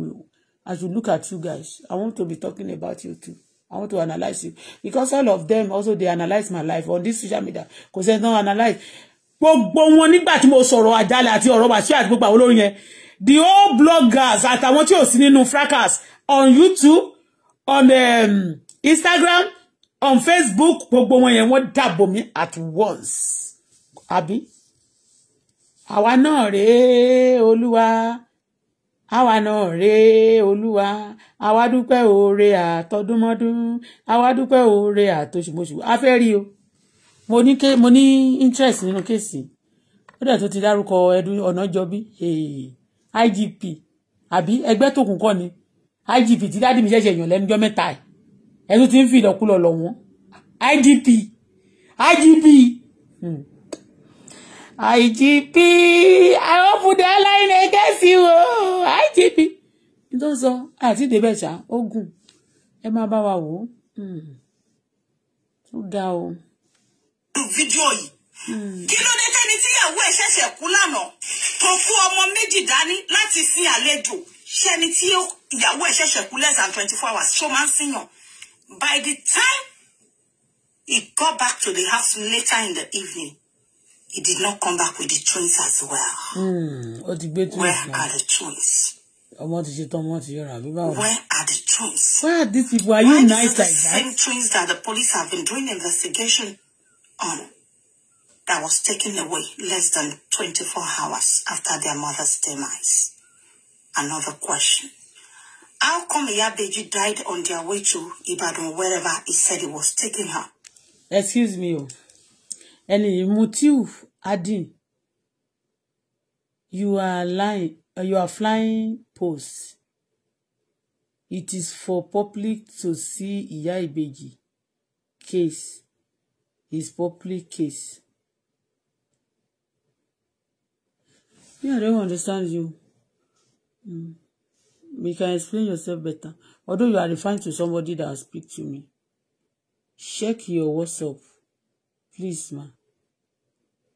I should look at you guys. I want to be talking about you too. I want to analyze you because all of them also they analyze my life on this social media. Because they don't analyze gbogbo wọn nígbà tí mo sọ̀rọ̀ àjálẹ̀ àti ọ̀rọ̀ wàṣíù àti gbogbo àwọn olórin yẹn the old bloggers àtàwọn tí ò sí nínú fracas on youtube on um, instagram on facebook gbogbo wọn yẹn wọ́n dàbò mí at once àbí àwa náà rèé olúwa àwa náà rèé olúwa àwa dúpẹ́ oore àtọdúnmọ́dún àwa dúpẹ́ oore àtoṣùmọ́ṣù a fẹ́ rí o mo ní ké mo ní interest nínú kéèsì ó dẹ̀ tó ti dárúkọ ẹdun ọ̀nàjọbí eh, IGP àbí ẹgbẹ́ tòkùn kọ́ ni IGP tí dáàdì mi ṣẹ̀ṣẹ̀ yàn lẹ́nujọ́ mẹ́ta ẹ̀ ẹ̀ tó ti ń fi ìdọ̀kulọ̀ lọ̀ wọ́n IGP IGP. IGP I hope hmm. the airline against you oh, IGP tó sọ àti ìdèbẹ̀ṣà ogun ẹ máa bá wa wò ó hmm. ó o fídíò yìí hmm. kí ló dé tẹ́ni tíyàwó ẹ̀ ṣẹ̀ṣẹ̀ kú lánàá tó kú ọmọ méjì dání láti sin àlejò ṣẹni tí ìyàwó ẹ̀ ṣẹ̀ṣẹ̀ kú less than twenty four hours ṣó máa ń síyàn by the time he got back to the house later in the evening he did not come back with the twins as well. Hmm, ó ti gbé twins náà where are the twins. ọmọ ti ṣe tán ọmọ ti yọra àbí báwo. where are the twins. where are these people are you nice like that. why is the same twins that the police have been doing investigation on that was taken away less than 24 hours after their mother's demise. Another question. How come Iyabeji died on their way to Ibadan, wherever he said he was taking her? Excuse me, oh. Eli Mutiu Adin, you are lying, you are flying post. It is for public to see Iya case his public case. yeah, I don't understand you. Mm. You can explain yourself better. Although you are referring to somebody that will speak to me. Check your WhatsApp. Please, ma.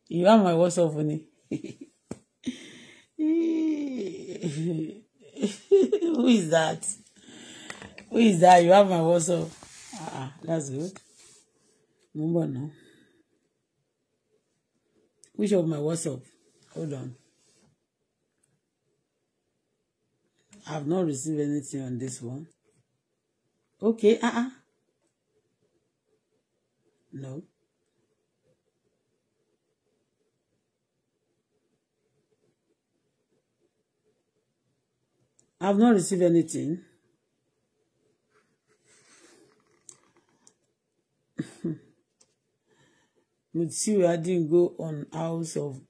You have my WhatsApp honey. Who is that? Who is that? You have my WhatsApp. Ah, ah that's good. Number no. Which of my WhatsApp? Hold on. I have not received anything on this one. Okay, uh-uh. No. I have not received anything. Mutiu didn't go on House of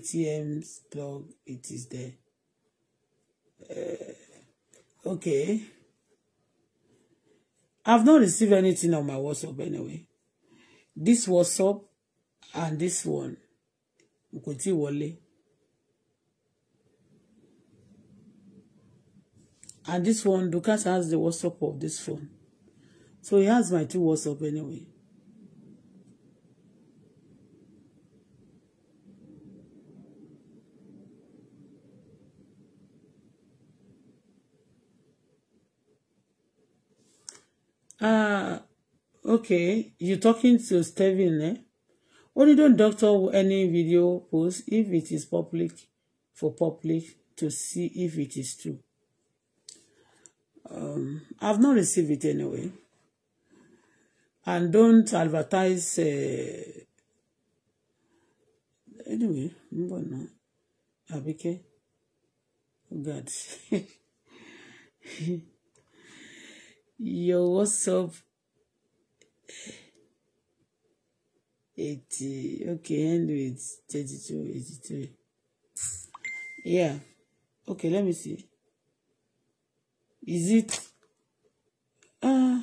TM's blog. It is there. Uh, okay. I've not received anything on my WhatsApp anyway. This WhatsApp and this one. Nkoti Wole. And this one, Dukas has the WhatsApp of this phone. So he has my two WhatsApp anyway. ah okay you talking to Stephen eh only don't doctor any video post if it is public for public to see if it is true um, I've not received it anyway and don't advertise uh, anyway mbọ na Abike oh God Yo, what's up? 80, okay, end with thirty-two, eighty 83. Yeah. Okay, let me see. Is it? Uh,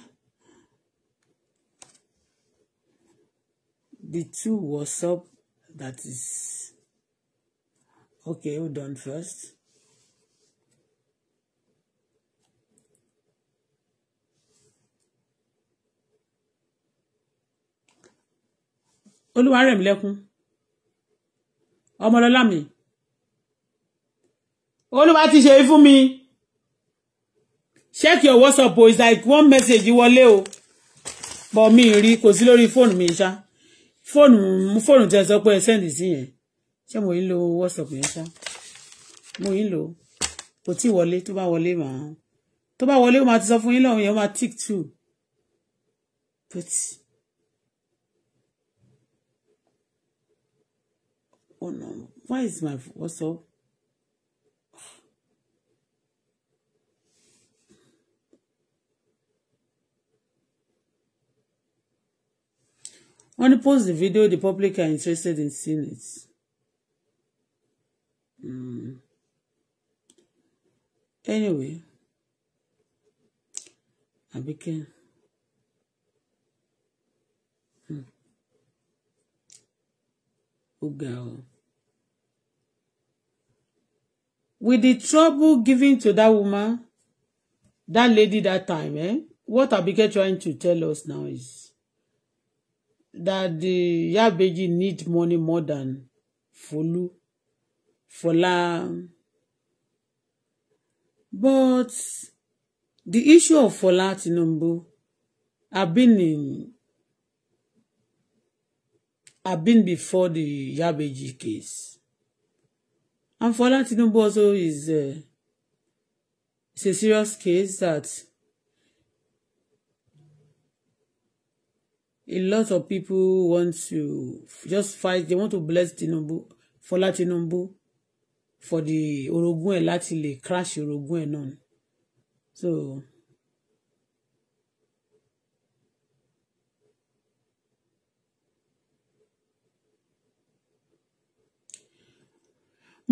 the two WhatsApp that is. Okay, hold on first. olúwarẹ̀mílẹ́kún ọmọlọ́lá mi olúwa ti ṣe fún mi check your whatsapp o it's like one message wọlé o but mi rí kò sí lórí fóònù mi ṣá fóònù fóònù tẹ sọ pé ẹ sẹ́ndì sí yẹn ṣé mo ń lo whatsapp yẹn ṣá mo ń lò kò tí wọlé tó bá wọlé màá tó bá wọlé ó máa ti sọ fún yín lọ́wọ́ yẹn ó máa tick two. Oh no! Why is my What's up? When you post the video, the public are interested in seeing it. Mm. Anyway, I became. Hmm. Oh, girl. with the trouble given to that woman that lady that time eh what Abike trying to tell us now is that the Iyabeji need money more than Folu Fola but the issue of Fola Tinubu have been in have been before the Iyabeji case And Fola Tinubu also is uh, it's a serious case that a lot of people want to just fight. They want to bless Tinubu, Fola Tinubu, for the orogún ẹ̀ láti crash orogún ẹ̀ náà. So.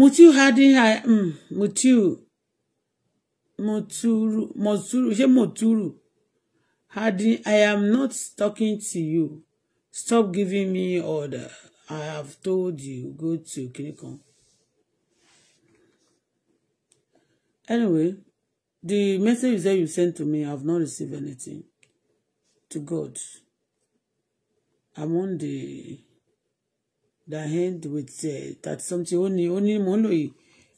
Mutiu Hadi um, Mutu. Moturu Moturu ṣé Moturu Hadi I am not talking to you. Stop giving me order. I have told you go to Kinikan. Anyway, the message that you sent to me, I have not received anything. To God. I'm on the that end with uh, that something only only ó ní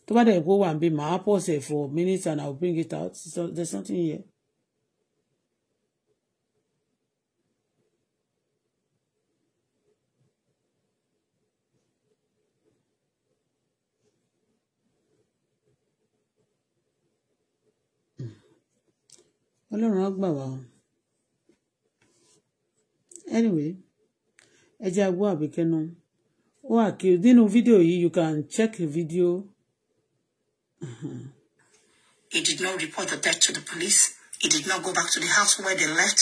mò go and be my bá dẹ̀ kó for minutes and I'll bring it out so there something here. ọlọ́run á gbà wá o anyway ẹ jẹ́ agbó àbíkẹ́ náà ó wà kí nínú fídíò yìí you can check the video. he did not report the death to the police he did not go back to the house where they left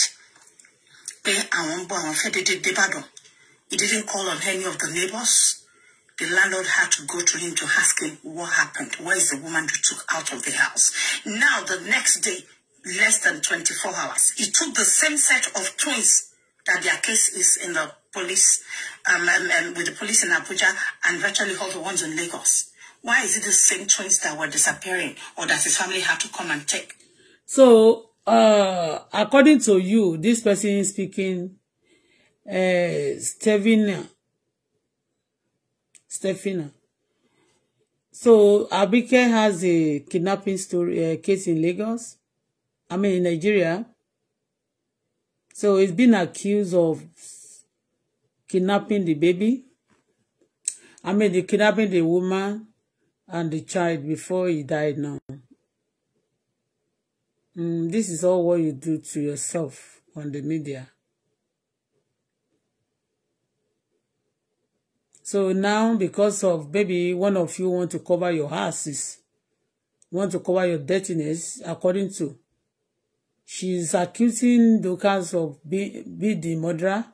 pé àwọn ń bọ̀ àwọn fẹ́ dédé débàdàn he didn't call on any of the neighbors the landlord had to go to him to ask him what happened where is the woman you took out of the house now the next day less than twenty-four hours he took the same set of twins that their case is in the police, um, um, um, with the police in Abuja and virtually all the ones in Lagos? Why is it the same twins that were disappearing or that his family had to come and take? So, uh, according to you, this person speaking, uh, Stevina, Stefina. So Abike has a kidnapping story uh, case in Lagos, I mean in Nigeria. So he's been accused of kidnapping the baby. I mean, the kidnapping the woman and the child before he died now. Mm, this is all what you do to yourself on the media. So now, because of baby, one of you want to cover your asses, want to cover your dirtiness, according to, she's accusing Dorcas of being be the murderer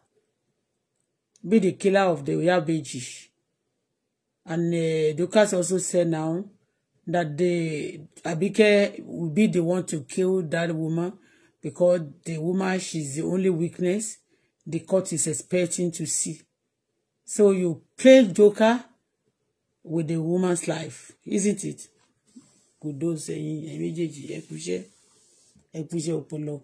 be the killer of the Oyabeji. And uh, Dukas also said now that the Abike will be the one to kill that woman because the woman she's the only weakness the court is expecting to see. So you play joker with the woman's life, isn't it? Kudos ẹ̀yin ẹ̀yin méjèèjì ẹ kúṣẹ́ ẹ kúṣẹ́ ọpọlọ.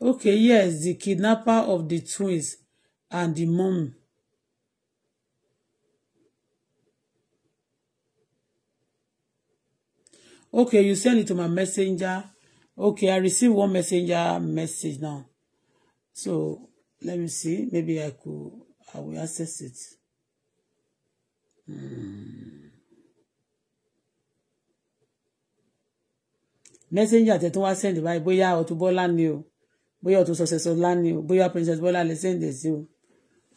Okay, yes, the kidnapper of the twins and the mom. Okay, you send it to my messenger. Okay, I receive one messenger message now. So let me see. Maybe I could I will access it. Hmm. Messenger tẹ̀ tó wá send báyìí bóyá Auto to ni you bóyá Ọ̀tún Successful ni o bóyá Princess Bọ́lá lè sẹ́ǹdẹ̀ sí o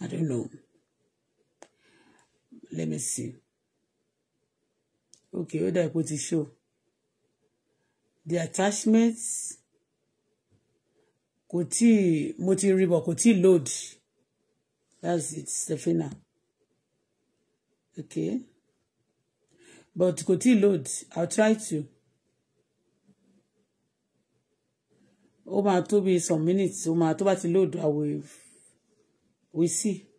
I don't know let me see okay ó dà ipò ti show the attachments kò tí mo ti rí bọ̀ kò tí load that's it Stephina okay but kò tí load I'll try to. ó máa tó bí some minutes ó máa tó bá ti load I will we see.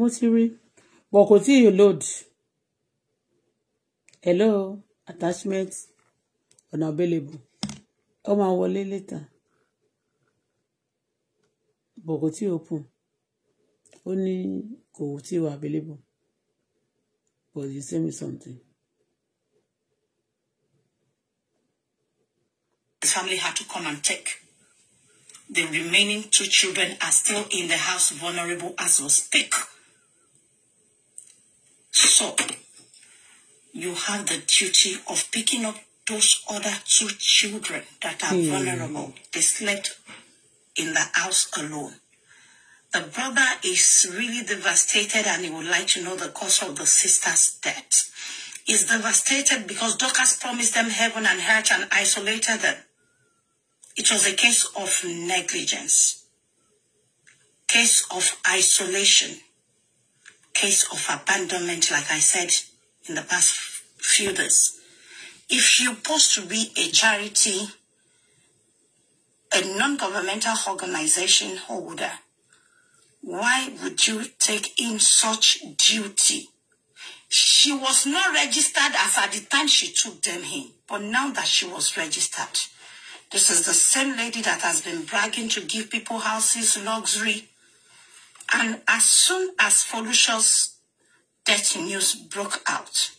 mo ti rí but kò tí ì load hello attachment unavailable ó máa wọlé later but kò tí ì open ó ní kò tí ì wà available but you send me something. His family had to come and take. The remaining two children are still in the house vulnerable as we speak. So, you have the duty of picking up those other two children that are mm. vulnerable. They slept in the house alone. The brother is really devastated and he would like to know the cause of the sister's death. He's devastated because doctors promised them heaven and earth and isolated them. It was a case of negligence, case of isolation case of abandonment, like I said in the past few days. If you're supposed to be a charity, a non-governmental organization holder, why would you take in such duty? She was not registered as at the time she took them in, but now that she was registered, this is the same lady that has been bragging to give people houses, luxury, and as soon as Folusha's death news broke out,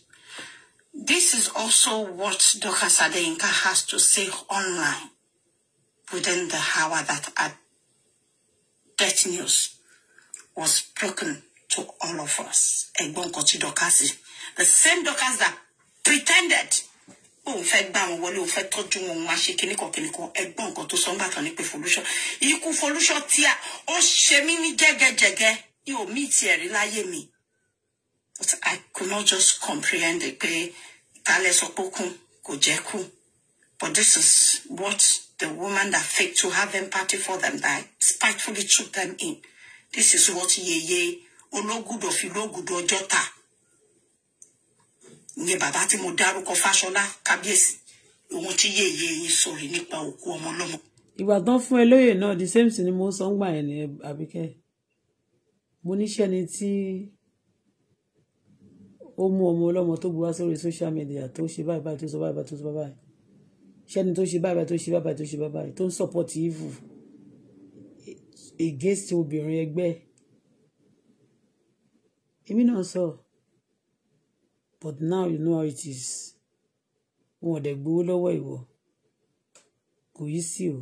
this is also what Dr. Sadeinka has to say online within the hour that at death news was broken to all of us. Egbon the same Dokas that pretended òun fẹ́ gbà wọn wọlé òun fẹ́ tọ́jú wọn òun ṣe kíní kan kíní kan ẹgbọ́n nǹkan tó sọ ń bàtàn ní folúṣọ ikú folúṣọ tí a ó ṣe mí ní jẹ́gẹ́jẹ́gẹ́ ní omi ti ẹ̀rí láyé mi but I could not just comprehend it pé ìtàlẹ̀ sọ pé kún kò jẹ́ kú but this is what the woman that fake to have empathy for them that spitefully took them in this is what yeye ológùdọ̀ fi lógùdọ̀ ọjọ́ ta ìyẹn bàbá tí mo dárúkọ Fáṣọlá kábíyèsí ohun tí yéye yín sọ̀rọ̀ nípa òkú ọmọ ọlọ́mọ. ìgbà tán fún ẹ lóyè náà the same thing ni mo sọ ń gbà yẹn ní Àbíkẹ́ mo níṣẹ́ ni tí ó mú ọmọ ọlọ́mọ tó buwá sórí social media tó ṣe báyìí báyìí tó sọ báyìí báyìí tó sọ báyìí ṣẹ́ni tó ṣe báyìí báyìí tó ṣe báyìí báyìí tó ṣe báyìí báyìí tó ń support evil against obìnrin ẹgbẹ́ èmi náà sọ̀rọ̀ but now you know how it is wọn ò dẹ̀ gbowó lọ́wọ́ ìwọ kò yí sí o.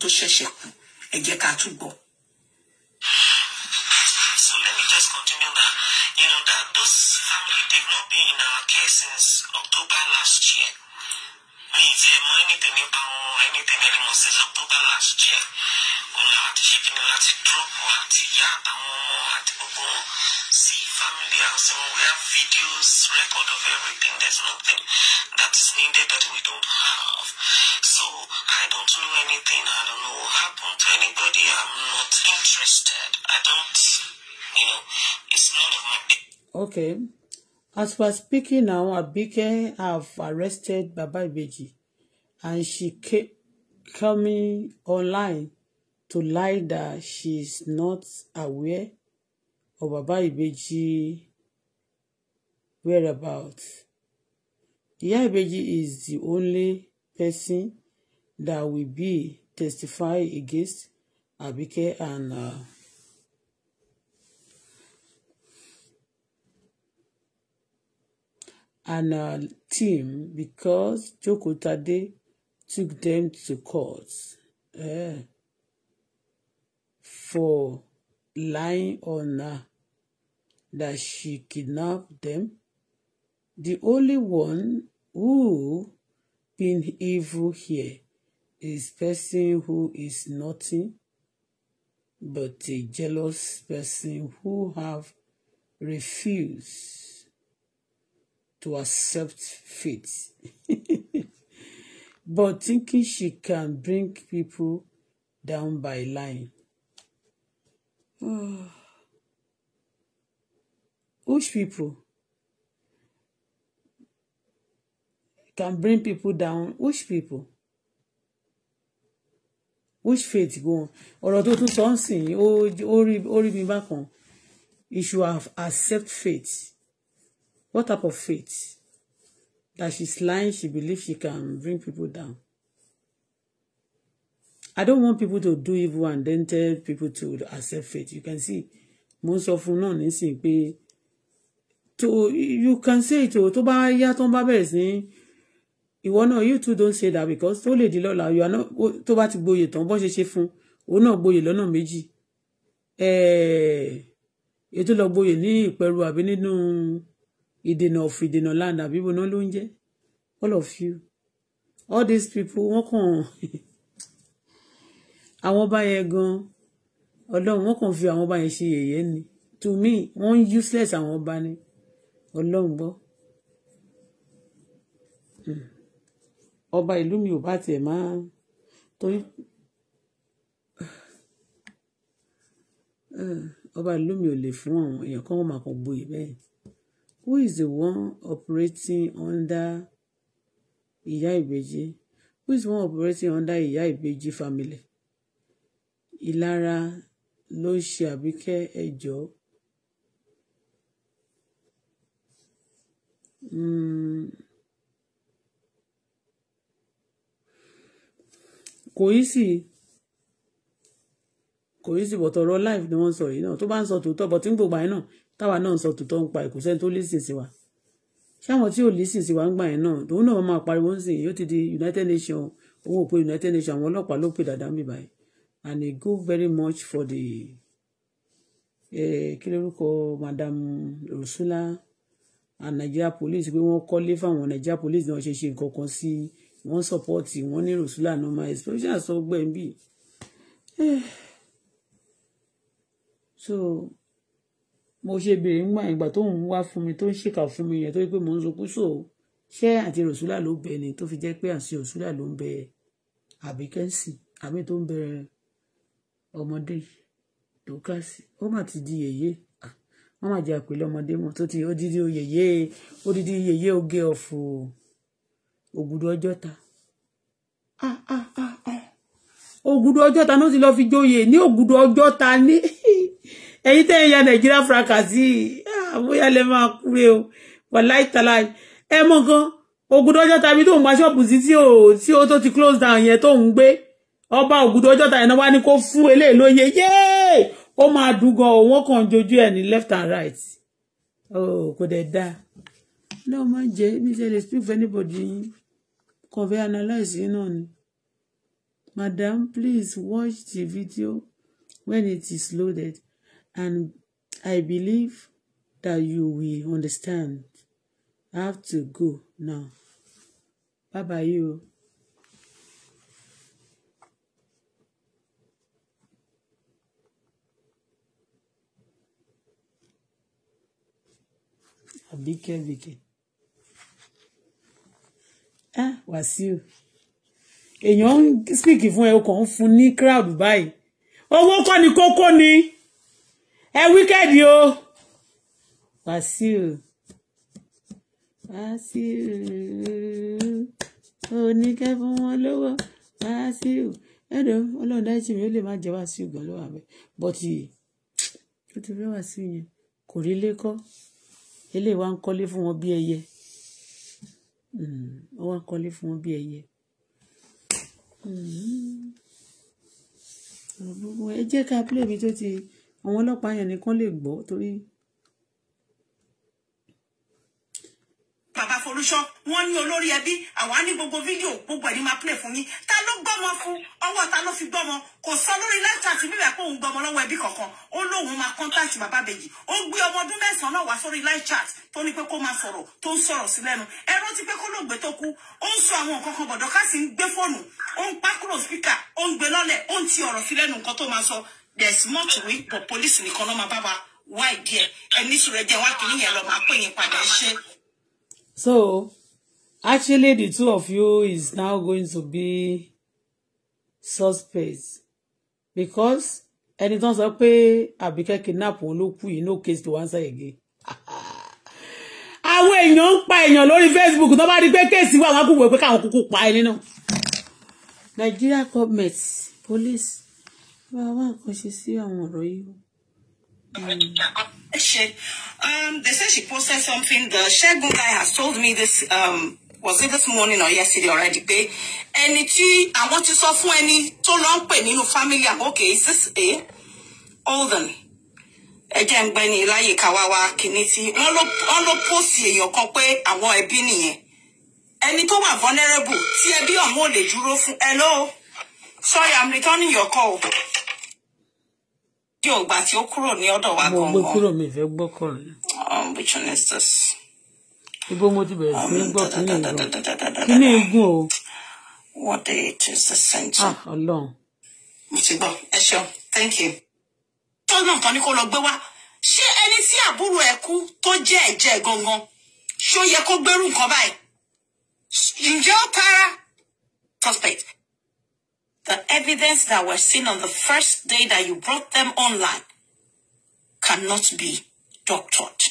tó ṣẹ̀ṣẹ̀ kú ẹ jẹ́ ká tún gbọ́. So let me just continue that you know that those family they've not been in our care since October last year. mi ì tiẹ̀ mọ anything nípa wọn anything anymore since October last year. òun làwọn ti ṣe kí ni láti dúró àti ìyá àtàwọn ọmọ àti gbogbo wọn family house and we have videos, record of everything. There's nothing that is needed that we don't have. So I don't know anything. I don't know what happened to anybody. I'm not interested. I don't, you know, it's none of my Okay. As we're speaking now, Abike have arrested Baba Ibeji and she kept coming online to lie that she's not aware or Baba Ibeji whereabouts? Iya Ibeji is the only person that will be testify against Abike and uh, and uh, team because Jokotade took them to court uh, for lying on uh, that she kidnapped them. The only one who been evil here is person who is nothing but a jealous person who have refused to accept fate, but thinking she can bring people down by lying. Oh. Which people can bring people down? Which people? Which faith go on? Ọ̀rọ̀ to tún sọ or sìn yín, ó You should have accept faith. What type of faith? That she's lying, she believes she can bring people down. I don't want people to do evil and then tell people to accept faith. You can see, most of fún náà nísìnyí pé to you can say it o tó bá yá tó ń bá bẹ̀rẹ̀ sí ìwọ náà you too don't say that because tó lè di lọ́la you are not tó bá ti gboyè tán bó ṣe ṣe fún òun náà gboyè lọ́nà méjì ètò lọ gboyè ní ìpẹ̀rù àbí nínú ìdènà of ìdènà land àbí bọ́nà ló ń jẹ́ all of you all these people wọ́n kàn àwọn ọba yẹn gan ọlọ́run wọ́n kàn fi àwọn ọba yẹn ṣe yẹ̀yẹ́ ni to me wọ́n useless àwọn ọba ni ọlọ́run gbọ́ hmm. ọba ìlú mi ò bá tiẹ̀ máa torí eh, ọba ìlú mi ò lè fún àwọn èèyàn kan wọ́n máa kàn gboyè bẹ́ẹ̀ who is the one operating under ìyá ìbejì who is the one operating under ìyá ìbejì family ìlara ló ń ṣe àbíkẹ́ ẹjọ́ Mm. kò í sì kò í sì bọ̀tọ̀ ọ̀rọ̀ life ni wọ́n sọ yìí náà tó bá ń sọ tòótọ́ bọ̀ tí ń gbògbà yẹn náà táwa náà ń sọ tòótọ́ ń pa ìkùsẹ́ tó lè sìn sí wa ṣé àwọn tí ò lè sìn sí wa ń gbà yẹn náà òun náà máa pariwo ń sìn yóò ti di United Nations òun ò United Nations àwọn ọlọ́pàá ló pè dáadáa ń bì báyìí and they go very much for the eh, kí lórúkọ madam Ursula and Nigeria police pé wọ́n kọ́lé fáwọn Nigeria police náà ṣe ṣe nǹkan kan sí wọ́n sọ́pọ́ọ̀tì wọ́n ní rosula normal explosion sọgbẹ́ ń bì. so mo ṣe béèrè ńgbà ìgbà tó ń wá fún mi tó ń ṣèkà fún mi yẹn tó yẹ pé mò ń sunkún so ṣé àti rosula ló bẹ ni tó fi jẹ́ pé àti rosula ló ń bẹ àbí kẹ́sì àbí tó ń bẹ̀rẹ̀ ọmọdé dókàsì ó mà ti di yèyé wọ́n máa jẹ́ àpè lọ́mọdé mọ́ tó ti odidi oyèyé odidi yèyé oge ọ̀fọ̀ ògùdù ọjọ́ta ah, ah, ah, ògùdù ọjọ́ta ló ti lọ́ọ́ fi joyè ní ògùdù ọjọ́ta ní ẹ̀yin tẹ́ ń ya nàìjíríà fracasi bóyá lẹ máa kúre o wàláì tàláì ẹ mọ̀ gan ògùdù ọjọ́ta mi tó ń gba ṣọ́ọ̀bù sí tí ó tí ó tó ti close down yẹn tó ń gbé ọba ògùdù ọjọ́ta yẹn náà wá ní kó fún eléyìí lóye ó máa dùn gan o wọ́n kàn jojú ẹ̀ ní left and right oh kò dẹ̀ da No, máa ń jẹ́ mi ṣe lè speak for anybody kàn fẹ́ analyse yín náà ni madam please watch the video when it is loaded and I believe that you will understand I have to go now bye bye you. àbí kẹ́bìkẹ́ ah Wàsíù èèyàn ń speak fún ẹ o kàn ń fún ní crowd báyìí owó kọ́ ni kókó ni ẹ wíkẹ́ẹ̀dì o Wàsíù Wàsíù oníkẹ́ fún wọn lówó Wàsíù ẹ̀dọ̀ ọlọ́run dájú mi ó lè má jẹ́ Wàsíù gan ló wà bẹ́ẹ̀ bọ́tì ó ti fẹ́ Wàsíù yẹn kò rí lé kọ́ eléyìí wá ń kọ́lé fún wọn bí ẹyẹ hmm, ó wá ń kọ́lé fún wọn bí ẹyẹ gbogbo hmm. ẹ jẹ́ ká plé mi tó ti àwọn ọlọ́pàá yẹn nìkan lè gbọ́ torí. bàbá Folúṣọ́ wọ́n ní olórí ẹbí àwọn á ní gbogbo fídíò gbogbo ẹni máa play fún yín ta ló gbọ́mọ fún ọwọ́ ta ló fi gbọ́mọ kò sọ lórí lẹ́tà àti bíbẹ̀ kó òun gbọ́mọ lọ́wọ́ ẹbí kankan ó lóun máa kọ́ńtàkì bàbá bèjì ó gbé ọmọ ọdún mẹ́sàn-án náà wá sórí live chat tó ní pé kó máa sọ̀rọ̀ tó ń sọ̀rọ̀ sí lẹ́nu ẹ rántí pé kó ló gbé tó kú ó ń sọ àwọn nǹkan kan bọ̀dọ̀ ká sì ń gbé fóònù ó ń pákúrò spíkà ó ń gbé lọ́lẹ̀ ó ń ti ọ̀rọ̀ sí lẹ́nu nǹkan tó máa sọ there's more to it but police nìkan ló máa bá wa wá ìdí ẹ ẹ ní sùrẹ́jẹ wá kì í yẹn lọ máa pè yín padà ẹ ṣe. so Actually, the two of you is now going to be suspects because ẹni tó ń sọ pé Àbíkẹ́ kidnap òun yìí no case to answer again. àwọn èèyàn ń pa èèyàn lórí Facebook tó bá rí pé kéèsì wà wọn kò wọ pé káwọn kúkú pa ẹni náà. Nigeria government police wá wá nǹkan ṣe sí àwọn ọ̀rọ̀ yìí. Um, they said she posted something. The Shegun guy has told me this um, was it this morning or yesterday already pé ẹni tí àwọn ti sọ fún ẹni tó lọ ń pè nínú family àwọn òkè is this a hold on ẹ jẹ́ ń gbẹ́ni láyè káwá wa kìíní tí wọ́n ló post èèyàn kan pé àwọn ẹbí nìyẹn ẹni tó wà vulnerable tí ẹbí ọ̀hún ò lè dúró fún hello sorry i'm returning your call yóò gbà tí ó kúrò ní ọ̀dọ̀ wa gan-an. mo gbé kúrò mi fẹ́ gbọ́kọ̀ rẹ̀. Oh, which one is this? ibo mo ti bẹ̀rẹ̀ sí gbọ́ kíní ìgùn kíní ìgùn o. what day it is the century. ah Ọlọ́run. mo ti gbọ́ ẹ ṣeun thank you. tọ́nà kan ní kó lọ gbé wá ṣé ẹni tí àbúrò ẹ̀ kú tó jẹ́ ẹ̀jẹ̀ gangan ṣó yẹ kó gbẹ́rù nǹkan báyìí. ǹjẹ́ ó tara suspect. The evidence that were seen on the first day that you brought them online cannot be doctored.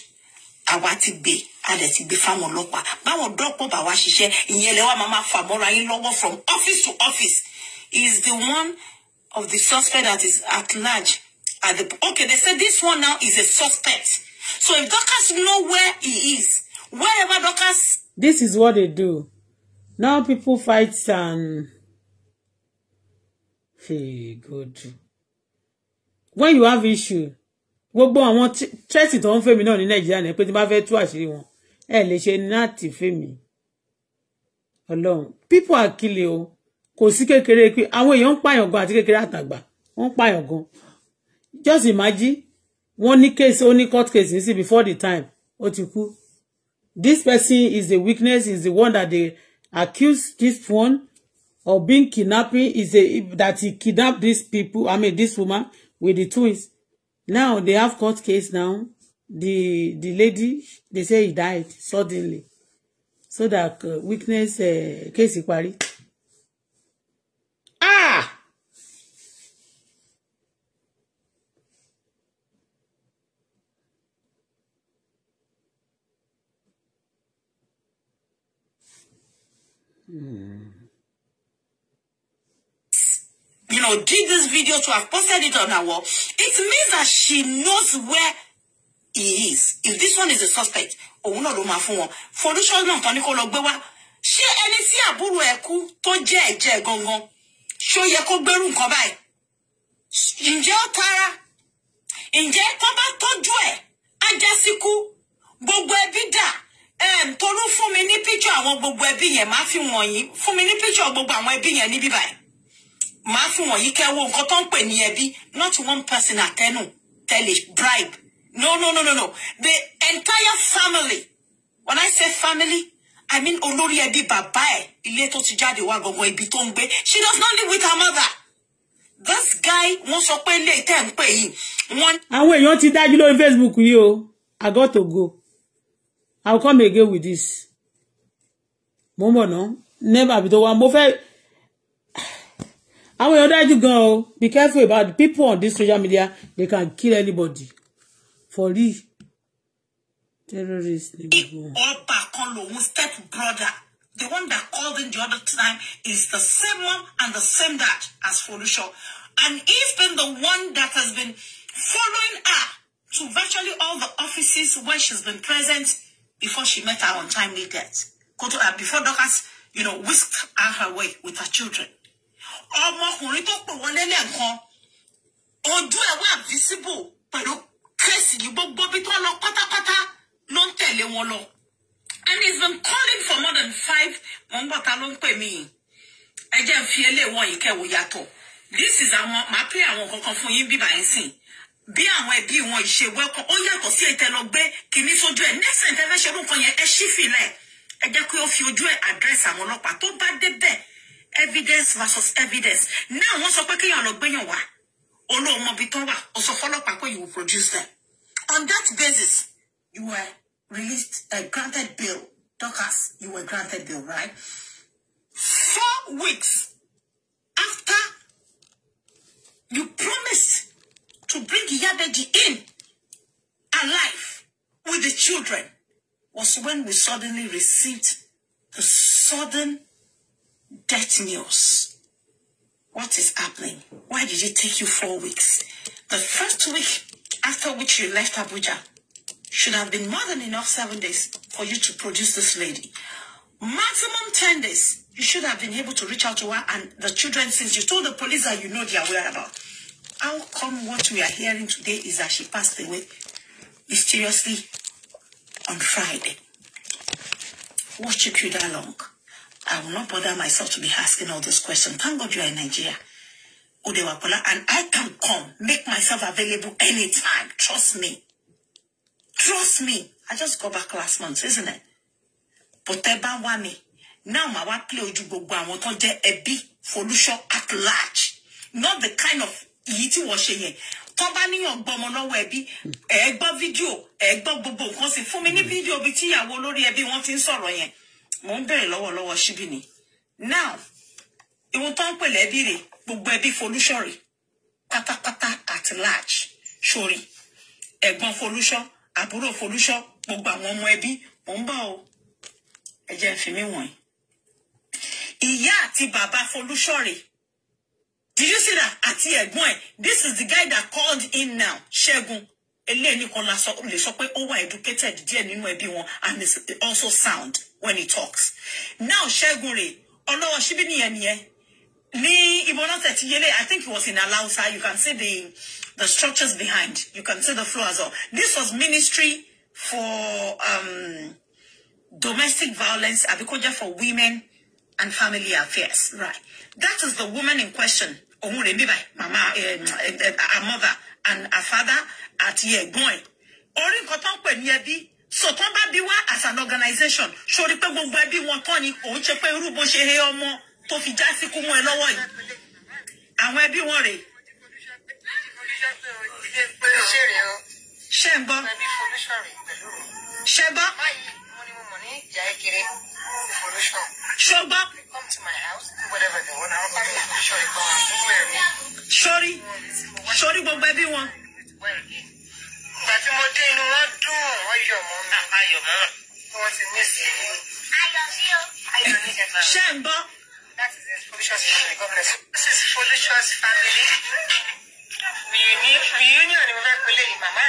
Àwa ti gbé a dẹ̀ ti gbé fáwọn ọlọ́pàá báwọn dọ́pọ̀ bá wa ṣiṣẹ́ ìyẹn lẹ́wọ́ máa máa fà mọ́ra yín lọ́wọ́ from office to office is the one of the suspect that is at large at the okay they say this one now is a suspect so if Dorcas know where he is wherever Dorcas. this is what they do now people fight and hey good when you have issue gbogbo àwọn tẹ́sì tó ń fẹ́mi náà ní nàìjíríà ní pé tí bá fẹ́ tú àṣírí wọn ẹ lè ṣe náàtì fèmí Ọlọ́run pípọ̀ àkìlẹ̀ o kò sí kékeré pé àwọn èèyàn ń pààyàn gan àti kékeré àtàgbà wọ́n ń pààyàn gan just imagine wọ́n ní case ó ní court case ní sí before the time ó ti kú this person is the weakness, is the one that they accuse this one of being kidnapping is a that he kidnap these people I mean this woman with the twins now they have court case now the the lady they say he died suddenly so that uh, witness uh, case parí. ah Hmm. You know, did this video to have posted it on her wall. It means that she knows where he is if this one is a suspect òun náà ló máa fún wọn foundation náà tán ni kó lọ gbé wá ṣé ẹni tí àbúrò ẹ̀ kú tó jẹ́ ẹ̀jẹ̀ gangan ṣó yẹ kó gbẹrù nǹkan báyìí ǹjẹ́ ó tara ǹjẹ́ tó bá tọ́jú ẹ̀ ajásíkú gbogbo ẹbí dà tolú fún mi ní píkṣọ àwọn gbogbo ẹbí yẹn máa fi wọ̀nyí fún mi ní píkṣọ gbogbo àwọn ẹbí yẹn níbí báyìí máa fi wọ̀nyí kẹ́ wo nǹkan tó ń pè ní ẹbí not one person Tell tẹ́lẹ̀ bribe No, no, no, no, no. The entire family. When I say family, I mean olórí ẹbí bàbá ẹ̀ ilé tó ti jáde wá gangan She does not live with her mother. This guy wants wọ́n sọ pé ilé ìtẹ́ ń pè yìí. Wọ́n. Àwọn èèyàn ti dájú lórí Facebook yìí o. I got to go. I'll come again with this. Mo no. Never be the one. Mo I will èèyàn you go. Be careful about the people on this social media. They can kill anybody for real terrorist ni gbogbo. ọba kan step brother the one that called in the other time is the same mom and the same dad as Folusho and he's been the one that has been following her to virtually all the offices where she's been present before she met her untimely death koto uh, before doctors, you know whisked her, her way with her children. ọmọkùnrin tó pè wọlé lẹ́ẹ̀kan ojú ẹ̀ wà visible pẹ̀lú fèsì yìí gbogbo bí tó lọ pátápátá ló ń tẹ̀lé wọn lọ and he's been calling for more than five wọn gbọ́ ta ló ń pè mí ẹ jẹ́ fi eléwọ̀n yìí kẹ́wò yàtọ̀ this is àwọn màá pè àwọn kankan fún yín bíbá yín sìn bí àwọn ẹbí wọn ìṣe wẹ́kọ̀ ó yàtọ̀ sí ètè lọ gbé kìíní sójú ẹ̀ next time tẹ́fẹ́ ṣe irú nǹkan yẹn ẹ ṣí fìlẹ̀ ẹ jẹ́ kí ó fi ojú ẹ̀ àdírẹ́sì àwọn ọlọ́pàá tó bá débẹ̀ evidence versus evidence náà wọ́n sọ pé kéèyàn lọ gbéyàn wá olóhùn mọbi tán wà ó sọ fọ́lọ́pàá pé you produce them on that basis you were released uh, granted bail Dorcas you were granted bail right four weeks after you promised to bring Iyabeji in alive with the children was when we suddenly received the sudden death news. What is happening? Why did it take you four weeks? The first week after which you left Abuja should have been more than enough seven days for you to produce this lady. Maximum 10 days, you should have been able to reach out to her and the children since you told the police that you know their whereabouts. How come what we are hearing today is that she passed away mysteriously on Friday? What took you that long? I will not bother myself to be asking all those questions. Thank God you are in Nigeria. Udewakola, and I can come, make myself available anytime. Trust me. Trust me. I just got back last month, isn't it? But Teba Wami, now my wife play Ojugo Gwamon to a big solution at large. Not the kind of yiti washe yen. Tó bá níyàn gbọmọ lọ́wọ́ ẹbí, ẹ gbọ́ fídíò, ẹ gbọ́ gbogbo nǹkan sí fún mi ní fídíò bí sorrow lórí mò ń béèrè lọ́wọ́lọ́wọ́ síbí ni now ìwọ̀n tó ń pè lẹ́bí rè gbogbo ẹbí folúṣọ́ rè pátápátá at large sórí ẹ̀gbọ́n folúṣọ́ àbúrò folúṣọ́ gbogbo àwọn ọmọ ẹbí mò ń bọ̀ o ẹ jẹ́ ń fi mí wọ̀nyí. ìyá àti bàbá folúṣọ́ did you see that àti ẹ̀gbọ́n ẹ̀ this is the guy that called in now ṣẹ́gun eléyìí sọ educated and is also sound when he talks. now Shaguri, oh no, she be nìyẹn Me, i think it was in alausa you can see the the structures behind you can see the floor as well this was ministry for um, domestic violence abikoja for women and family affairs right that is the woman in question mama mother and her father àti ẹ̀gbọ́n ẹ̀ Orin nǹkan tó ń pè ní ẹbí sọ̀tàn bá bí wá as an organization sórí pé gbogbo ẹbí wọn kọ́ ni òun ṣe pé irú bó ṣe he ọmọ tó fi já sí kúmọ́ ẹ lọ́wọ́ yìí àwọn ẹbí wọn rèé. ṣé ń gbọ́ ṣé gbọ́ ní ìjà ìkéré pollution. ṣùgbọ́n. they come to my house do whatever they want our family go ṣọ ìgbọ́n àbúrò ẹ̀mí. sórí sórí gbogbo ẹbí wọn. ìgbà tí mo dé inú wọn dùn wọn yọ mọ mi. ayọ̀ mọ. wọn ti mí sí i. don't sí o. ayọ̀ ní ìjẹta. ṣé ń gbọ́. that is a Felicia's family God bless you. this is Felicia's family. reunion reunion ni going to pe lẹ́yìn màmá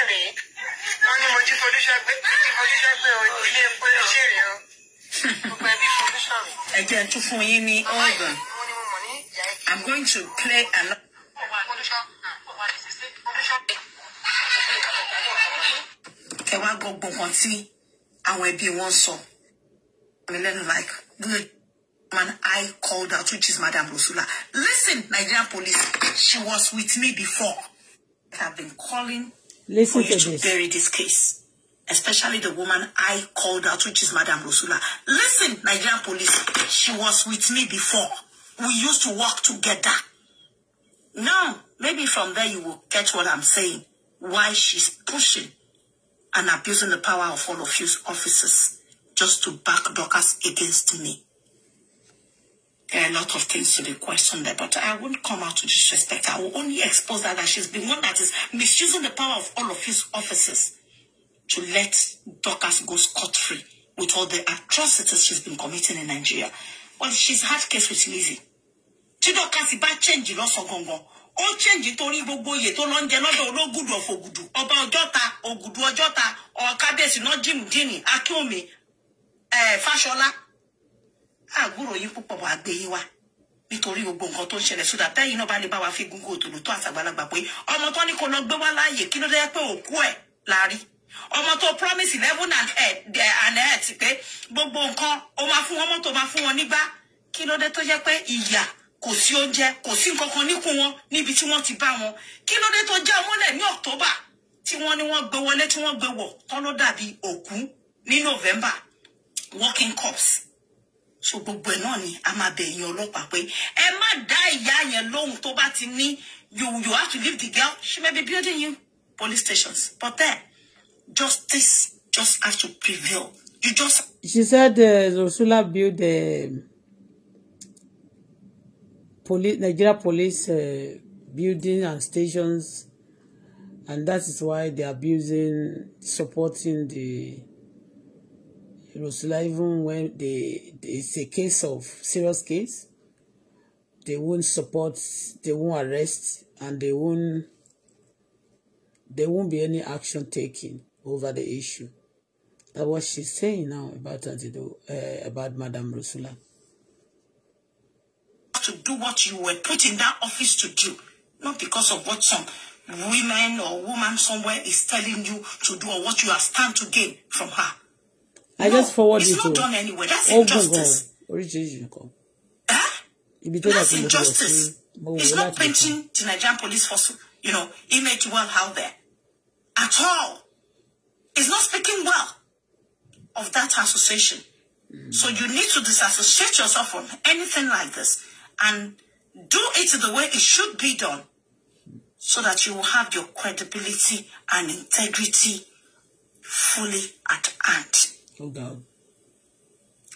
wọ́n ní mo jí fọdúṣà gbé jí fọdúṣà gbé ọ ilé epo iṣẹ́ rẹ̀ ọ gbogbo ẹbí fọdúṣà mi. ẹ jẹ́ tún fún yín ní ọ̀gàn I'm going to play another. ẹ wá gbogbo nǹkan tí àwọn ẹbí wọn sọ mi lẹ́nu like good man I called out which is Madame Rosula listen Nigerian police she was with me before I've been calling. Listen for you to, to bury this case, especially the woman I called out, which is Madam Rosula. Listen, Nigerian police, she was with me before. We used to work together. Now, maybe from there you will get what I'm saying. Why she's pushing and abusing the power of all of you officers just to back us against me. There are a lot of things to be questioned there, but I won't come out to disrespect. I will only expose her that she's been one that is misusing the power of all of his offices to let Dorcas go scot-free with all the atrocities she's been committing in Nigeria. Well, she's had case with Lizzie. Tí Dorcas bá change lọ́sàn gangan. Ó change torí gbogbo oyè tó lọ ń jẹ lọ́dọ̀ ológùdù of Ògùdù. Ọba Ọjọ́ta, Ògùdù Ọjọ́ta, ọ̀kábíyèsí náà jìmùdínì, Akínwùmí, eh, Fáṣọlá àgbúrò yín púpọ̀ wá gbé yín wá nítorí gbogbo nǹkan tó ń ṣẹlẹ̀ sódà tẹ́yìn náà bá lè bá wa fi gúngún òtòlù tó àṣàgbàlagbà pé ọmọ tó ní kó lọ gbé wá láàyè kí ló dé pé òkú ẹ̀ la rí ọmọ tó promise eleven and eh, eh, eight pé gbogbo nǹkan ó máa fún wọn mọ́tò máa fún wọn nígbà kí ló dé tó jẹ́ pé ìyà kò sí oúnjẹ kò sí nǹkan kan níkùn wọn níbi tí wọ́n ti bá wọn kí ló dé tó já ọmọlẹ̀ ní October tí wọ́n ní wọ́n gbé wọlé tí wọ́n gbé wọ̀ tán ló dàbí òkú ní November working corps so gbogbo ẹ náà ni a máa bẹ ẹ̀yin ọlọ́pàá pé ẹ má dá ìyá yẹn lóhùn tó bá ti ní you you have to leave the girl she may be building you police stations but then justice just has to prevail you just. she said uh, Rosula build the uh, police Nigeria police uh, building and stations and that is why they are building supporting the. It was even when they, it's a case of serious case, they won't support, they won't arrest, and they won't, there won't be any action taken over the issue. That what she's saying now about Antido, uh, eh, about Madame Rusula. To do what you were put in that office to do, not because of what some women or woman somewhere is telling you to do or what you are stand to gain from her. I just forward it to oh, ogun gan oríṣiríṣi nǹkan. Ibi tó dàbí mo bẹ̀rẹ̀ sí mo wò láti It's not painting the Nigerian police force you know, image well out there at all. It's not speaking well of that association. Mm. So you need to disassociate yourself from anything like this and do it the way it should be done so that you will have your credibility and integrity fully at hand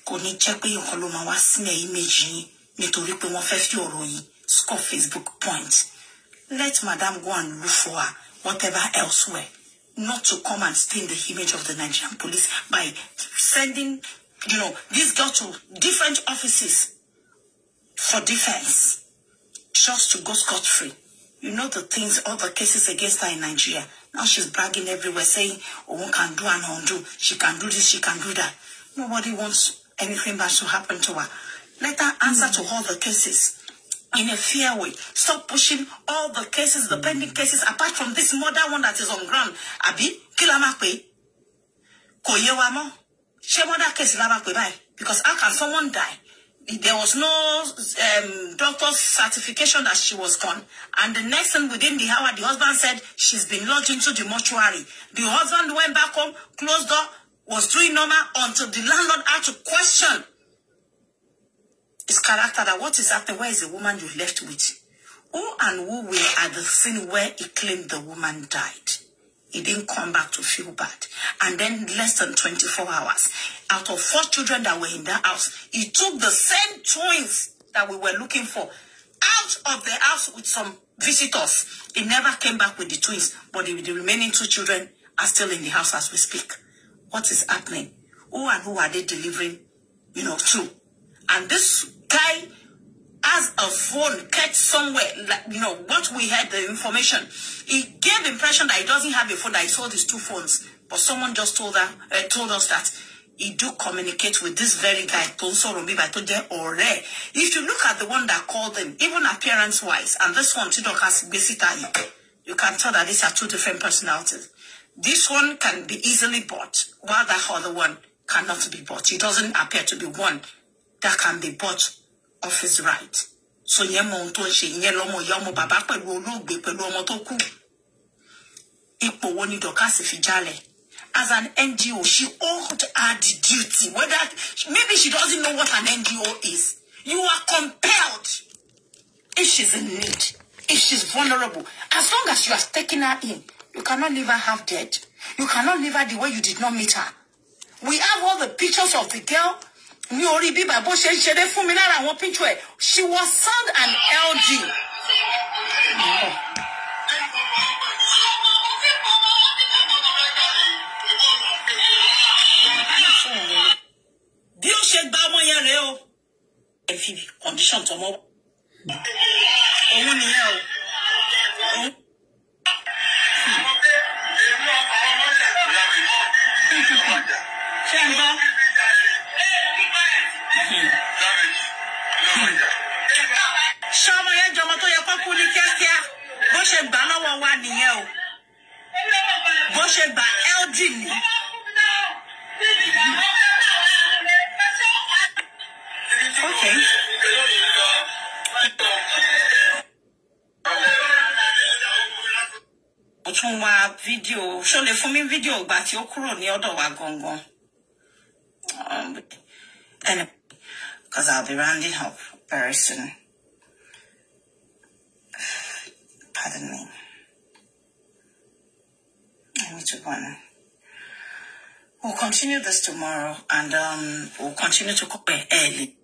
kò ní jẹ́ pé nǹkan ló máa wá sílẹ̀ image yín nítorí pé wọ́n fẹ́ fi ọ̀rọ̀ yìí score Facebook point let madam go and look for her whatever elsewhere not to come and stain the image of the Nigerian police by sending you know this girl to different offices for defence, just to go scot-free. You know the things, all the cases against her in Nigeria. Now she's bragging everywhere saying, oh, can do and undo. She can do this, she can do that. Nobody wants anything bad to happen to her. Let her answer to all the cases in a fair way. Stop pushing all the cases, the pending cases, apart from this murder one that is on ground. Abi, kilamakwe. Koyewamo. She murder case, because how can someone die there was no um, doctor's certification that she was gone. And the next thing within the hour, the husband said she's been lodged into the mortuary. The husband went back home, closed door, was doing normal until the landlord had to question his character that what is happening? Where is the woman you left with? Who and who were at the scene where he claimed the woman died? he didn't come back to feel bad. And then less than 24 hours, out of four children that were in that house, he took the same twins that we were looking for out of the house with some visitors. He never came back with the twins, but the, the remaining two children are still in the house as we speak. What is happening? Who and who are they delivering, you know, to? And this guy has a phone kept somewhere, like, you know, what we had the information. It gave the impression that he doesn't have a phone, that he sold his two phones. But someone just told, her, uh, told us that he do communicate with this very guy, Tonso Rombiba, Toje Ore. If you look at the one that called him, even appearance-wise, and this one, Tidokas Besitai, you can tell that these are two different personalities. This one can be easily bought, while that other one cannot be bought. It doesn't appear to be one that can be bought his right so yẹn mọ ohun tó ń ṣe ìyẹn lọmọ ìyá ọmọ bàbá pẹ̀lú olóògbé pẹ̀lú ọmọ tó kù ipò wo ni Dorkas fi jálẹ̀ as an NGO she owed her the duty whether maybe she doesn't know what an NGO is you are compelled if she's in need if she's vulnerable as long as you have taken her in you cannot leave her half dead you cannot leave her the way you did not meet her we have all the pictures of the girl ní orí bíbà bó ṣe ń ṣeré fún mi lára àwọn píntù ẹ̀ she was sound and healthy. bí ó ṣe gba ọmọ yẹn rèé o ẹ fi condition tọmọ òun nìyẹn o. ṣé ń kíákíá bó ṣe gbà lọ́wọ́ wa nìyẹn o bó ṣe gbà LD ni. Okay. mo tún wá fídíò ṣó lè fún mi fídíò ìgbà tí ó kúrò ní ọ̀dọ̀ wa gangan. Um, anyway, because I'll be rounding up very soon. Pardon me. Which one? We'll continue this tomorrow and um, we'll continue to cope early.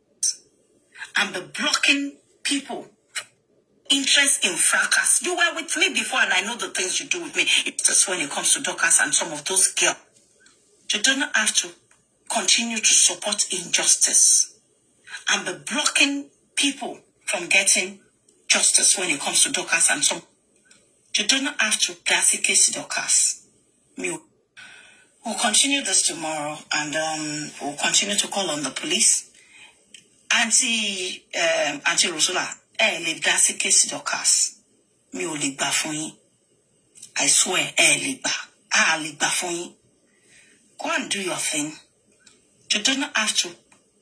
And the blocking people interest in fracas. You were with me before, and I know the things you do with me. It's just when it comes to Dockers and some of those girls. You don't have to continue to support injustice and be blocking people from getting justice when it comes to Dorcas and some. You do not have to castigate Dorcas. We'll continue this tomorrow and um, we'll continue to call on the police. Auntie, um, Auntie Rosula, Eh, lè dá sí Me ò lè gbà I swear, eh, lè gbà. A lè Go and do your thing. You do not have to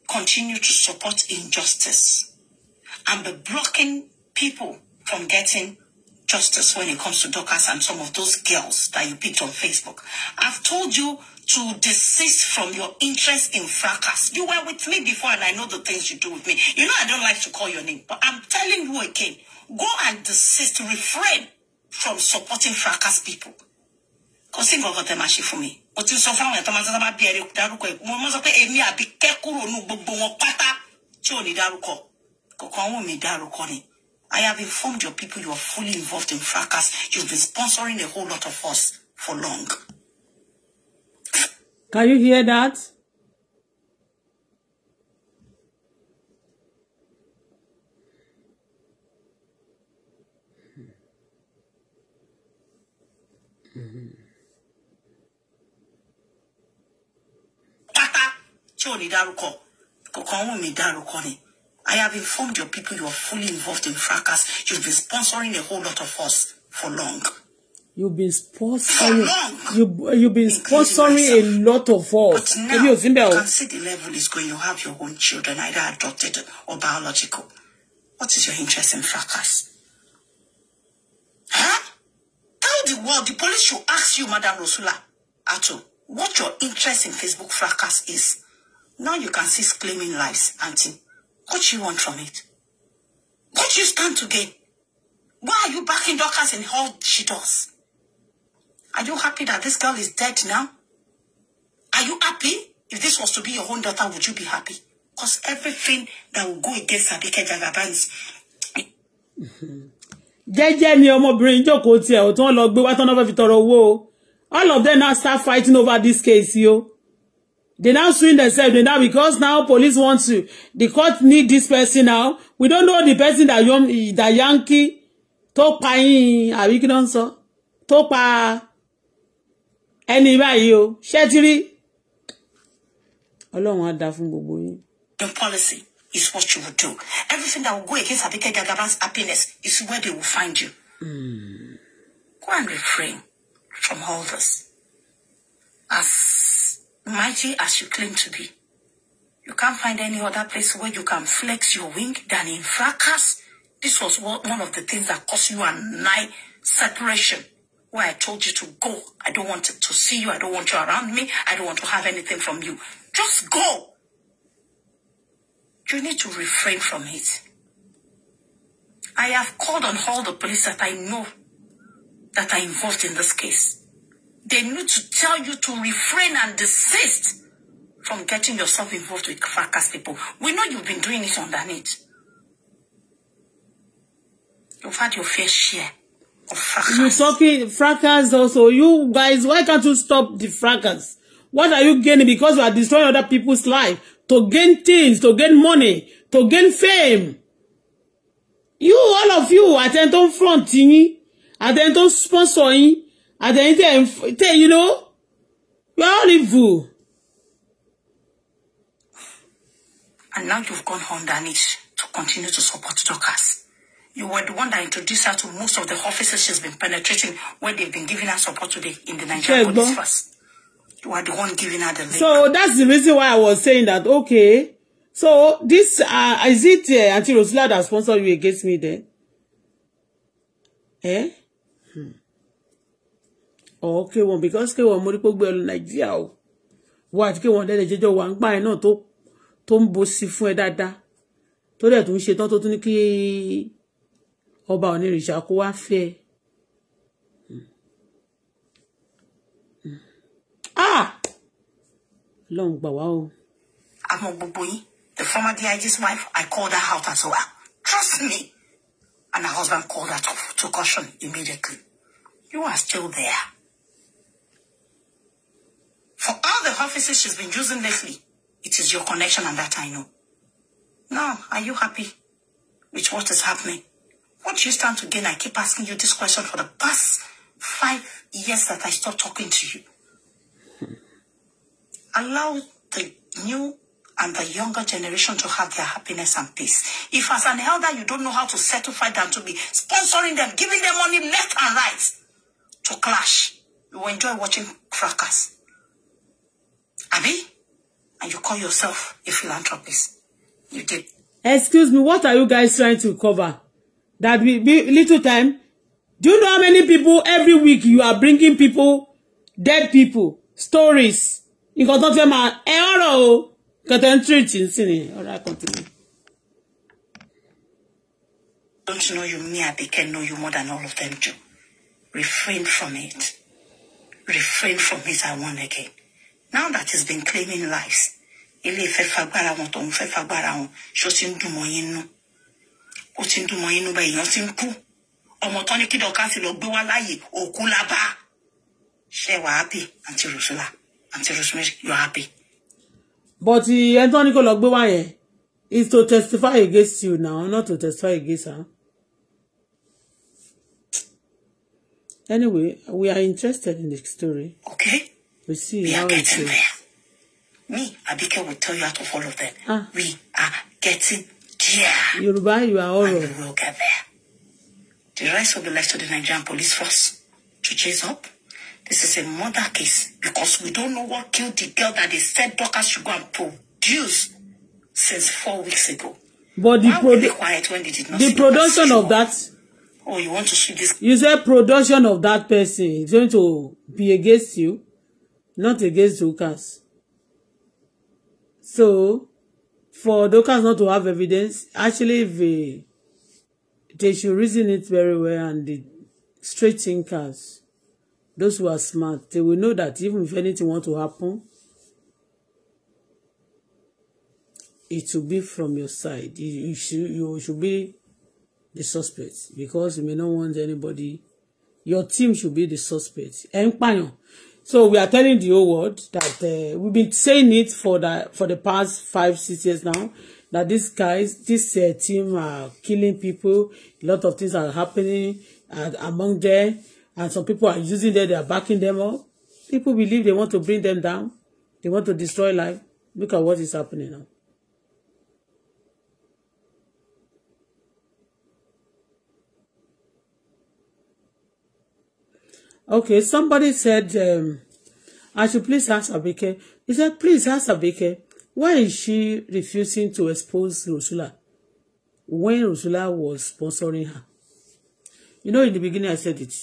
continue to support injustice and be blocking people from getting justice when it comes to Dorcas and some of those girls that you picked on Facebook. I've told you to desist from your interest in fracas. You were with me before and I know the things you do with me. You know I don't like to call your name, but I'm telling you again, go and desist, refrain from supporting fracas people. kò sí mi ni I have informed your people you are fully involved in fracas. You've been sponsoring a whole lot of us for long. Can you hear that? pátá tí ò ní dárúkọ kò kàn wù ni I have informed your people you are fully involved in fracas. You've been sponsoring a whole lot of us for long. You've been sponsoring. for You, you've been sponsoring a lot of us. But now, you can see the level is going. You have your own children, either adopted or biological. What is your interest in fracas? Huh? Tell the world, the police should ask you, Madam Rosula Ato, what your interest in Facebook fracas is. Now you can see claiming lives, Auntie. What do you want from it? What you stand to gain? Why are you backing Dorcas and all she does? Are you happy that this girl is dead now? Are you happy? If this was to be your own daughter, would you be happy? Because everything that will go against Abike Jagaba is. Jẹ́jẹ́ ni ọmọbìnrin jókòó tiẹ̀ ò tán lọ gbé wá tán náà fẹ́ fi tọrọ owó All of them now start fighting over this case, yo. They now suing themselves they now because now police wants to the court need this person now. We don't know the person that young that Yankee tó pa yín àbí kí ló ń sọ tó pa ẹni báyìí o ṣẹ́tírí. Your policy is what you will do. Everything that will go against Abike Jagaban's happiness is where they will find you. Mm. Go and refrain from all this. As mighty as you claim to be. You can't find any other place where you can flex your wing than in fracas. This was one of the things that caused you and I separation. Where I told you to go. I don't want to see you. I don't want you around me. I don't want to have anything from you. Just go. You need to refrain from it. I have called on all the police that I know that are involved in this case. They need to tell you to refrain and desist from getting yourself involved with fracas people. We know you've been doing it underneath. You've had your fair share of fracas. You're talking fracas also. You guys, why can't you stop the fracas? What are you gaining? Because you are destroying other people's life to gain things, to gain money, to gain fame. You, all of you, àtẹni tó ń front yín, àtẹni tó àtẹ̀yìn tẹ̀ ń tẹ̀ you know you are all evil. And now you've gone on that niche to continue to support Dorcas. You were the one that introduced her to most of the offices she's been penetrating where they've been giving her support today in the Nigerian Yes, police force. You are the one giving her the link. So that's the reason why I was saying that, okay. So this, uh, is it uh, Auntie Rosila that sponsored you against me then? Eh? or K1 because K1 mo rí pé gbé ọ lọ Nàìjíríà o wọ́n àti K1 dẹ́dẹ̀ jẹ́jọ́ wà ń gbà ẹ̀ náà tó tó ń bo sí fún ẹ dáadáa tó dẹ̀ tó ń ṣe tán tó tún ní kí ọba onírìṣà kó wá fẹ́ ẹ. Ah! Ọlọ́run gbà wá o. àmọ́ gbogbo yín the former DIG's wife I called her out as well trust me and her husband called her to, to caution immediately you are still there. For all the offices she's been using lately, it is your connection and that I know. Now, are you happy with what is happening? What do you stand to gain? I keep asking you this question for the past five years that I stopped talking to you. Allow the new and the younger generation to have their happiness and peace. If as an elder you don't know how to settle fight them to be sponsoring them, giving them money left and right to clash, you will enjoy watching fracas. Abi? And you call yourself a philanthropist. You did. Excuse me, what are you guys trying to cover? That we be little time. Do you know how many people every week you are bringing people, dead people, stories? You tó talk to them. ọ̀rọ̀ o, nǹkan tó ń tírìtì ń sìn ní ọ̀rọ̀ àkọ́tún. Don't know you, me, Abike know you more than all of them do. Refrain from it. Refrain from it, I won again now that he's been claiming lives. ilé ìfẹ́ fagbára wọn tòun fẹ́ fagbára wọn ṣó ti ń dùn mọ́ yín nú ó ti ń dùn mọ́ yín nú bẹ́ẹ̀ èèyàn ti ń kú ọmọ tán ní kí dọ̀ká sì lọ gbé wá láàyè òkú lábá ṣe wàá happy àǹtí Rosula àǹtí Rosemary you are happy. but ẹni tó ní kó lọ gbé wá yẹn is to testify against you now not to testify against her. anyway we are interested in the story. okay we see we how are getting it there. Me, Abike will tell you how to follow them. Ah. We are getting there. Yoruba, you are all and right. we will get there. The rest will be left to the Nigerian police force to chase up. This is a murder case because we don't know what killed the girl that they said doctors should go and produce since four weeks ago. But the, did not? the production of that. Oh, you want to see this? You said production of that person is going to be against you not against Dorcas. So, for Dorcas not to have evidence, actually, they, eh, they should reason it very well and the straight thinkers, those who are smart, they will know that even if anything want to happen, it will be from your side. You, you, should, you should be the suspect because you may not want anybody. Your team should be the suspect. Ẹ So we are telling the whole world that uh, we've been saying it for the for the past five six years now that these guys this uh, team are killing people. A lot of things are happening and among them, and some people are using them. They are backing them up. People believe they want to bring them down. They want to destroy life. Look at what is happening now. Okay, somebody said um, I should please ask Abike. He said, please ask Abike, why is she refusing to expose Rosula when Rosula was sponsoring her? You know, in the beginning I said it.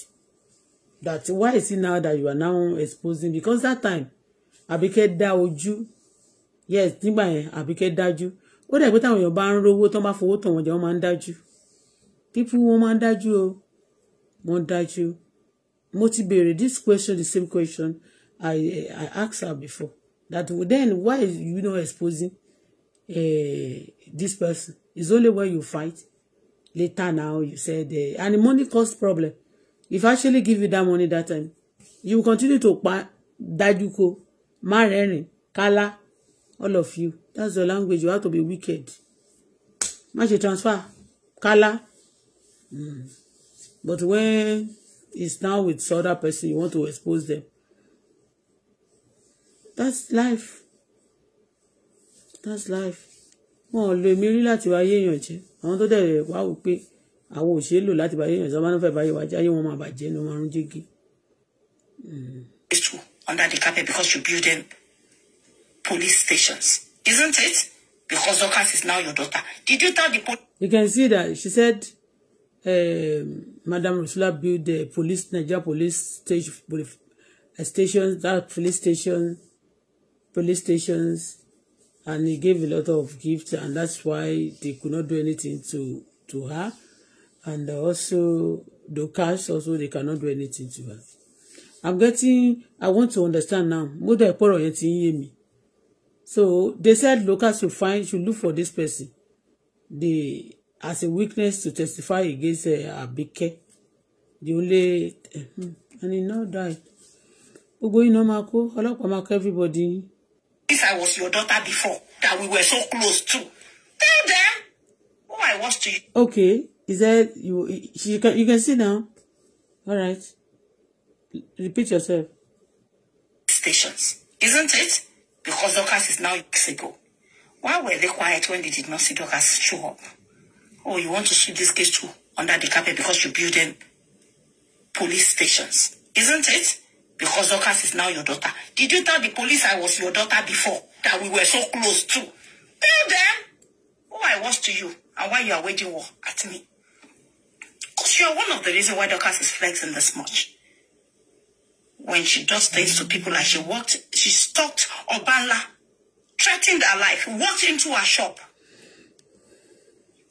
That why is it now that you are now exposing? Because that time, Abike dá Yes, nígbà yẹn, Abike dájú. Ó dẹ̀ pé táwọn èèyàn bá ń rówó tán bá fowó tàn wọ́n jẹ́ wọ́n People wọ́n máa ń dájú o mo this question the same question I I asked her before that then why you no exposing uh, this person it's only when you fight later now you said uh, and the money cost problem if I actually give you that money that time you continue to buy dajuko marẹ́rìn Kala, all of you that's your language you have to be wicked Much ṣe transfer Kala. mm. but when is now with other person you want to expose them that's life that's life wọn ò lo èmi rí láti wáyé èèyàn jẹ àwọn tó dẹ̀ wá wò pé àwọn ò ṣe é lò láti wáyé èèyàn sọ bá náà fẹ́ báyé wájú ayé wọn máa bàjẹ́ ló máa ń jégi. Mm. under the carpet because you build them police stations isn't it because Dorcas is now your daughter did you tell the police. you can see that she said um, Madam Rusula built the police, Niger police Station. police, eh, stations, that police station, police stations, and he gave a lot of gifts, and that's why they could not do anything to to her, and also the cash also they cannot do anything to her. I'm getting, I want to understand now. Mo dẹ̀ pọ̀rọ̀ yẹn ti ń yé So they said locals should find, should look for this person. The as a witness to testify against uh, Abike the only uh, and he now died. gbogbo iná máa kó ọlọ́pàá máa kó everybody. If I was your daughter before that we were so close to tell them who I was to Okay is that you she can you can see now all right repeat yourself. Stations isn't it because Dorcas is now years ago why were they quiet when they did not see Dorcas show up. oh, you want to sweep this case too under the carpet because you are building police stations. Isn't it? Because Dorcas is now your daughter. Did you tell the police I was your daughter before? That we were so close to? Tell them who oh, I was to you and why you are waging war at me. Because you are one of the reasons why Dorcas is flexing this much. When she does things to people like she walked, she stalked Obanla, threatened her life, walked into her shop,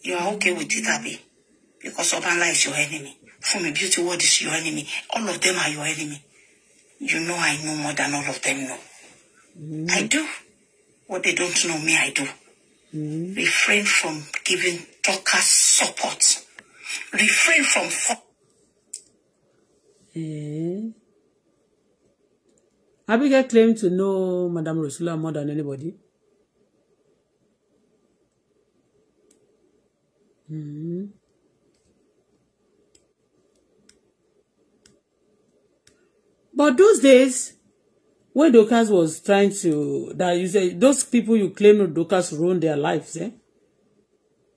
you are okay with it abi because Obanla is your enemy Funmi beauty world is your enemy all of them are your enemy you know I know more than all of them know mm-hmm. I do what they don't know me I do mm-hmm. refrain from giving talkers support refrain from. Fo- mm eh. Abigail claimed to know Madame Rosula more than anybody. Mm-hmm. But those days, when Doka's was trying to, that you say, those people you claim Doka's ruined their lives, eh?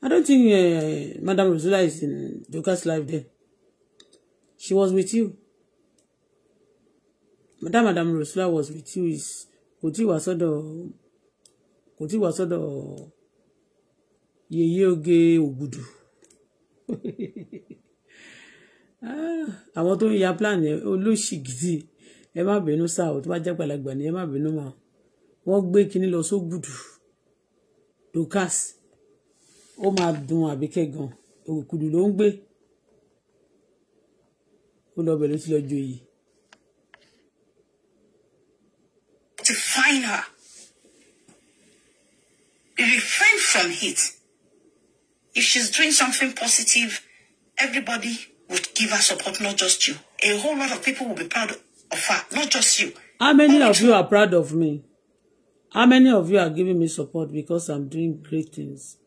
I don't think uh, eh, Madam Rosula is in Doka's life then. She was with you. Madam Madam Rosula was with you. Is, kò tí wà sọ́dọ̀, kò tí yèyé oge ògùdù ah, àwọn tó ń ya plan olóṣì gidi ẹ má bínú sáà tó bá jẹ́ pàlàgbà ni ẹ má bínú mà wọ́n gbé kinní lọ sógùdù Dorcas ó máa dun àbíkẹ́ gan ló ń gbé ó lọ bẹ̀ ló ti lọ joyè. To find her, refrain from it. If she's doing something positive, everybody would give her support, not just you. A whole lot of people will be proud of her, not just you. How many of you are proud of me? How many of you are giving me support because I'm doing great things?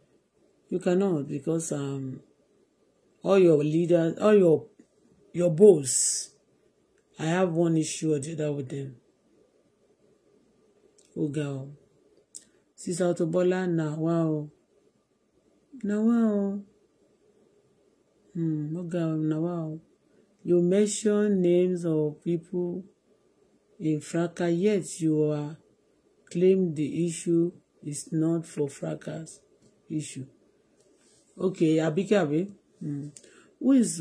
You cannot because um, all your leaders, all your your boss, I have one issue or the other with them. Ó ga o. Sísá Auto Bola náà Nawa o. Hmm, Oga Nawa o. You mention names of people in fracas, yet you are claim the issue is not for fracas issue. Okay, Abike abi. Hmm. Who is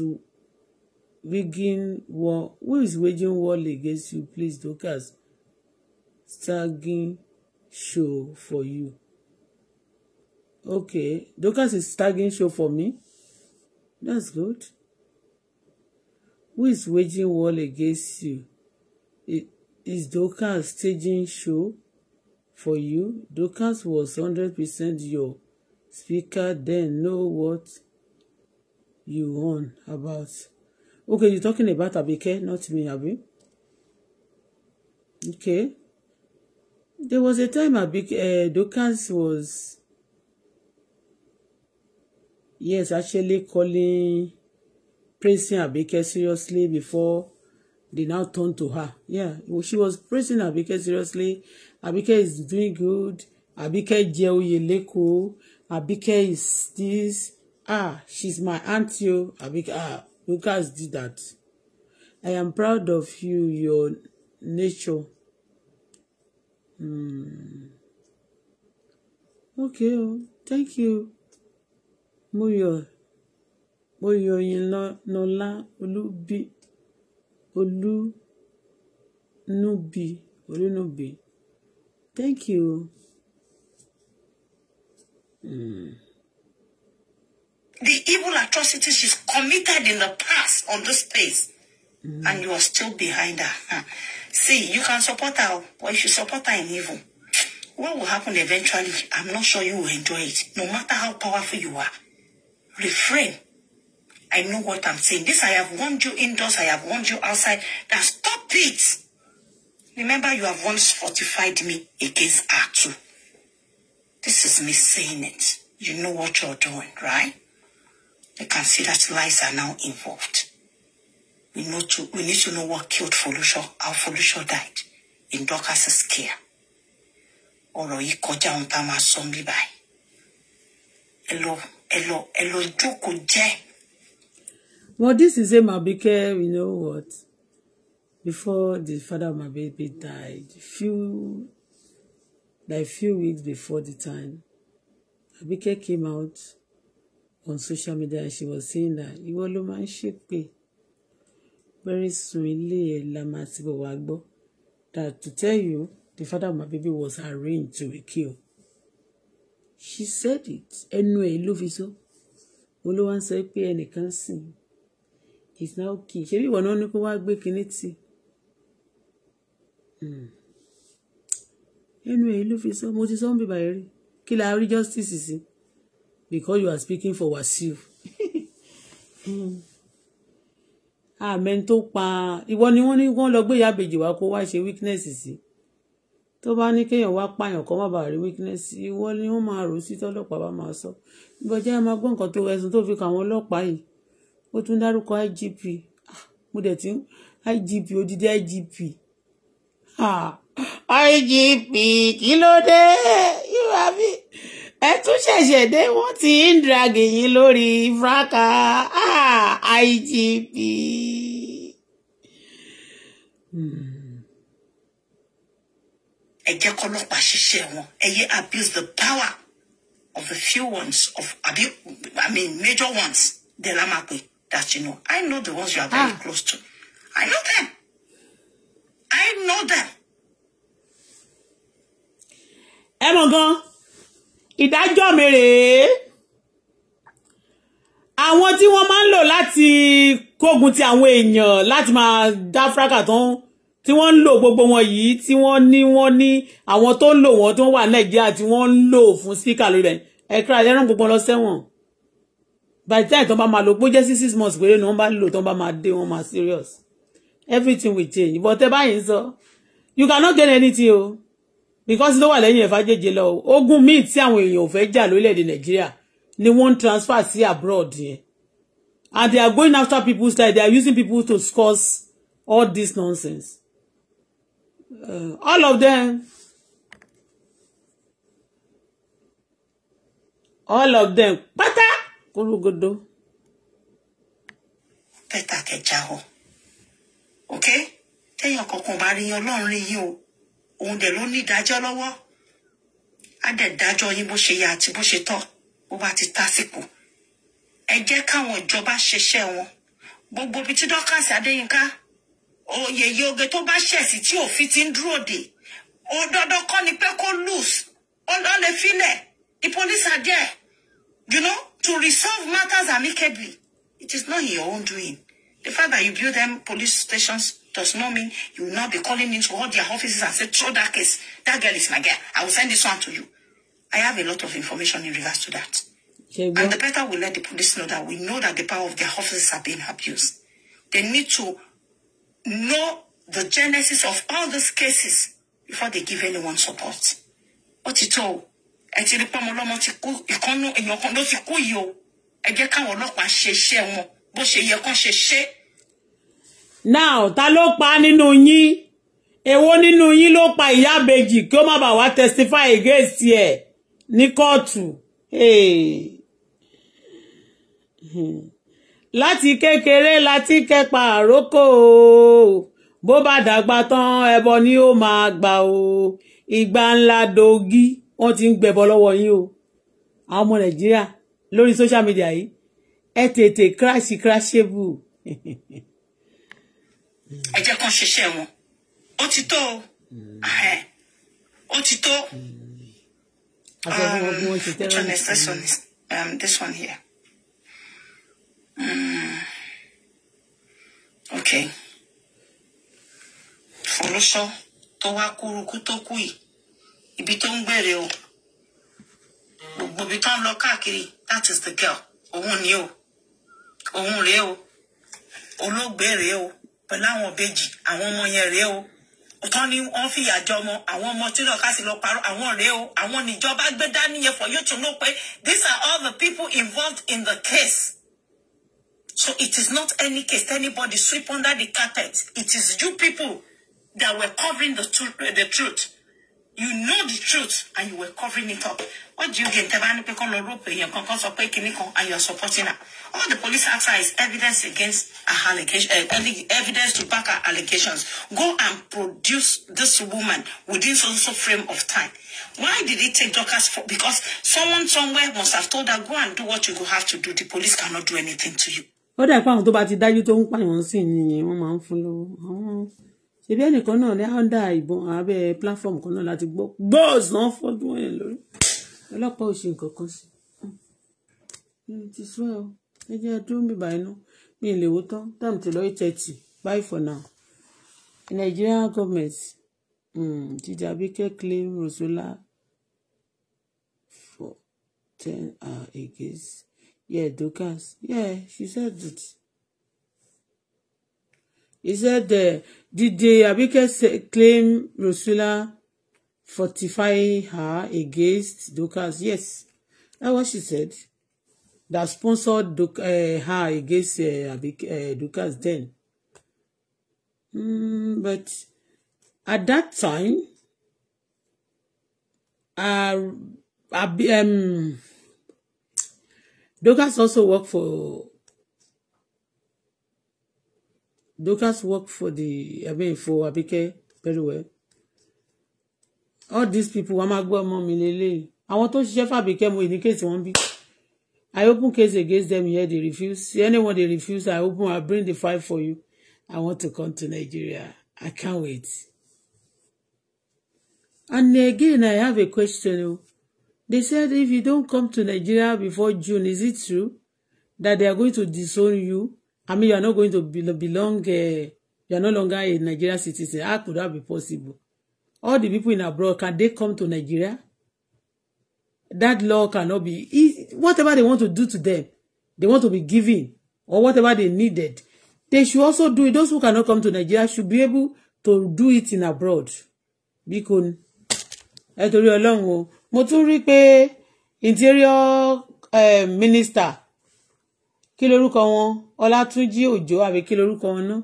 waging war? Who is waging war against you? Please, Dorcas. Starging show for you. Okay, Doka's is tagging show for me. That's good. Who is waging war against you? is Dorcas staging show for you? Dorcas was 100% your speaker, then know what you want about. Okay, you're talking about Abike, not me, Abi. Okay. There was a time Abike, uh, Dorcas was yes actually calling praising Abike seriously before they now turn to her yeah she was praising Abike seriously Abike is doing good Abike jẹ oyè lẹkọọ Abike is this ah she's my auntie o Abike ah Lucas did that I am proud of you your nature. Hmm. Okay, oh, thank you mòyọyìnlọlá olùbùnúbí olùbùnúbí thank you mm. the evil atrocities she's committed in the past on this place mm. and you are still behind her see you can support her but if you support her in evil what will happen eventually i'm not sure you will enjoy it no matter how powerful you are refrain. I know what I'm saying. This I have warned you indoors, I have warned you outside. Now stop it. Remember, you have once fortified me against Atu. This is me saying it. You know what you're doing, right? You can see that lies are now involved. We know to we need to know what killed Folusho, how Folusho died in Dorcas's care. Ọ̀rọ̀ yìí kọjá ohun tá a Hello. ẹ lọ ẹ lọ well this is a Mabike you know what before the father of my baby died few like few weeks before the time Mabike came out on social media and she was saying that ìwọ ló máa ń ṣépè very soon ilé ẹ la máa ti bọ̀ wá gbọ́ that to tell you the father of my baby was arranged to be killed she said it ẹnu ẹ̀ ló fi sọ olówó ń sọ pé ẹnìkan sìn it's now key ṣé bí ìwọ náà ní kó wá gbé kinní tì hmm. ẹnu ẹ̀ ló fi sọ mo ti sọ ń bíbá eré kí la rí justice sí because you are speaking for Wasiu àmẹ́ hmm. ah, tó pa ìwọ ni wọ́n ní wọ́n lọ gbé ìyá àbèjì wá kó wá ṣe weakness sí. Si tó bá ní kéèyàn wá pààyàn kó má bàa rí weakness ìwọ ni wọ́n máa rò sí tọ́lọ́pàá bá máa sọ ìbọ̀jẹ́ ẹ máa gbọ́ nǹkan tó ẹ̀sùn tó fi kàn wọ́n yìí ó tún dárúkọ IGP ah, mo dẹ̀ ti IGP odidi IGP ah, IGP kí ló dé yíwá mi ẹ tún ṣẹ̀ṣẹ̀ dé wọ́n ti ń dragi yín lórí fraka ah, IGP. Hmm ẹ jẹ́ kọ́lọ́pàá ṣiṣẹ́ wọn ẹ yé abuse the power of the few ones of abi i mean major ones dẹ̀ la that you know i know the ones you are very ah. close to i know them i know them. ẹ mọ̀ gan ìdájọ́ mi rèé àwọn tí wọ́n máa ń lò láti kógun ti àwọn èèyàn láti máa dá fúrákà tó ń tí wọ́n ń lò gbogbo wọn yìí tí wọ́n ní wọ́n ní àwọn tó ń lò wọ́n tó ń wà nàìjíríà tí wọ́n ń lò fún spíkà lórí rẹ̀ ẹ̀ka ẹran gbogbo lọ sẹ́wọ̀n by the time tó bá máa lò gbójẹ́ sí six months péré ni wọ́n bá lò tó bá máa dé wọ́n máa serious everything will change but ẹ báyìí ń sọ you cannot get anything o because ló wà lẹ́yìn ẹ̀fà jèjì lọ o ogun míì tí àwọn èèyàn ò fẹ́ jà lórílẹ̀‐èdè nàìjíríà ni wọ́n ń transfer sí abroad yẹn and they are going after people's life they are using people to cause all this nonsense uh, all of them all of them pátá kúrúgodo. kẹta kẹjà o ok tẹyàn kankan bá rí Ọlọ́run rí yín o òun dẹ̀ ló ní ìdájọ́ lọ́wọ́ á dẹ̀ dájọ́ yín bó ṣe yẹ àti bó ṣe tọ́ bó bá ti tásìkò ẹ jẹ́ káwọn ìjọba ṣiṣẹ́ wọn gbogbo ibi tí Dorcas Adéyínká Oh, yèyé get over bá ṣẹ̀sì tí òfin ti ofin in dúró dè ó do kọ́ ni pé kó loose All on the filẹ̀ the police are there you know to resolve matters amicably it is not your own doing the fact that you build them police stations does not mean you will not be calling into all their offices and say throw that case that girl is my girl i will send this one to you i have a lot of information in regards to that. And the better we let the police know that we know that the power of their offices are being abused. They need to know the genesis of all these cases before they give anyone support. ó ti tó o ẹ ti rí pọ́nmọ́ ọlọ́mọ ti kú ìkànnú èèyàn kan ló ti kú yìí o ẹ káwọn ọlọ́pàá ṣe iṣẹ́ wọn bó ṣe yẹ kán ṣe ṣe. now ta ló pa nínú yín èwo nínú yín ló pa ìyá àbèjì kí ó má bàa wá testify against ẹ ní kóòtù. Hey. Hmm láti kékeré láti kẹ́pa àrókò bó bá dàgbà tán ẹbọ ni ó máa gbà o ìgbà ńlá dogi wọ́n ti ń gbẹbọ lọ́wọ́ yín o àwọn ọmọ nàìjíríà lórí social media yìí ẹ tètè kíráṣì kíráṣì bù. ẹ jẹ́ kán ṣiṣẹ́ wọn ó ti tó ó ti tó. Um, which one is this one? Is, um, this one here. Mm. Okay. Folúṣọ́ tó wá kúrukú tó kú yìí ibi tó ń gbèrè o gbogbo ibi tó ń lọ káàkiri that is the girl òun ni o òun rèé o olóògbé rèé o pẹ̀lú àwọn ìbejì àwọn ọmọ yẹn rèé o tán ni wọ́n fìyà jẹ ọmọ àwọn ọmọ tí lọ́ọ́ ká sì lọ́ọ́ parọ́ àwọn rèé o àwọn níjọba gbé dání yẹn for you to know pé these are all the people involved in the case. So it is not any case anybody sweep under the carpet. It is you people that were covering the, tr uh, the truth. You know the truth and you were covering it up. What do you get? And you're supporting her. All the police asked her is evidence against her allegation, eh, evidence to back her allegations. Go and produce this woman within some so frame of time. Why did it take doctors? For? Because someone somewhere must have told her, go and do what you have to do. The police cannot do anything to you. ó dà pé àwọn tó bá ti dájú tó ń pààyàn sí ni wọ́n máa ń fún lọ́wọ́ àwọn ṣebí ẹnìkan náà ní honda ìbọn abẹ́ platform kan náà láti gbọ́ gbọ́ọ̀sì náà fọ́dún ẹ̀ lórí ọlọ́pàá ò ṣe nǹkan kan sí ti sọ ẹ o ẹ jẹ́ dúró mi báyìí nú mi ì lè wó tán táàmù ti lọ eight thirty bye for now Nigerian government um, hmm, Jijabike claim Rosola for ten hours uh, against Yeah, Dorcas. Yeah, she said it. He said, uh, did the Abike claim Rosula fortify her against Dorcas? Yes, that's what she said. That sponsored Doc, uh, her against uh, Abike, uh, Dorcas then. Mm, but at that time, uh, Ab um, Dorcas also work for Dorcas work for the I mean for Abike very well. All these people I'm wọ́n máa gbọ́ ọmọ mi lélẹ́yìn. Àwọn tó ṣiṣẹ́ Abike mo ní kéèsì one bí. I open case against them here they refuse. Anyone they refuse I open I bring the file for you. I want to come to Nigeria. I can't wait. And again I have a question. Oh. They said if you don't come to Nigeria before June, is it true that they are going to disown you? I mean, you are not going to belong, uh, you are no longer a Nigerian citizen. How could that be possible? All the people in abroad, can they come to Nigeria? That law cannot be, easy. whatever they want to do to them, they want to be given or whatever they needed. They should also do it. Those who cannot come to Nigeria should be able to do it in abroad. Bíkoni, I torí Ọlọ́run o, mo tún rí pé interior eh, minister kí lorúkọ wọn ọlátúnjí òjó àbí kí lorúkọ wọn náà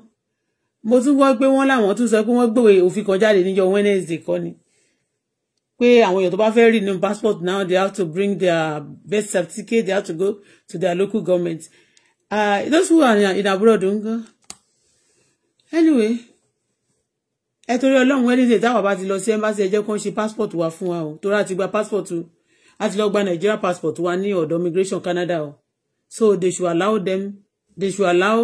mo tún gbọ́ pé wọ́n làwọn tún sọ pé wọ́n gbòwe òfin kan jáde níjọ wednesday kọ́ ni pé àwọn èèyàn tó bá fẹ́ renew passport now they have to bring their birth certificate they have to go to their local government uh, those who are in abroad ń gan anyway ẹ torí ọlọ́run wednesday táwa bá ti lọ sí embassy ẹ jẹ́ kó ń ṣe passport wa fún wa o torí a ti gba passport a ti lọ gba nigeria passport wa ní ọ̀dọ̀ immigration canada o so they should allow them they should allow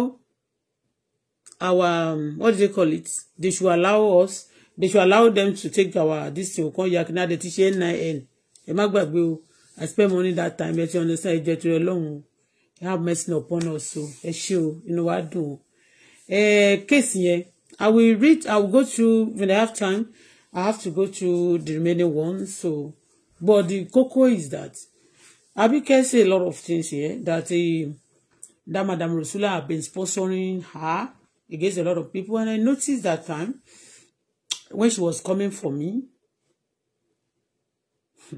our um, what do they call it they should allow us they should allow them to take our this thing kan yakina de ti ṣe nin ẹ má gbàgbé o i spend money that time ẹ ti understand ẹ jẹ́ torí ọlọ́run o have mercy upon us o ẹ ṣé o inú wa dùn o ẹ kéèsì yẹn I will read, I will go through when I have time. I have to go through the remaining ones. So, but the cocoa is that Abike say a lot of things here that uh, that Madame Rosula have been sponsoring her against a lot of people. And I noticed that time when she was coming for me.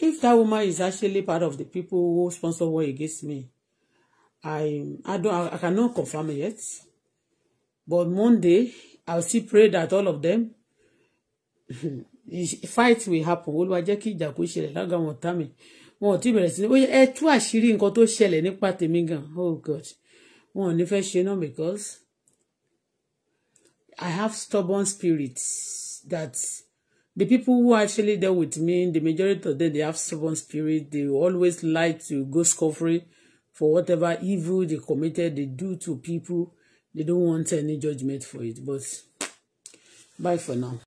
If that woman is actually part of the people who sponsor war against me, I I don't I, I cannot confirm it yet. But Monday, I'll still pray that all of them fight will happen. Olúwa jẹ́ kí ìjà kó ṣẹlẹ̀ lága wọn tá mi. Wọn ò tí bẹ̀rẹ̀ sí ní ẹ tú àṣírí nǹkan tó ṣẹlẹ̀ nípa tèmi gan. Oh God, wọn ò ní fẹ́ ṣe náà because I have stubborn spirits that the people who actually dealt with me, the majority of them, they have stubborn spirit. They always like to go scot-free for whatever evil they committed, they do to people. They don't want any judgment for it, but bye for now.